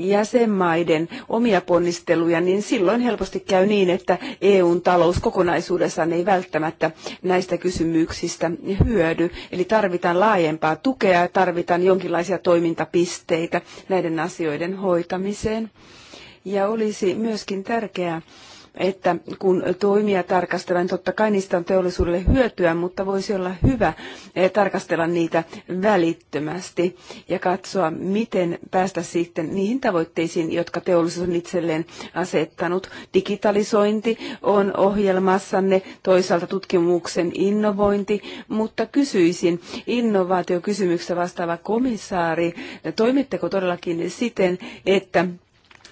[SPEAKER 2] jäsenmaiden omia ponnisteluja, niin silloin helposti käy niin, että EUn talous kokonaisuudessaan ei välttämättä näistä kysymyksistä hyödy. Eli tarvitaan laajempaa tukea, tarvitaan jonkinlaisia toimintapisteitä näiden asioiden hoitamiseen. Ja olisi myöskin tärkeää, että kun toimia tarkastellaan, niin totta kai niistä on teollisuudelle hyötyä, mutta voisi olla hyvä eh, tarkastella niitä välittömästi ja katsoa, miten päästä sitten niihin tavoitteisiin, jotka teollisuus on itselleen asettanut. Digitalisointi on ohjelmassanne, toisaalta tutkimuksen innovointi, mutta kysyisin innovaatiokysymyksestä vastaava komissaari, toimitteko todellakin siten, että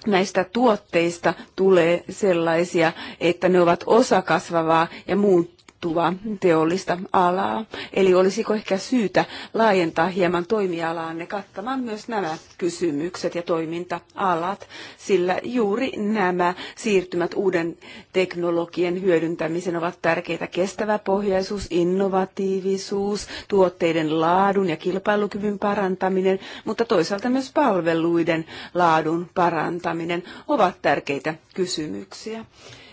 [SPEAKER 2] näistä tuotteista tulee sellaisia, että ne ovat osa kasvavaa ja muut muuttuvaa teollista alaa. Eli olisiko ehkä syytä laajentaa hieman toimialaanne kattamaan myös nämä kysymykset ja toiminta-alat, sillä juuri nämä siirtymät uuden teknologian hyödyntämisen ovat tärkeitä. Kestävä pohjaisuus, innovatiivisuus, tuotteiden laadun ja kilpailukyvyn parantaminen, mutta toisaalta myös palveluiden laadun parantaminen ovat tärkeitä kysymyksiä.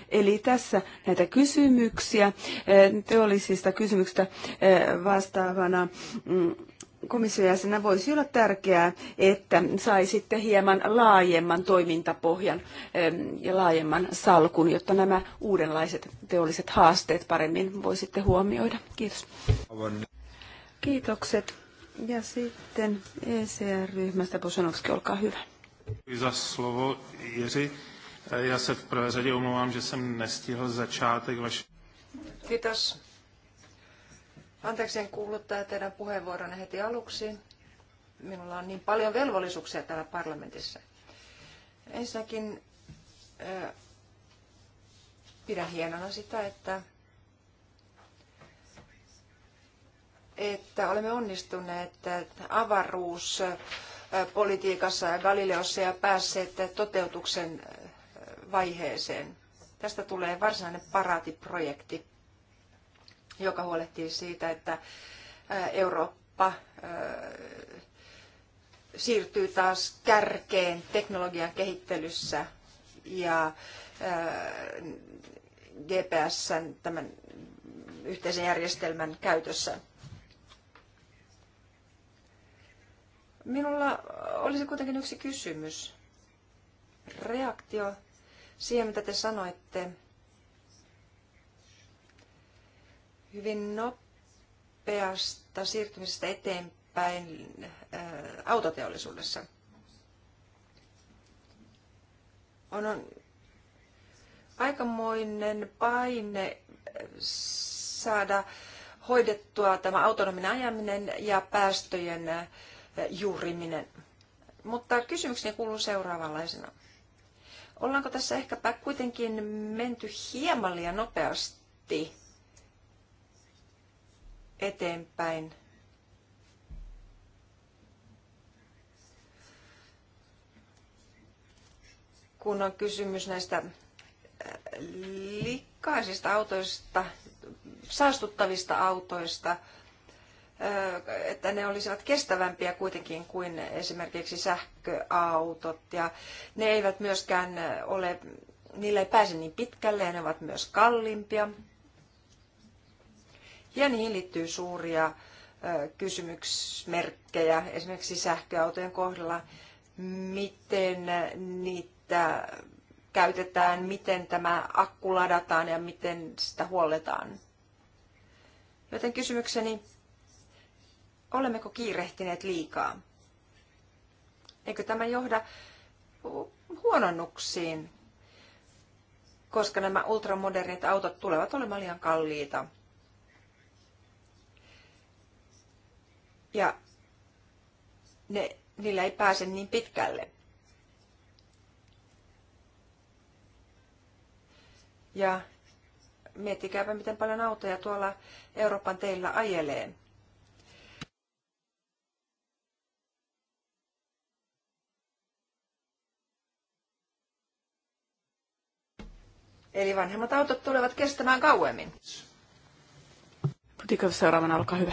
[SPEAKER 2] Eli tässä näitä kysymyksiä eh, teollisista kysymyksistä eh, vastaavana mm, komissiojäsenä voisi olla tärkeää, että saisitte hieman laajemman toimintapohjan eh, ja laajemman salkun, jotta nämä uudenlaiset teolliset haasteet paremmin voisitte huomioida. Kiitos. Kiitokset. Ja sitten ECR-ryhmästä Posanovski, olkaa hyvä. Eh, já se v prvé řadě omlouvám, že jsem nestihl začátek
[SPEAKER 3] vaše... Kiitos. Anteeksi, en kuullut teidän puheenvuoronne heti aluksi. Minulla on niin paljon velvollisuuksia täällä parlamentissa. Ensinnäkin eh, pidän hienona sitä, että, että olemme onnistuneet avaruus eh, politiikassa ja Galileossa ja päässeet toteutuksen vaiheeseen. Tästä tulee varsinainen paraatiprojekti, joka huolehtii siitä, että Eurooppa siirtyy taas kärkeen teknologian kehittelyssä ja GPS tämän yhteisen järjestelmän käytössä. Minulla olisi kuitenkin yksi kysymys. Reaktio siihen, mitä te sanoitte. Hyvin nopeasta siirtymisestä eteenpäin äh, autoteollisuudessa. On, on aikamoinen paine äh, saada hoidettua tämä autonominen ajaminen ja päästöjen äh, juuriminen. Mutta kysymykseni kuuluu seuraavanlaisena. Ollaanko tässä ehkäpä kuitenkin menty hieman liian nopeasti eteenpäin? Kun on kysymys näistä äh, likaisista autoista, saastuttavista autoista, että ne olisivat kestävämpiä kuitenkin kuin esimerkiksi sähköautot. Ja ne eivät myöskään ole, niillä ei pääse niin pitkälle ja ne ovat myös kalliimpia. Ja niihin liittyy suuria kysymysmerkkejä esimerkiksi sähköautojen kohdalla, miten niitä käytetään, miten tämä akku ladataan ja miten sitä huolletaan. Joten kysymykseni Olemmeko kiirehtineet liikaa? Eikö tämä johda huononnuksiin, koska nämä ultramodernit autot tulevat olemaan liian kalliita? Ja ne, niillä ei pääse niin pitkälle. Ja miettikääpä, miten paljon autoja tuolla Euroopan teillä ajelee. Eli vanhemmat autot tulevat kestämään kauemmin.
[SPEAKER 2] Putikov seuraavana, olkaa hyvä.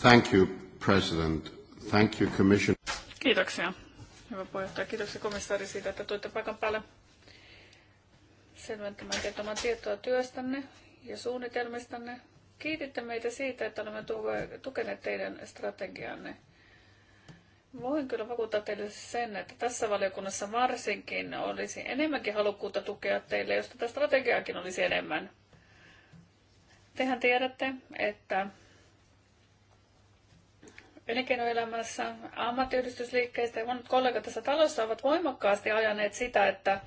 [SPEAKER 2] Thank you, President. Thank you, Commission.
[SPEAKER 1] Kiitoksia, hyvä puheenjohtaja. Kiitoksia komissaari siitä, että tuitte paikan päälle selventämään kertomaan tietoa työstänne ja suunnitelmistanne. Kiititte meitä siitä, että olemme tukeneet teidän strategianne Voin kyllä vakuuttaa teille sen, että tässä valiokunnassa varsinkin olisi enemmänkin halukkuutta tukea teille, jos tätä strategiaakin olisi enemmän. Tehän tiedätte, että elinkeinoelämässä ammattiyhdistysliikkeistä ja monet kollegat tässä talossa ovat voimakkaasti ajaneet sitä, että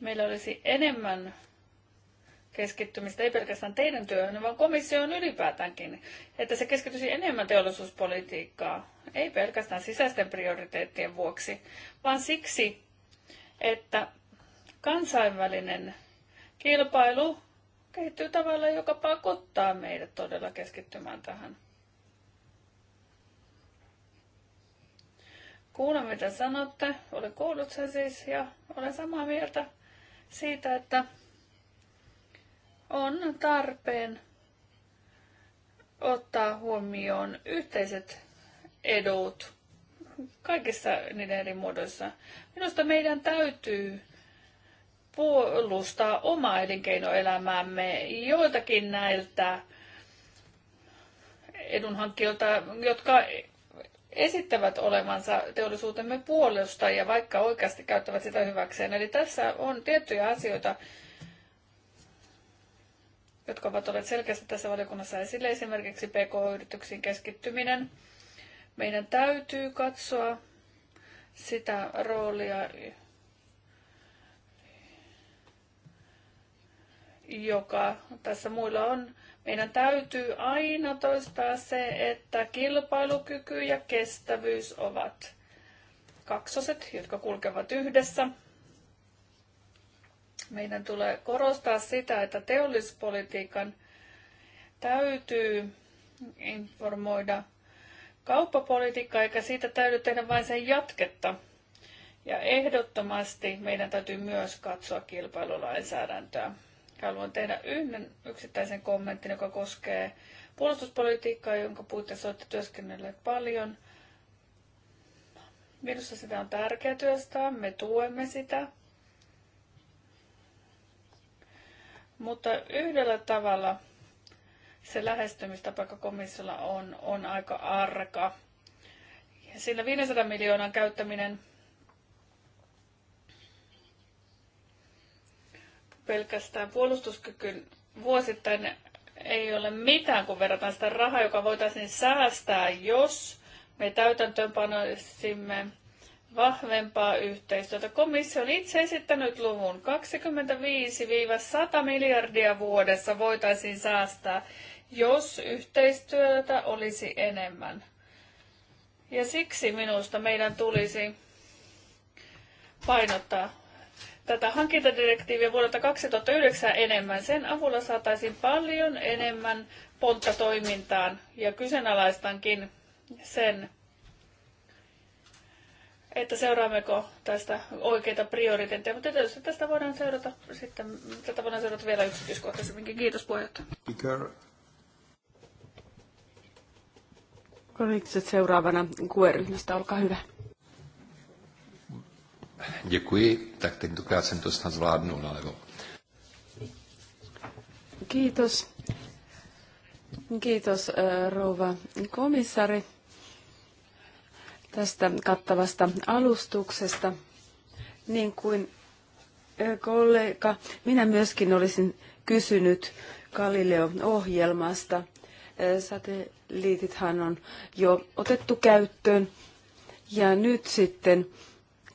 [SPEAKER 1] meillä olisi enemmän keskittymistä ei pelkästään teidän työhön, vaan komissioon ylipäätäänkin, että se keskittyisi enemmän teollisuuspolitiikkaa, ei pelkästään sisäisten prioriteettien vuoksi, vaan siksi, että kansainvälinen kilpailu kehittyy tavalla, joka pakottaa meidät todella keskittymään tähän. Kuulen, mitä sanotte. Olen kuullut sen siis ja olen samaa mieltä siitä, että on tarpeen ottaa huomioon yhteiset edut kaikissa niiden eri muodoissa. Minusta meidän täytyy puolustaa omaa elinkeinoelämäämme joiltakin näiltä edunhankkijoilta, jotka esittävät olevansa teollisuutemme puolustajia, vaikka oikeasti käyttävät sitä hyväkseen. Eli tässä on tiettyjä asioita, jotka ovat olleet selkeästi tässä valiokunnassa esille, esimerkiksi PK-yrityksiin keskittyminen. Meidän täytyy katsoa sitä roolia, joka tässä muilla on. Meidän täytyy aina toistaa se, että kilpailukyky ja kestävyys ovat kaksoset, jotka kulkevat yhdessä – meidän tulee korostaa sitä, että teollispolitiikan täytyy informoida kauppapolitiikkaa, eikä siitä täytyy tehdä vain sen jatketta. Ja ehdottomasti meidän täytyy myös katsoa kilpailulainsäädäntöä. Haluan tehdä yhden yksittäisen kommentin, joka koskee puolustuspolitiikkaa, jonka puitteissa olette työskennelleet paljon. Minusta sitä on tärkeää työstää, me tuemme sitä. Mutta yhdellä tavalla se lähestymistapa, joka komissiolla on, on aika arka. Sillä 500 miljoonan käyttäminen pelkästään puolustuskykyn vuosittain ei ole mitään, kun verrataan sitä rahaa, joka voitaisiin säästää, jos me täytäntöönpanoisimme vahvempaa yhteistyötä. Komissio on itse esittänyt luvun 25-100 miljardia vuodessa voitaisiin säästää, jos yhteistyötä olisi enemmän. Ja siksi minusta meidän tulisi painottaa tätä hankintadirektiiviä vuodelta 2009 enemmän. Sen avulla saataisiin paljon enemmän pontta toimintaan ja kyseenalaistankin sen että seuraammeko tästä oikeita prioriteetteja, mutta tietysti tästä voidaan seurata, sitten, tätä voidaan seurata vielä yksityiskohtaisemminkin. Kiitos puheenjohtaja.
[SPEAKER 2] Kolikset seuraavana QE-ryhmästä, olkaa hyvä.
[SPEAKER 3] Děkuji, tak tentokrát jsem to snad zvládnul nalevo.
[SPEAKER 2] Kiitos. Kiitos eh, rouva komissari tästä kattavasta alustuksesta. Niin kuin kollega, minä myöskin olisin kysynyt Galileo-ohjelmasta. Satelliitithan on jo otettu käyttöön ja nyt sitten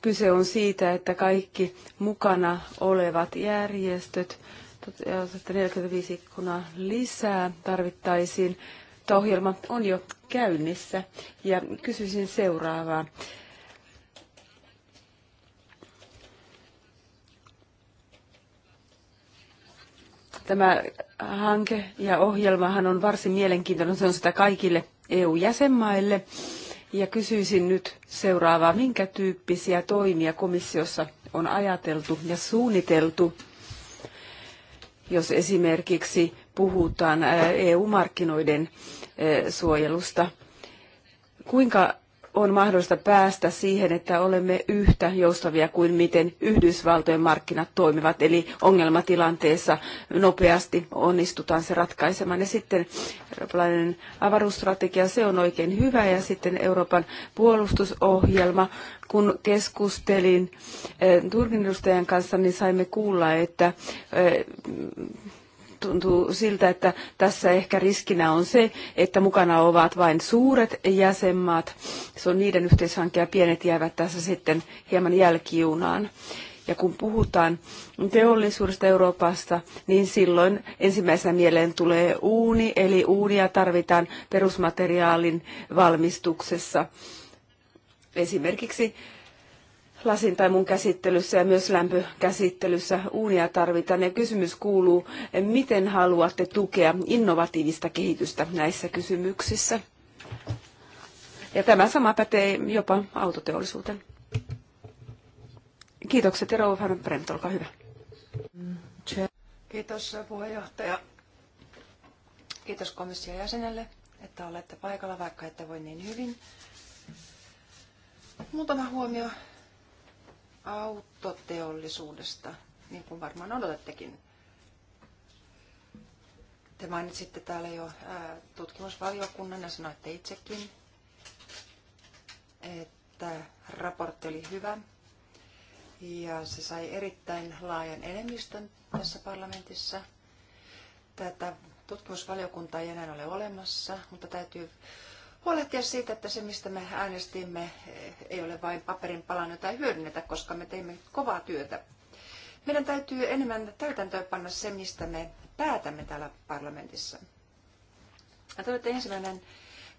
[SPEAKER 2] kyse on siitä, että kaikki mukana olevat järjestöt, 45 ikkunaa lisää tarvittaisiin Ohjelma on jo käynnissä ja kysyisin seuraavaa. Tämä hanke ja ohjelmahan on varsin mielenkiintoinen, se on sitä kaikille EU-jäsenmaille. Ja kysyisin nyt seuraavaa, minkä tyyppisiä toimia komissiossa on ajateltu ja suunniteltu, jos esimerkiksi puhutaan EU-markkinoiden suojelusta. Kuinka on mahdollista päästä siihen, että olemme yhtä joustavia kuin miten Yhdysvaltojen markkinat toimivat, eli ongelmatilanteessa nopeasti onnistutaan se ratkaisemaan. Ja sitten eurooppalainen avaruusstrategia, se on oikein hyvä, ja sitten Euroopan puolustusohjelma. Kun keskustelin Turkin edustajan kanssa, niin saimme kuulla, että tuntuu siltä, että tässä ehkä riskinä on se, että mukana ovat vain suuret jäsenmaat. Se on niiden yhteishanke ja pienet jäävät tässä sitten hieman jälkijunaan. Ja kun puhutaan teollisuudesta Euroopasta, niin silloin ensimmäisenä mieleen tulee uuni, eli uunia tarvitaan perusmateriaalin valmistuksessa. Esimerkiksi lasin tai mun käsittelyssä ja myös lämpökäsittelyssä uunia tarvitaan. Ja kysymys kuuluu, miten haluatte tukea innovatiivista kehitystä näissä kysymyksissä? Ja tämä sama pätee jopa autoteollisuuteen. Kiitokset ja Rouva Brent, olkaa hyvä.
[SPEAKER 3] Kiitos puheenjohtaja. Kiitos komission jäsenelle, että olette paikalla, vaikka ette voi niin hyvin. Muutama huomio autoteollisuudesta, niin kuin varmaan odotettekin. Te mainitsitte täällä jo tutkimusvaliokunnan ja sanoitte itsekin, että raportti oli hyvä ja se sai erittäin laajan enemmistön tässä parlamentissa. Tätä tutkimusvaliokuntaa ei enää ole olemassa, mutta täytyy huolehtia siitä, että se mistä me äänestimme ei ole vain paperin palan, jota ei hyödynnetä, koska me teimme kovaa työtä. Meidän täytyy enemmän täytäntöön panna se, mistä me päätämme täällä parlamentissa. te olette ensimmäinen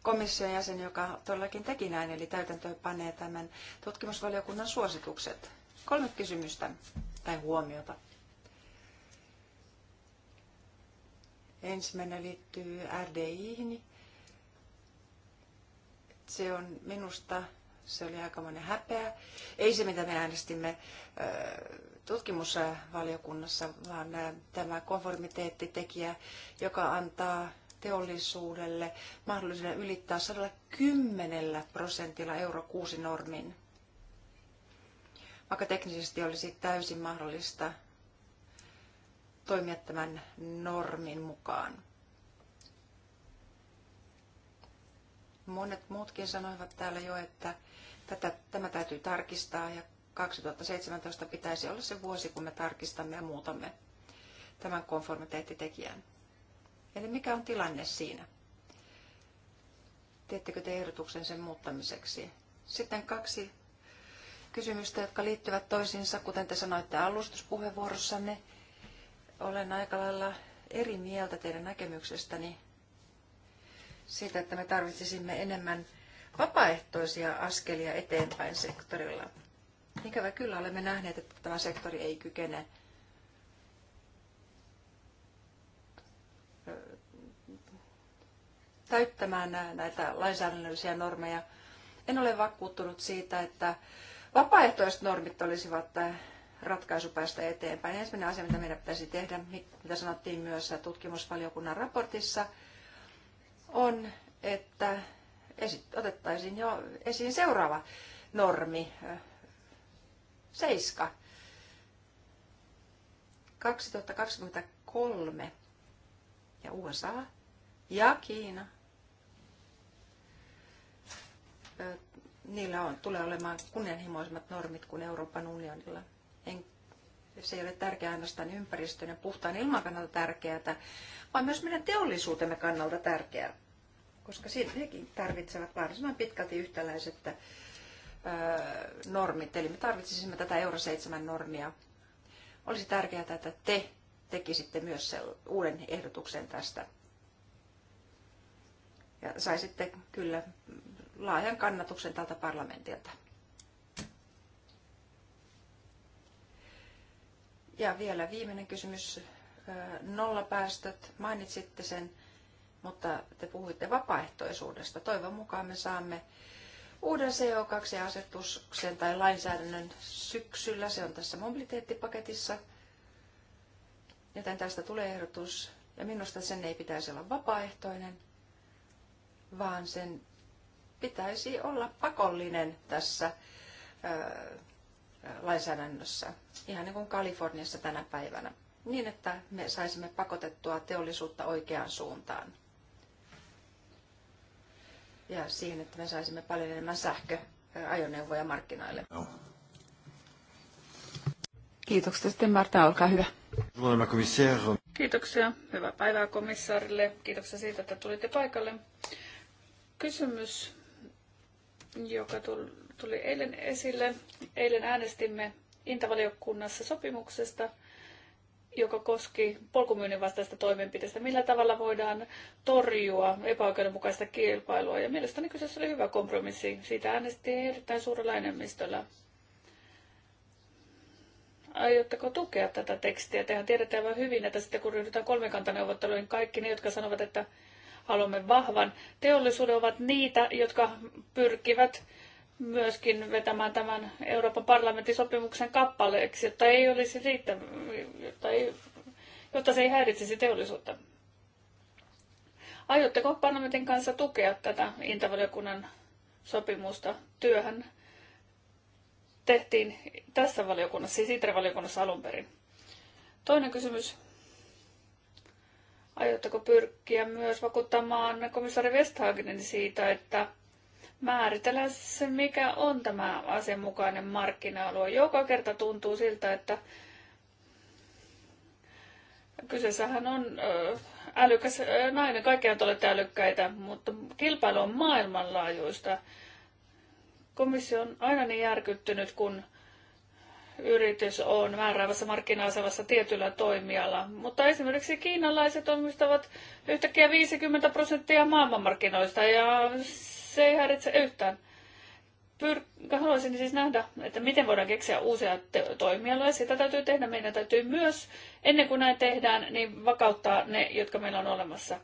[SPEAKER 3] komission jäsen, joka todellakin teki näin, eli täytäntöön panee tämän tutkimusvaliokunnan suositukset. Kolme kysymystä tai huomiota. Ensimmäinen liittyy RDIhin se on minusta, se oli aikamoinen häpeä. Ei se, mitä me äänestimme tutkimusvaliokunnassa, vaan tämä konformiteettitekijä, joka antaa teollisuudelle mahdollisuuden ylittää 110 prosentilla euro 6 normin, vaikka teknisesti olisi täysin mahdollista toimia tämän normin mukaan. monet muutkin sanoivat täällä jo, että tätä, tämä täytyy tarkistaa ja 2017 pitäisi olla se vuosi, kun me tarkistamme ja muutamme tämän konformiteettitekijän. Eli mikä on tilanne siinä? Teettekö te ehdotuksen sen muuttamiseksi? Sitten kaksi kysymystä, jotka liittyvät toisiinsa. Kuten te sanoitte alustuspuheenvuorossanne, olen aika lailla eri mieltä teidän näkemyksestäni siitä, että me tarvitsisimme enemmän vapaaehtoisia askelia eteenpäin sektorilla. Ikävä kyllä olemme nähneet, että tämä sektori ei kykene täyttämään näitä lainsäädännöllisiä normeja. En ole vakuuttunut siitä, että vapaaehtoiset normit olisivat ratkaisu päästä eteenpäin. Ensimmäinen asia, mitä meidän pitäisi tehdä, mitä sanottiin myös tutkimusvaliokunnan raportissa, on, että otettaisiin jo esiin seuraava normi, seiska, 2023 ja USA ja Kiina. Niillä on, tulee olemaan kunnianhimoisemmat normit kuin Euroopan unionilla. En se ei ole tärkeää ainoastaan ympäristön ja puhtaan ilman kannalta tärkeää, vaan myös meidän teollisuutemme kannalta tärkeää, koska nekin tarvitsevat varsinaisen pitkälti yhtäläiset normit. Eli me tarvitsisimme tätä Euro 7 normia. Olisi tärkeää, että te tekisitte myös uuden ehdotuksen tästä. Ja saisitte kyllä laajan kannatuksen tältä parlamentilta. Ja vielä viimeinen kysymys. Nollapäästöt, mainitsitte sen, mutta te puhuitte vapaaehtoisuudesta. Toivon mukaan me saamme uuden CO2-asetuksen tai lainsäädännön syksyllä. Se on tässä mobiliteettipaketissa. Joten tästä tulee ehdotus. Ja minusta sen ei pitäisi olla vapaaehtoinen, vaan sen pitäisi olla pakollinen tässä lainsäädännössä, ihan niin kuin Kaliforniassa tänä päivänä, niin että me saisimme pakotettua teollisuutta oikeaan suuntaan. Ja siihen, että me saisimme paljon enemmän sähköajoneuvoja
[SPEAKER 1] markkinoille. No.
[SPEAKER 2] Kiitoksia sitten Marta, olkaa hyvä.
[SPEAKER 1] Kiitoksia. Hyvää päivää komissaarille. Kiitoksia siitä, että tulitte paikalle. Kysymys, joka tuli tuli eilen esille. Eilen äänestimme intavaliokunnassa sopimuksesta, joka koski polkumyynnin vastaista toimenpiteistä, millä tavalla voidaan torjua epäoikeudenmukaista kilpailua. Ja mielestäni kyseessä oli hyvä kompromissi. Siitä äänestettiin erittäin suurella enemmistöllä. Aiotteko tukea tätä tekstiä? Tehän tiedätte aivan hyvin, että sitten kun ryhdytään kolmikantaneuvotteluihin, kaikki ne, jotka sanovat, että haluamme vahvan teollisuuden, ovat niitä, jotka pyrkivät myöskin vetämään tämän Euroopan parlamentin sopimuksen kappaleeksi, jotta ei olisi riittä, jotta, ei, jotta se ei häiritsisi teollisuutta. Aiotteko parlamentin kanssa tukea tätä intavaliokunnan sopimusta? Työhän tehtiin tässä valiokunnassa, siis ITRE-valiokunnassa alun perin. Toinen kysymys. Aiotteko pyrkiä myös vakuuttamaan komissaari Westhagenin siitä, että määritellä se, mikä on tämä asianmukainen markkina-alue. Joka kerta tuntuu siltä, että kyseessähän on älykäs nainen, kaikkea olette älykkäitä, mutta kilpailu on maailmanlaajuista. Komissio on aina niin järkyttynyt, kun yritys on määräävässä markkina-asemassa tietyllä toimialalla. Mutta esimerkiksi kiinalaiset omistavat yhtäkkiä 50 prosenttia maailmanmarkkinoista ja se ei häiritse yhtään. Pyr- haluaisin siis nähdä, että miten voidaan keksiä uusia te- toimialoja. Sitä täytyy tehdä. Meidän täytyy myös, ennen kuin näin tehdään, niin vakauttaa ne, jotka meillä on olemassa.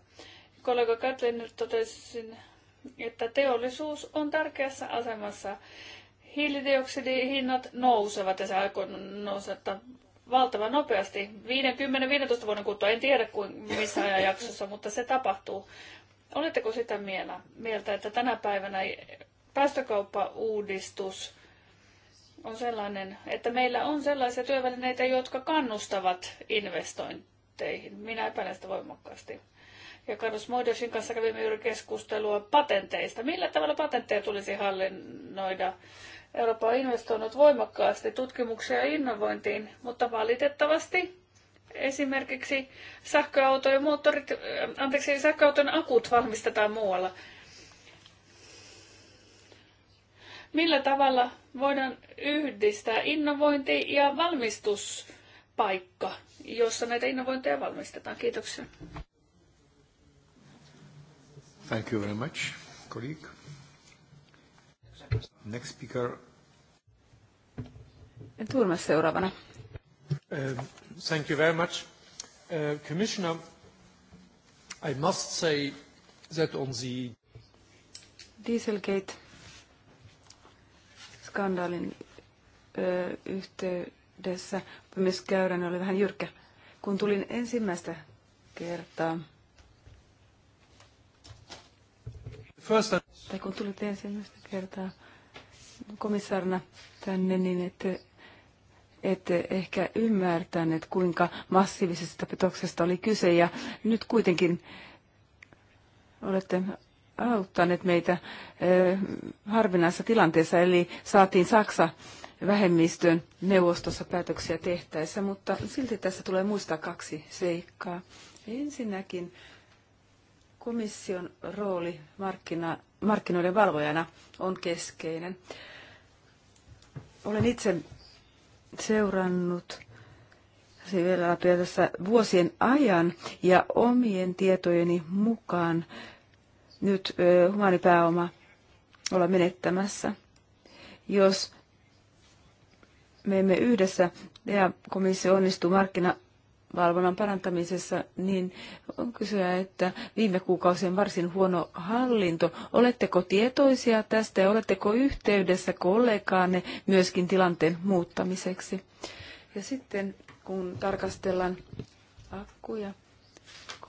[SPEAKER 1] Kollega Katlin totesi, että teollisuus on tärkeässä asemassa. Hiilidioksidihinnat nousevat ja se aikoo nousetta valtavan nopeasti. 50-15 vuoden kuluttua, en tiedä kuin, missä ajanjaksossa, mutta se tapahtuu. Oletteko sitä mieltä, että tänä päivänä päästökauppauudistus on sellainen, että meillä on sellaisia työvälineitä, jotka kannustavat investointeihin. Minä epäilen sitä voimakkaasti. Ja Carlos Moidosin kanssa kävimme juuri keskustelua patenteista. Millä tavalla patentteja tulisi hallinnoida? Eurooppa on investoinut voimakkaasti tutkimukseen ja innovointiin, mutta valitettavasti esimerkiksi sähköautojen moottorit, äh, anteeksi, sähköauton akut valmistetaan muualla. Millä tavalla voidaan yhdistää innovointi ja valmistuspaikka, jossa näitä innovointeja valmistetaan? Kiitoksia. Thank you very much, colleague. Next speaker.
[SPEAKER 2] Turmas seuraavana. Um, thank you very
[SPEAKER 1] much. Uh, Commissioner, I must say that on the
[SPEAKER 2] Dieselgate-skandaalin yhteydessä myös käyrän oli vähän jyrkkä. Kun tulin ensimmäistä kertaa, First tai kun tulit ensimmäistä kertaa komissaarina tänne, niin että ette ehkä ymmärtäneet, kuinka massiivisesta petoksesta oli kyse. Ja nyt kuitenkin olette auttaneet meitä harvinaisessa tilanteessa, eli saatiin Saksa vähemmistön neuvostossa päätöksiä tehtäessä, mutta silti tässä tulee muistaa kaksi seikkaa. Ensinnäkin komission rooli markkina, markkinoiden valvojana on keskeinen. Olen itse seurannut vielä tässä vuosien ajan ja omien tietojeni mukaan nyt humanipääoma olla menettämässä. Jos me emme yhdessä ja komissio onnistuu markkina valvonnan parantamisessa, niin on kysyä, että viime kuukausien varsin huono hallinto. Oletteko tietoisia tästä ja oletteko yhteydessä kollegaanne myöskin tilanteen muuttamiseksi? Ja sitten kun tarkastellaan akkuja, 35-40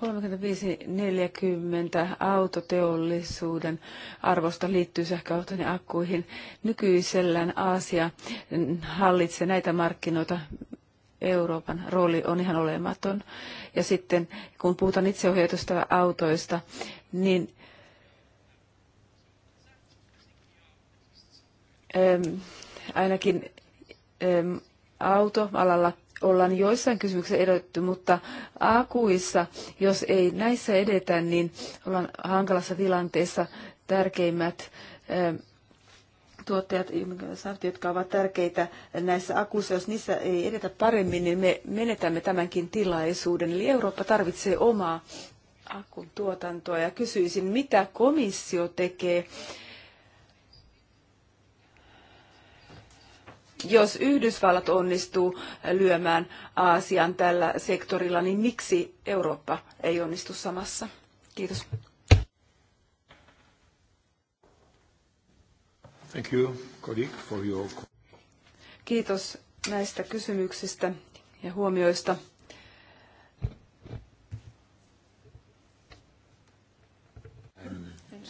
[SPEAKER 2] autoteollisuuden arvosta liittyy sähköautojen akkuihin. Nykyisellään Aasia hallitsee näitä markkinoita Euroopan rooli on ihan olematon. Ja sitten kun puhutaan itseohjautuista autoista, niin äm, ainakin äm, autoalalla ollaan joissain kysymyksissä edetty, mutta akuissa, jos ei näissä edetä, niin ollaan hankalassa tilanteessa tärkeimmät äm, tuottajat, jotka ovat tärkeitä näissä akuissa, jos niissä ei edetä paremmin, niin me menetämme tämänkin tilaisuuden. Eli Eurooppa tarvitsee omaa akun tuotantoa ja kysyisin, mitä komissio tekee, jos Yhdysvallat onnistuu lyömään Aasian tällä sektorilla, niin miksi Eurooppa ei onnistu samassa? Kiitos.
[SPEAKER 1] Thank you, colleague, for your...
[SPEAKER 2] Kiitos näistä kysymyksistä ja huomioista.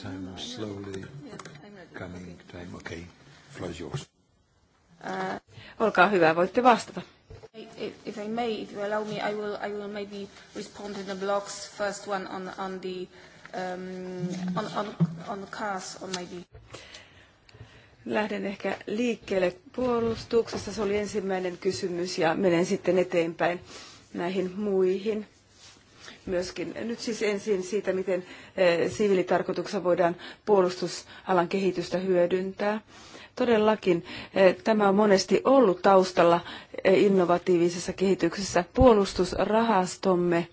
[SPEAKER 1] time is slowly coming
[SPEAKER 2] time. Okay, floor is yours.
[SPEAKER 1] Uh, Olkaa
[SPEAKER 2] hyvä, voitte vastata.
[SPEAKER 1] If I may, if you allow me, I will, I will maybe respond in the blocks. First one on, on the um, on, on, on cars or maybe.
[SPEAKER 2] Lähden ehkä liikkeelle puolustuksesta. Se oli ensimmäinen kysymys ja menen sitten eteenpäin näihin muihin myöskin. Nyt siis ensin siitä, miten eh, siviilitarkoituksessa voidaan puolustusalan kehitystä hyödyntää. Todellakin eh, tämä on monesti ollut taustalla eh, innovatiivisessa kehityksessä. Puolustusrahastomme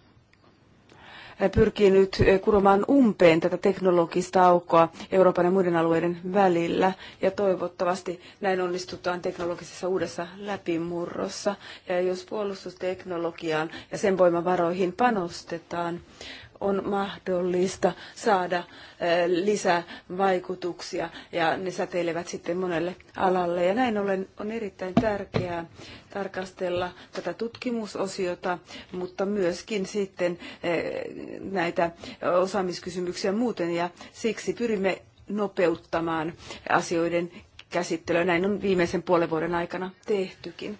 [SPEAKER 2] pyrkii nyt eh, kuromaan umpeen tätä teknologista aukkoa Euroopan ja muiden alueiden välillä. Ja toivottavasti näin onnistutaan teknologisessa uudessa läpimurrossa. Ja jos puolustusteknologiaan ja sen voimavaroihin panostetaan, on mahdollista saada eh, lisävaikutuksia ja ne säteilevät sitten monelle alalle. Ja näin ollen on erittäin tärkeää tarkastella tätä tutkimusosiota, mutta myöskin sitten eh, näitä osaamiskysymyksiä muuten ja siksi pyrimme nopeuttamaan asioiden käsittelyä. Näin on viimeisen puolen vuoden aikana tehtykin.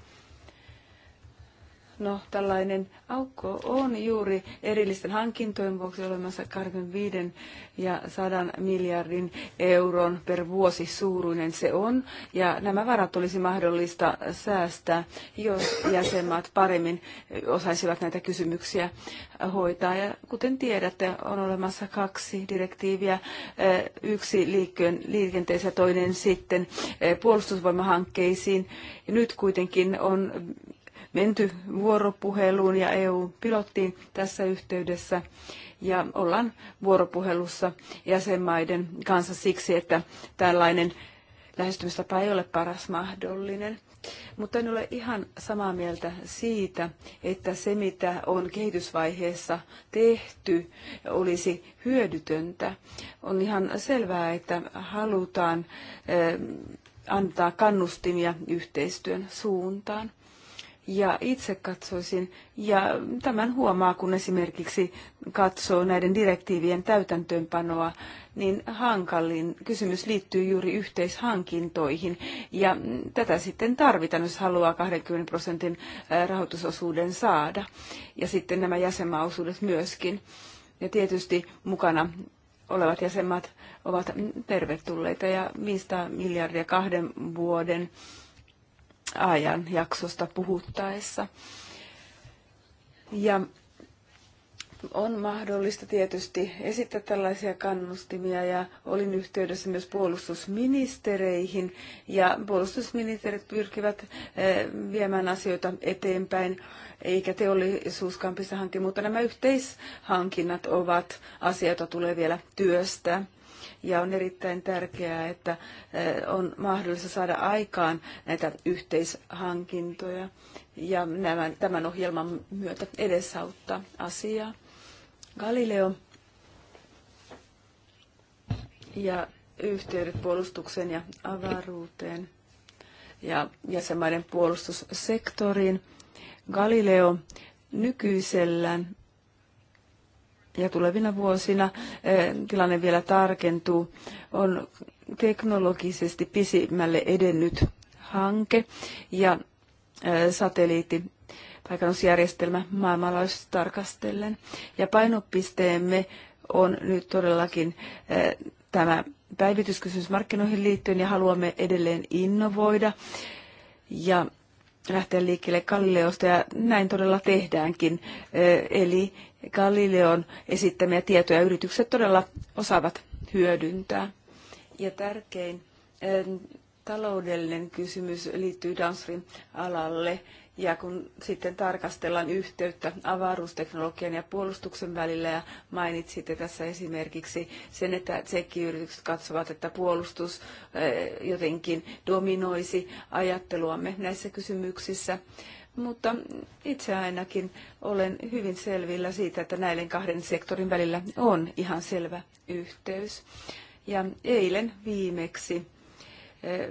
[SPEAKER 2] No, tällainen aukko on juuri erillisten hankintojen vuoksi olemassa 25 ja 100 miljardin euron per vuosi suuruinen se on. Ja nämä varat olisi mahdollista säästää, jos jäsenmaat paremmin osaisivat näitä kysymyksiä hoitaa. Ja kuten tiedätte, on olemassa kaksi direktiiviä, yksi liikkeen, liikenteessä ja toinen sitten puolustusvoimahankkeisiin. Nyt kuitenkin on menty vuoropuheluun ja EU-pilottiin tässä yhteydessä. Ja ollaan vuoropuhelussa jäsenmaiden kanssa siksi, että tällainen lähestymistapa ei ole paras mahdollinen. Mutta en ole ihan samaa mieltä siitä, että se mitä on kehitysvaiheessa tehty olisi hyödytöntä. On ihan selvää, että halutaan eh, antaa kannustimia yhteistyön suuntaan ja itse katsoisin, ja tämän huomaa, kun esimerkiksi katsoo näiden direktiivien täytäntöönpanoa, niin hankalin kysymys liittyy juuri yhteishankintoihin. Ja tätä sitten tarvitaan, jos haluaa 20 prosentin rahoitusosuuden saada. Ja sitten nämä jäsenmaaosuudet myöskin. Ja tietysti mukana olevat jäsenmaat ovat tervetulleita ja 500 miljardia kahden vuoden jaksosta puhuttaessa. Ja on mahdollista tietysti esittää tällaisia kannustimia ja olin yhteydessä myös puolustusministereihin ja puolustusministerit pyrkivät eh, viemään asioita eteenpäin eikä teollisuuskampissa pisahanke, mutta nämä yhteishankinnat ovat asioita tulee vielä työstää ja on erittäin tärkeää, että eh, on mahdollista saada aikaan näitä yhteishankintoja ja nämä, tämän ohjelman myötä edesauttaa asiaa. Galileo ja yhteydet puolustukseen ja avaruuteen ja jäsenmaiden puolustussektoriin. Galileo nykyisellään ja tulevina vuosina eh, tilanne vielä tarkentuu, on teknologisesti pisimmälle edennyt hanke ja eh, satelliitti paikannusjärjestelmä maailmanlaajuisesti tarkastellen. Ja painopisteemme on nyt todellakin eh, tämä päivityskysymys markkinoihin liittyen ja haluamme edelleen innovoida ja lähteä liikkeelle Galileosta ja näin todella tehdäänkin. Eli Galileon esittämiä tietoja yritykset todella osaavat hyödyntää. Ja tärkein eh, taloudellinen kysymys liittyy downstream-alalle. Ja kun sitten tarkastellaan yhteyttä avaruusteknologian ja puolustuksen välillä ja mainitsitte tässä esimerkiksi sen, että tsekkiyritykset katsovat, että puolustus eh, jotenkin dominoisi ajatteluamme näissä kysymyksissä mutta itse ainakin olen hyvin selvillä siitä, että näiden kahden sektorin välillä on ihan selvä yhteys. Ja eilen viimeksi eh,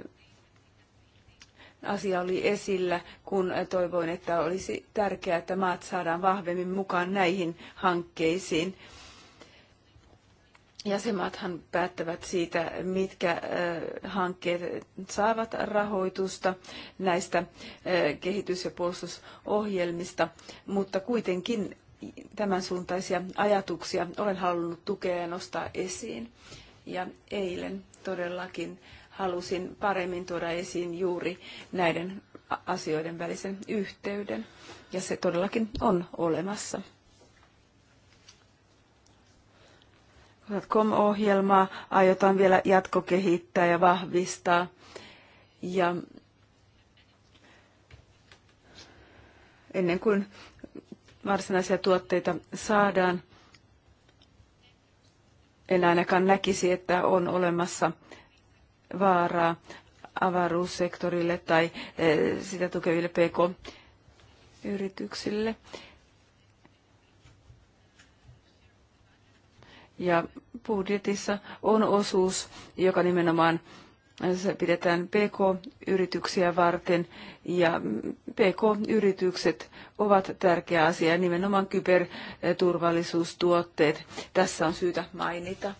[SPEAKER 2] asia oli esillä, kun toivoin, että olisi tärkeää, että maat saadaan vahvemmin mukaan näihin hankkeisiin. Jäsenmaathan päättävät siitä, mitkä hankkeet saavat rahoitusta näistä kehitys- ja puolustusohjelmista, mutta kuitenkin tämän suuntaisia ajatuksia olen halunnut tukea ja nostaa esiin. Ja eilen todellakin halusin paremmin tuoda esiin juuri näiden asioiden välisen yhteyden, ja se todellakin on olemassa. Com-ohjelmaa aiotaan vielä jatkokehittää ja vahvistaa. Ja ennen kuin varsinaisia tuotteita saadaan, en ainakaan näkisi, että on olemassa vaaraa avaruussektorille tai eh, sitä tukeville pk-yrityksille. Ja budjetissa on osuus, joka nimenomaan se pidetään PK-yrityksiä varten ja PK-yritykset ovat tärkeä asia, nimenomaan kyberturvallisuustuotteet. Tässä on syytä mainita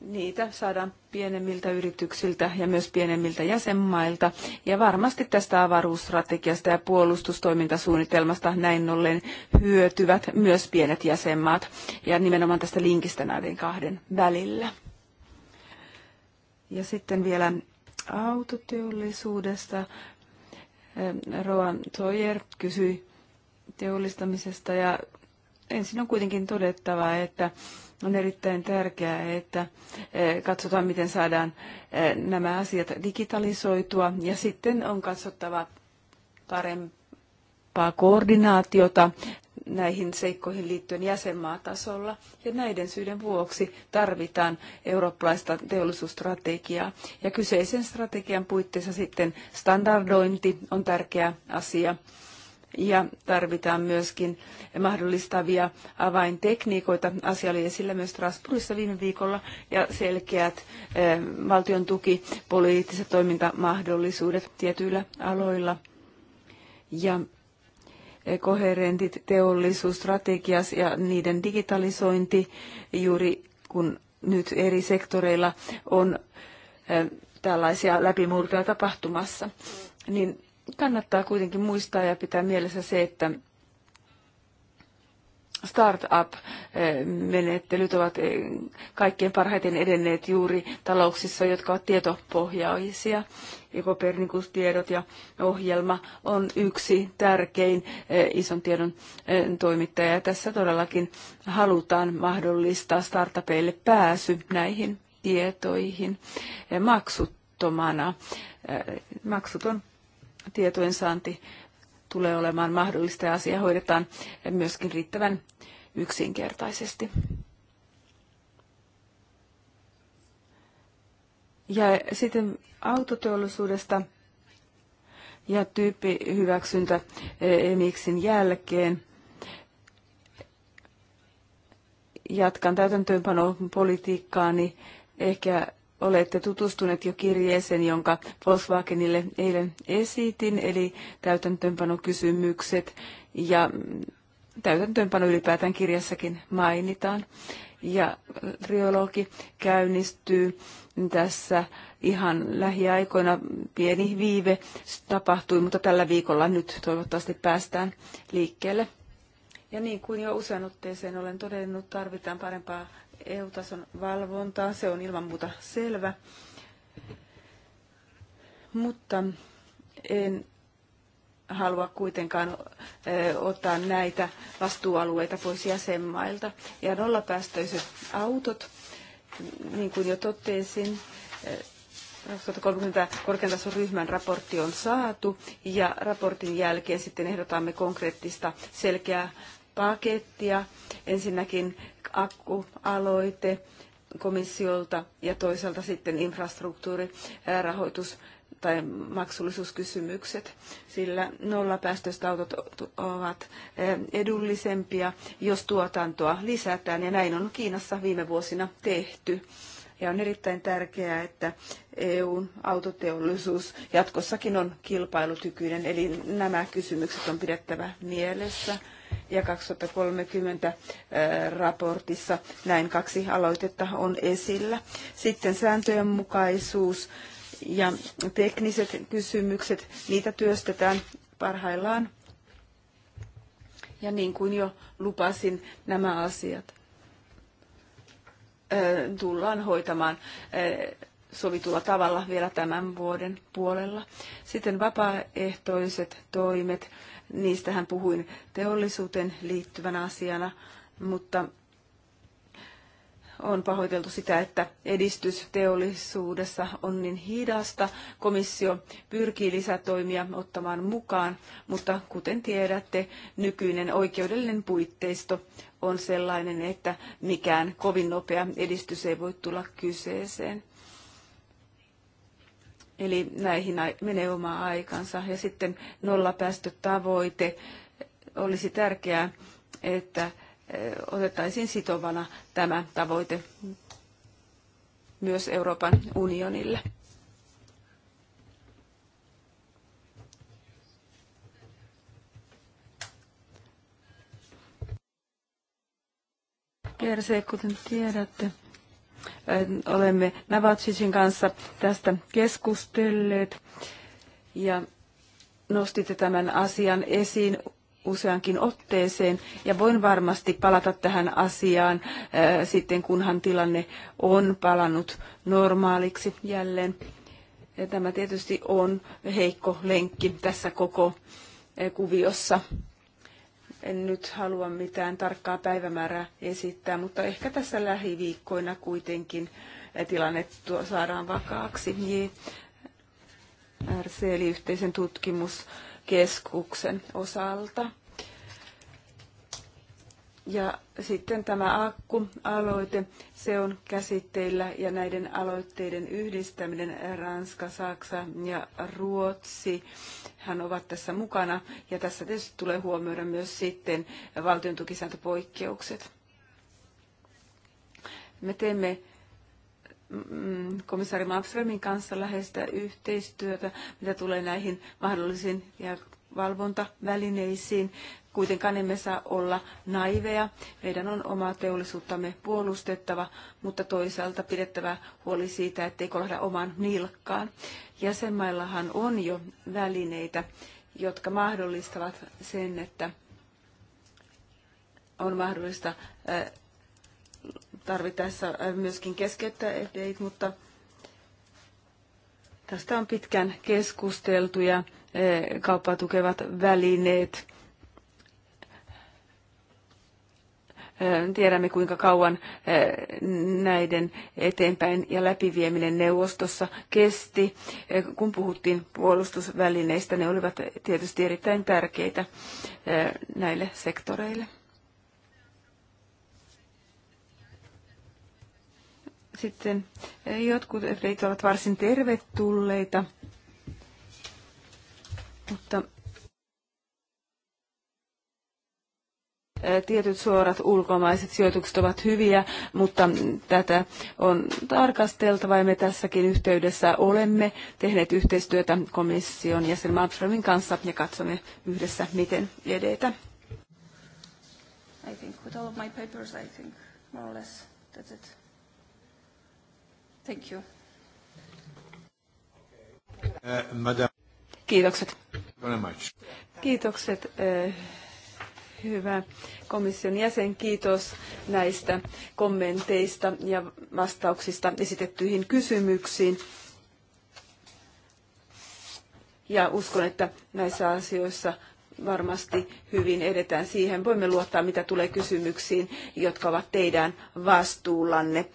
[SPEAKER 2] niitä saadaan pienemmiltä yrityksiltä ja myös pienemmiltä jäsenmailta. Ja varmasti tästä avaruusstrategiasta ja puolustustoimintasuunnitelmasta näin ollen hyötyvät myös pienet jäsenmaat ja nimenomaan tästä linkistä näiden kahden välillä. Ja sitten vielä autoteollisuudesta. Ehm, roan Toyer kysyi teollistamisesta ja ensin on kuitenkin todettava, että on erittäin tärkeää, että eh, katsotaan, miten saadaan eh, nämä asiat digitalisoitua ja sitten on katsottava parempaa koordinaatiota näihin seikkoihin liittyen jäsenmaatasolla. Ja näiden syiden vuoksi tarvitaan eurooppalaista teollisuusstrategiaa. Ja kyseisen strategian puitteissa sitten standardointi on tärkeä asia ja tarvitaan myöskin mahdollistavia avaintekniikoita. Asia oli esillä myös Strasbourgissa viime viikolla ja selkeät eh, valtion tukipoliittiset toimintamahdollisuudet tietyillä aloilla. Ja eh, koherentit teollisuusstrategias ja niiden digitalisointi juuri kun nyt eri sektoreilla on eh, tällaisia läpimurtoja tapahtumassa, niin kannattaa kuitenkin muistaa ja pitää mielessä se, että startup-menettelyt ovat eh, kaikkein parhaiten edenneet juuri talouksissa, jotka ovat tietopohjaisia. Ja Kopernikus-tiedot ja ohjelma on yksi tärkein eh, ison tiedon eh, toimittaja. tässä todellakin halutaan mahdollistaa startupeille pääsy näihin tietoihin maksuttomana. Maksuton tietojen saanti tulee olemaan mahdollista ja asia hoidetaan myöskin riittävän yksinkertaisesti. Ja sitten autoteollisuudesta ja tyyppihyväksyntä Emixin jälkeen. Jatkan täytäntöönpanopolitiikkaani ehkä olette tutustuneet jo kirjeeseen, jonka Volkswagenille eilen esitin, eli täytäntöönpanokysymykset ja täytäntöönpano ylipäätään kirjassakin mainitaan. Ja triologi käynnistyy tässä ihan lähiaikoina. Pieni viive tapahtui, mutta tällä viikolla nyt toivottavasti päästään liikkeelle. Ja niin kuin jo usein otteeseen olen todennut, tarvitaan parempaa EU-tason valvontaa, se on ilman muuta selvä. Mutta en halua kuitenkaan ottaa näitä vastuualueita pois jäsenmailta. Ja nollapäästöiset autot, niin kuin jo totesin, 2030 korkean tason ryhmän raportti on saatu ja raportin jälkeen sitten ehdotamme konkreettista selkeää pakettia. Ensinnäkin akkualoite komissiolta ja toisaalta sitten infrastruktuurirahoitus tai maksullisuuskysymykset, sillä nollapäästöiset autot ovat edullisempia, jos tuotantoa lisätään, ja näin on Kiinassa viime vuosina tehty. Ja on erittäin tärkeää, että EUn autoteollisuus jatkossakin on kilpailutykyinen, eli nämä kysymykset on pidettävä mielessä ja 2030 äh, raportissa. Näin kaksi aloitetta on esillä. Sitten sääntöjen mukaisuus ja tekniset kysymykset, niitä työstetään parhaillaan. Ja niin kuin jo lupasin, nämä asiat äh, tullaan hoitamaan äh, sovitulla tavalla vielä tämän vuoden puolella. Sitten vapaaehtoiset toimet. Niistähän puhuin teollisuuteen liittyvänä asiana, mutta on pahoiteltu sitä, että edistys teollisuudessa on niin hidasta. Komissio pyrkii lisätoimia ottamaan mukaan, mutta kuten tiedätte, nykyinen oikeudellinen puitteisto on sellainen, että mikään kovin nopea edistys ei voi tulla kyseeseen. Eli näihin menee oma aikansa. Ja sitten nollapäästötavoite olisi tärkeää, että e, otettaisiin sitovana tämä tavoite myös Euroopan unionille. Jersey, kuten tiedätte, Olemme Navatsisin kanssa tästä keskustelleet ja nostitte tämän asian esiin useankin otteeseen ja voin varmasti palata tähän asiaan ää, sitten, kunhan tilanne on palannut normaaliksi jälleen. Ja tämä tietysti on heikko lenkki tässä koko kuviossa. En nyt halua mitään tarkkaa päivämäärää esittää, mutta ehkä tässä lähiviikkoina kuitenkin eh, tilanne saadaan vakaaksi. RC eli yhteisen tutkimuskeskuksen osalta. Ja sitten tämä akkualoite, se on käsitteillä ja näiden aloitteiden yhdistäminen Ranska, Saksa ja Ruotsi hän ovat tässä mukana. Ja tässä tietysti tulee huomioida myös sitten valtion tukisääntöpoikkeukset. Me teemme mm, komissaari Malmströmin kanssa läheistä yhteistyötä, mitä tulee näihin mahdollisiin ja valvontavälineisiin. Kuitenkaan emme saa olla naiveja. Meidän on omaa teollisuuttamme puolustettava, mutta toisaalta pidettävä huoli siitä, ettei kolahda oman nilkkaan. Jäsenmaillahan on jo välineitä, jotka mahdollistavat sen, että on mahdollista tarvittaessa myöskin keskeyttää FDIt, mutta tästä on pitkään keskusteltu ja kauppaa tukevat välineet Tiedämme, kuinka kauan näiden eteenpäin ja läpivieminen neuvostossa kesti. Kun puhuttiin puolustusvälineistä, ne olivat tietysti erittäin tärkeitä näille sektoreille. Sitten jotkut reit ovat varsin tervetulleita, mutta tietyt suorat ulkomaiset sijoitukset ovat hyviä, mutta tätä on tarkasteltava ja me tässäkin yhteydessä olemme tehneet yhteistyötä komission jäsen Malmströmin kanssa ja katsomme yhdessä, miten edetä.
[SPEAKER 1] I think with all of my papers, I think more or less that's it. Thank you. Okay. Uh, Kiitokset. Very much.
[SPEAKER 2] Kiitokset. Uh, Hyvä komission jäsen, kiitos näistä kommenteista ja vastauksista esitettyihin kysymyksiin. Ja uskon, että näissä asioissa varmasti hyvin edetään siihen. Voimme luottaa, mitä tulee kysymyksiin, jotka ovat teidän vastuullanne,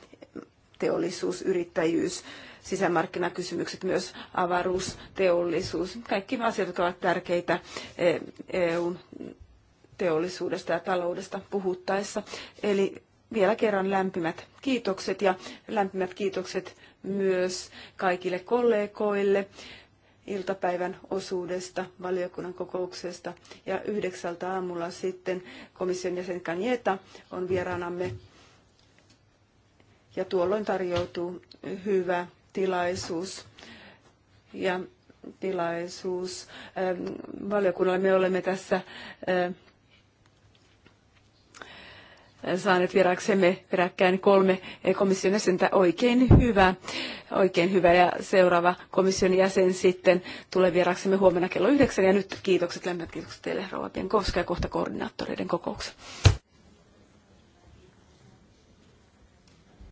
[SPEAKER 2] teollisuus, yrittäjyys, sisämarkkinakysymykset, myös avaruusteollisuus, kaikki asiat, jotka ovat tärkeitä eh, EUn teollisuudesta ja taloudesta puhuttaessa. Eli vielä kerran lämpimät kiitokset ja lämpimät kiitokset myös kaikille kollegoille iltapäivän osuudesta valiokunnan kokouksesta. Ja yhdeksältä aamulla sitten komission jäsen Kanjeta on vieraanamme. Ja tuolloin tarjoutuu hyvä tilaisuus. Ja tilaisuus. Ähm, valiokunnalle me olemme tässä äh, saaneet viraksemme peräkkäin kolme komission jäsentä. Oikein hyvä, oikein hyvä ja seuraava komission jäsen sitten tulee vieraaksemme huomenna kello yhdeksän. Ja nyt kiitokset, lämpimät kiitokset teille Rouva Pienkovska ja kohta koordinaattoreiden kokouksen.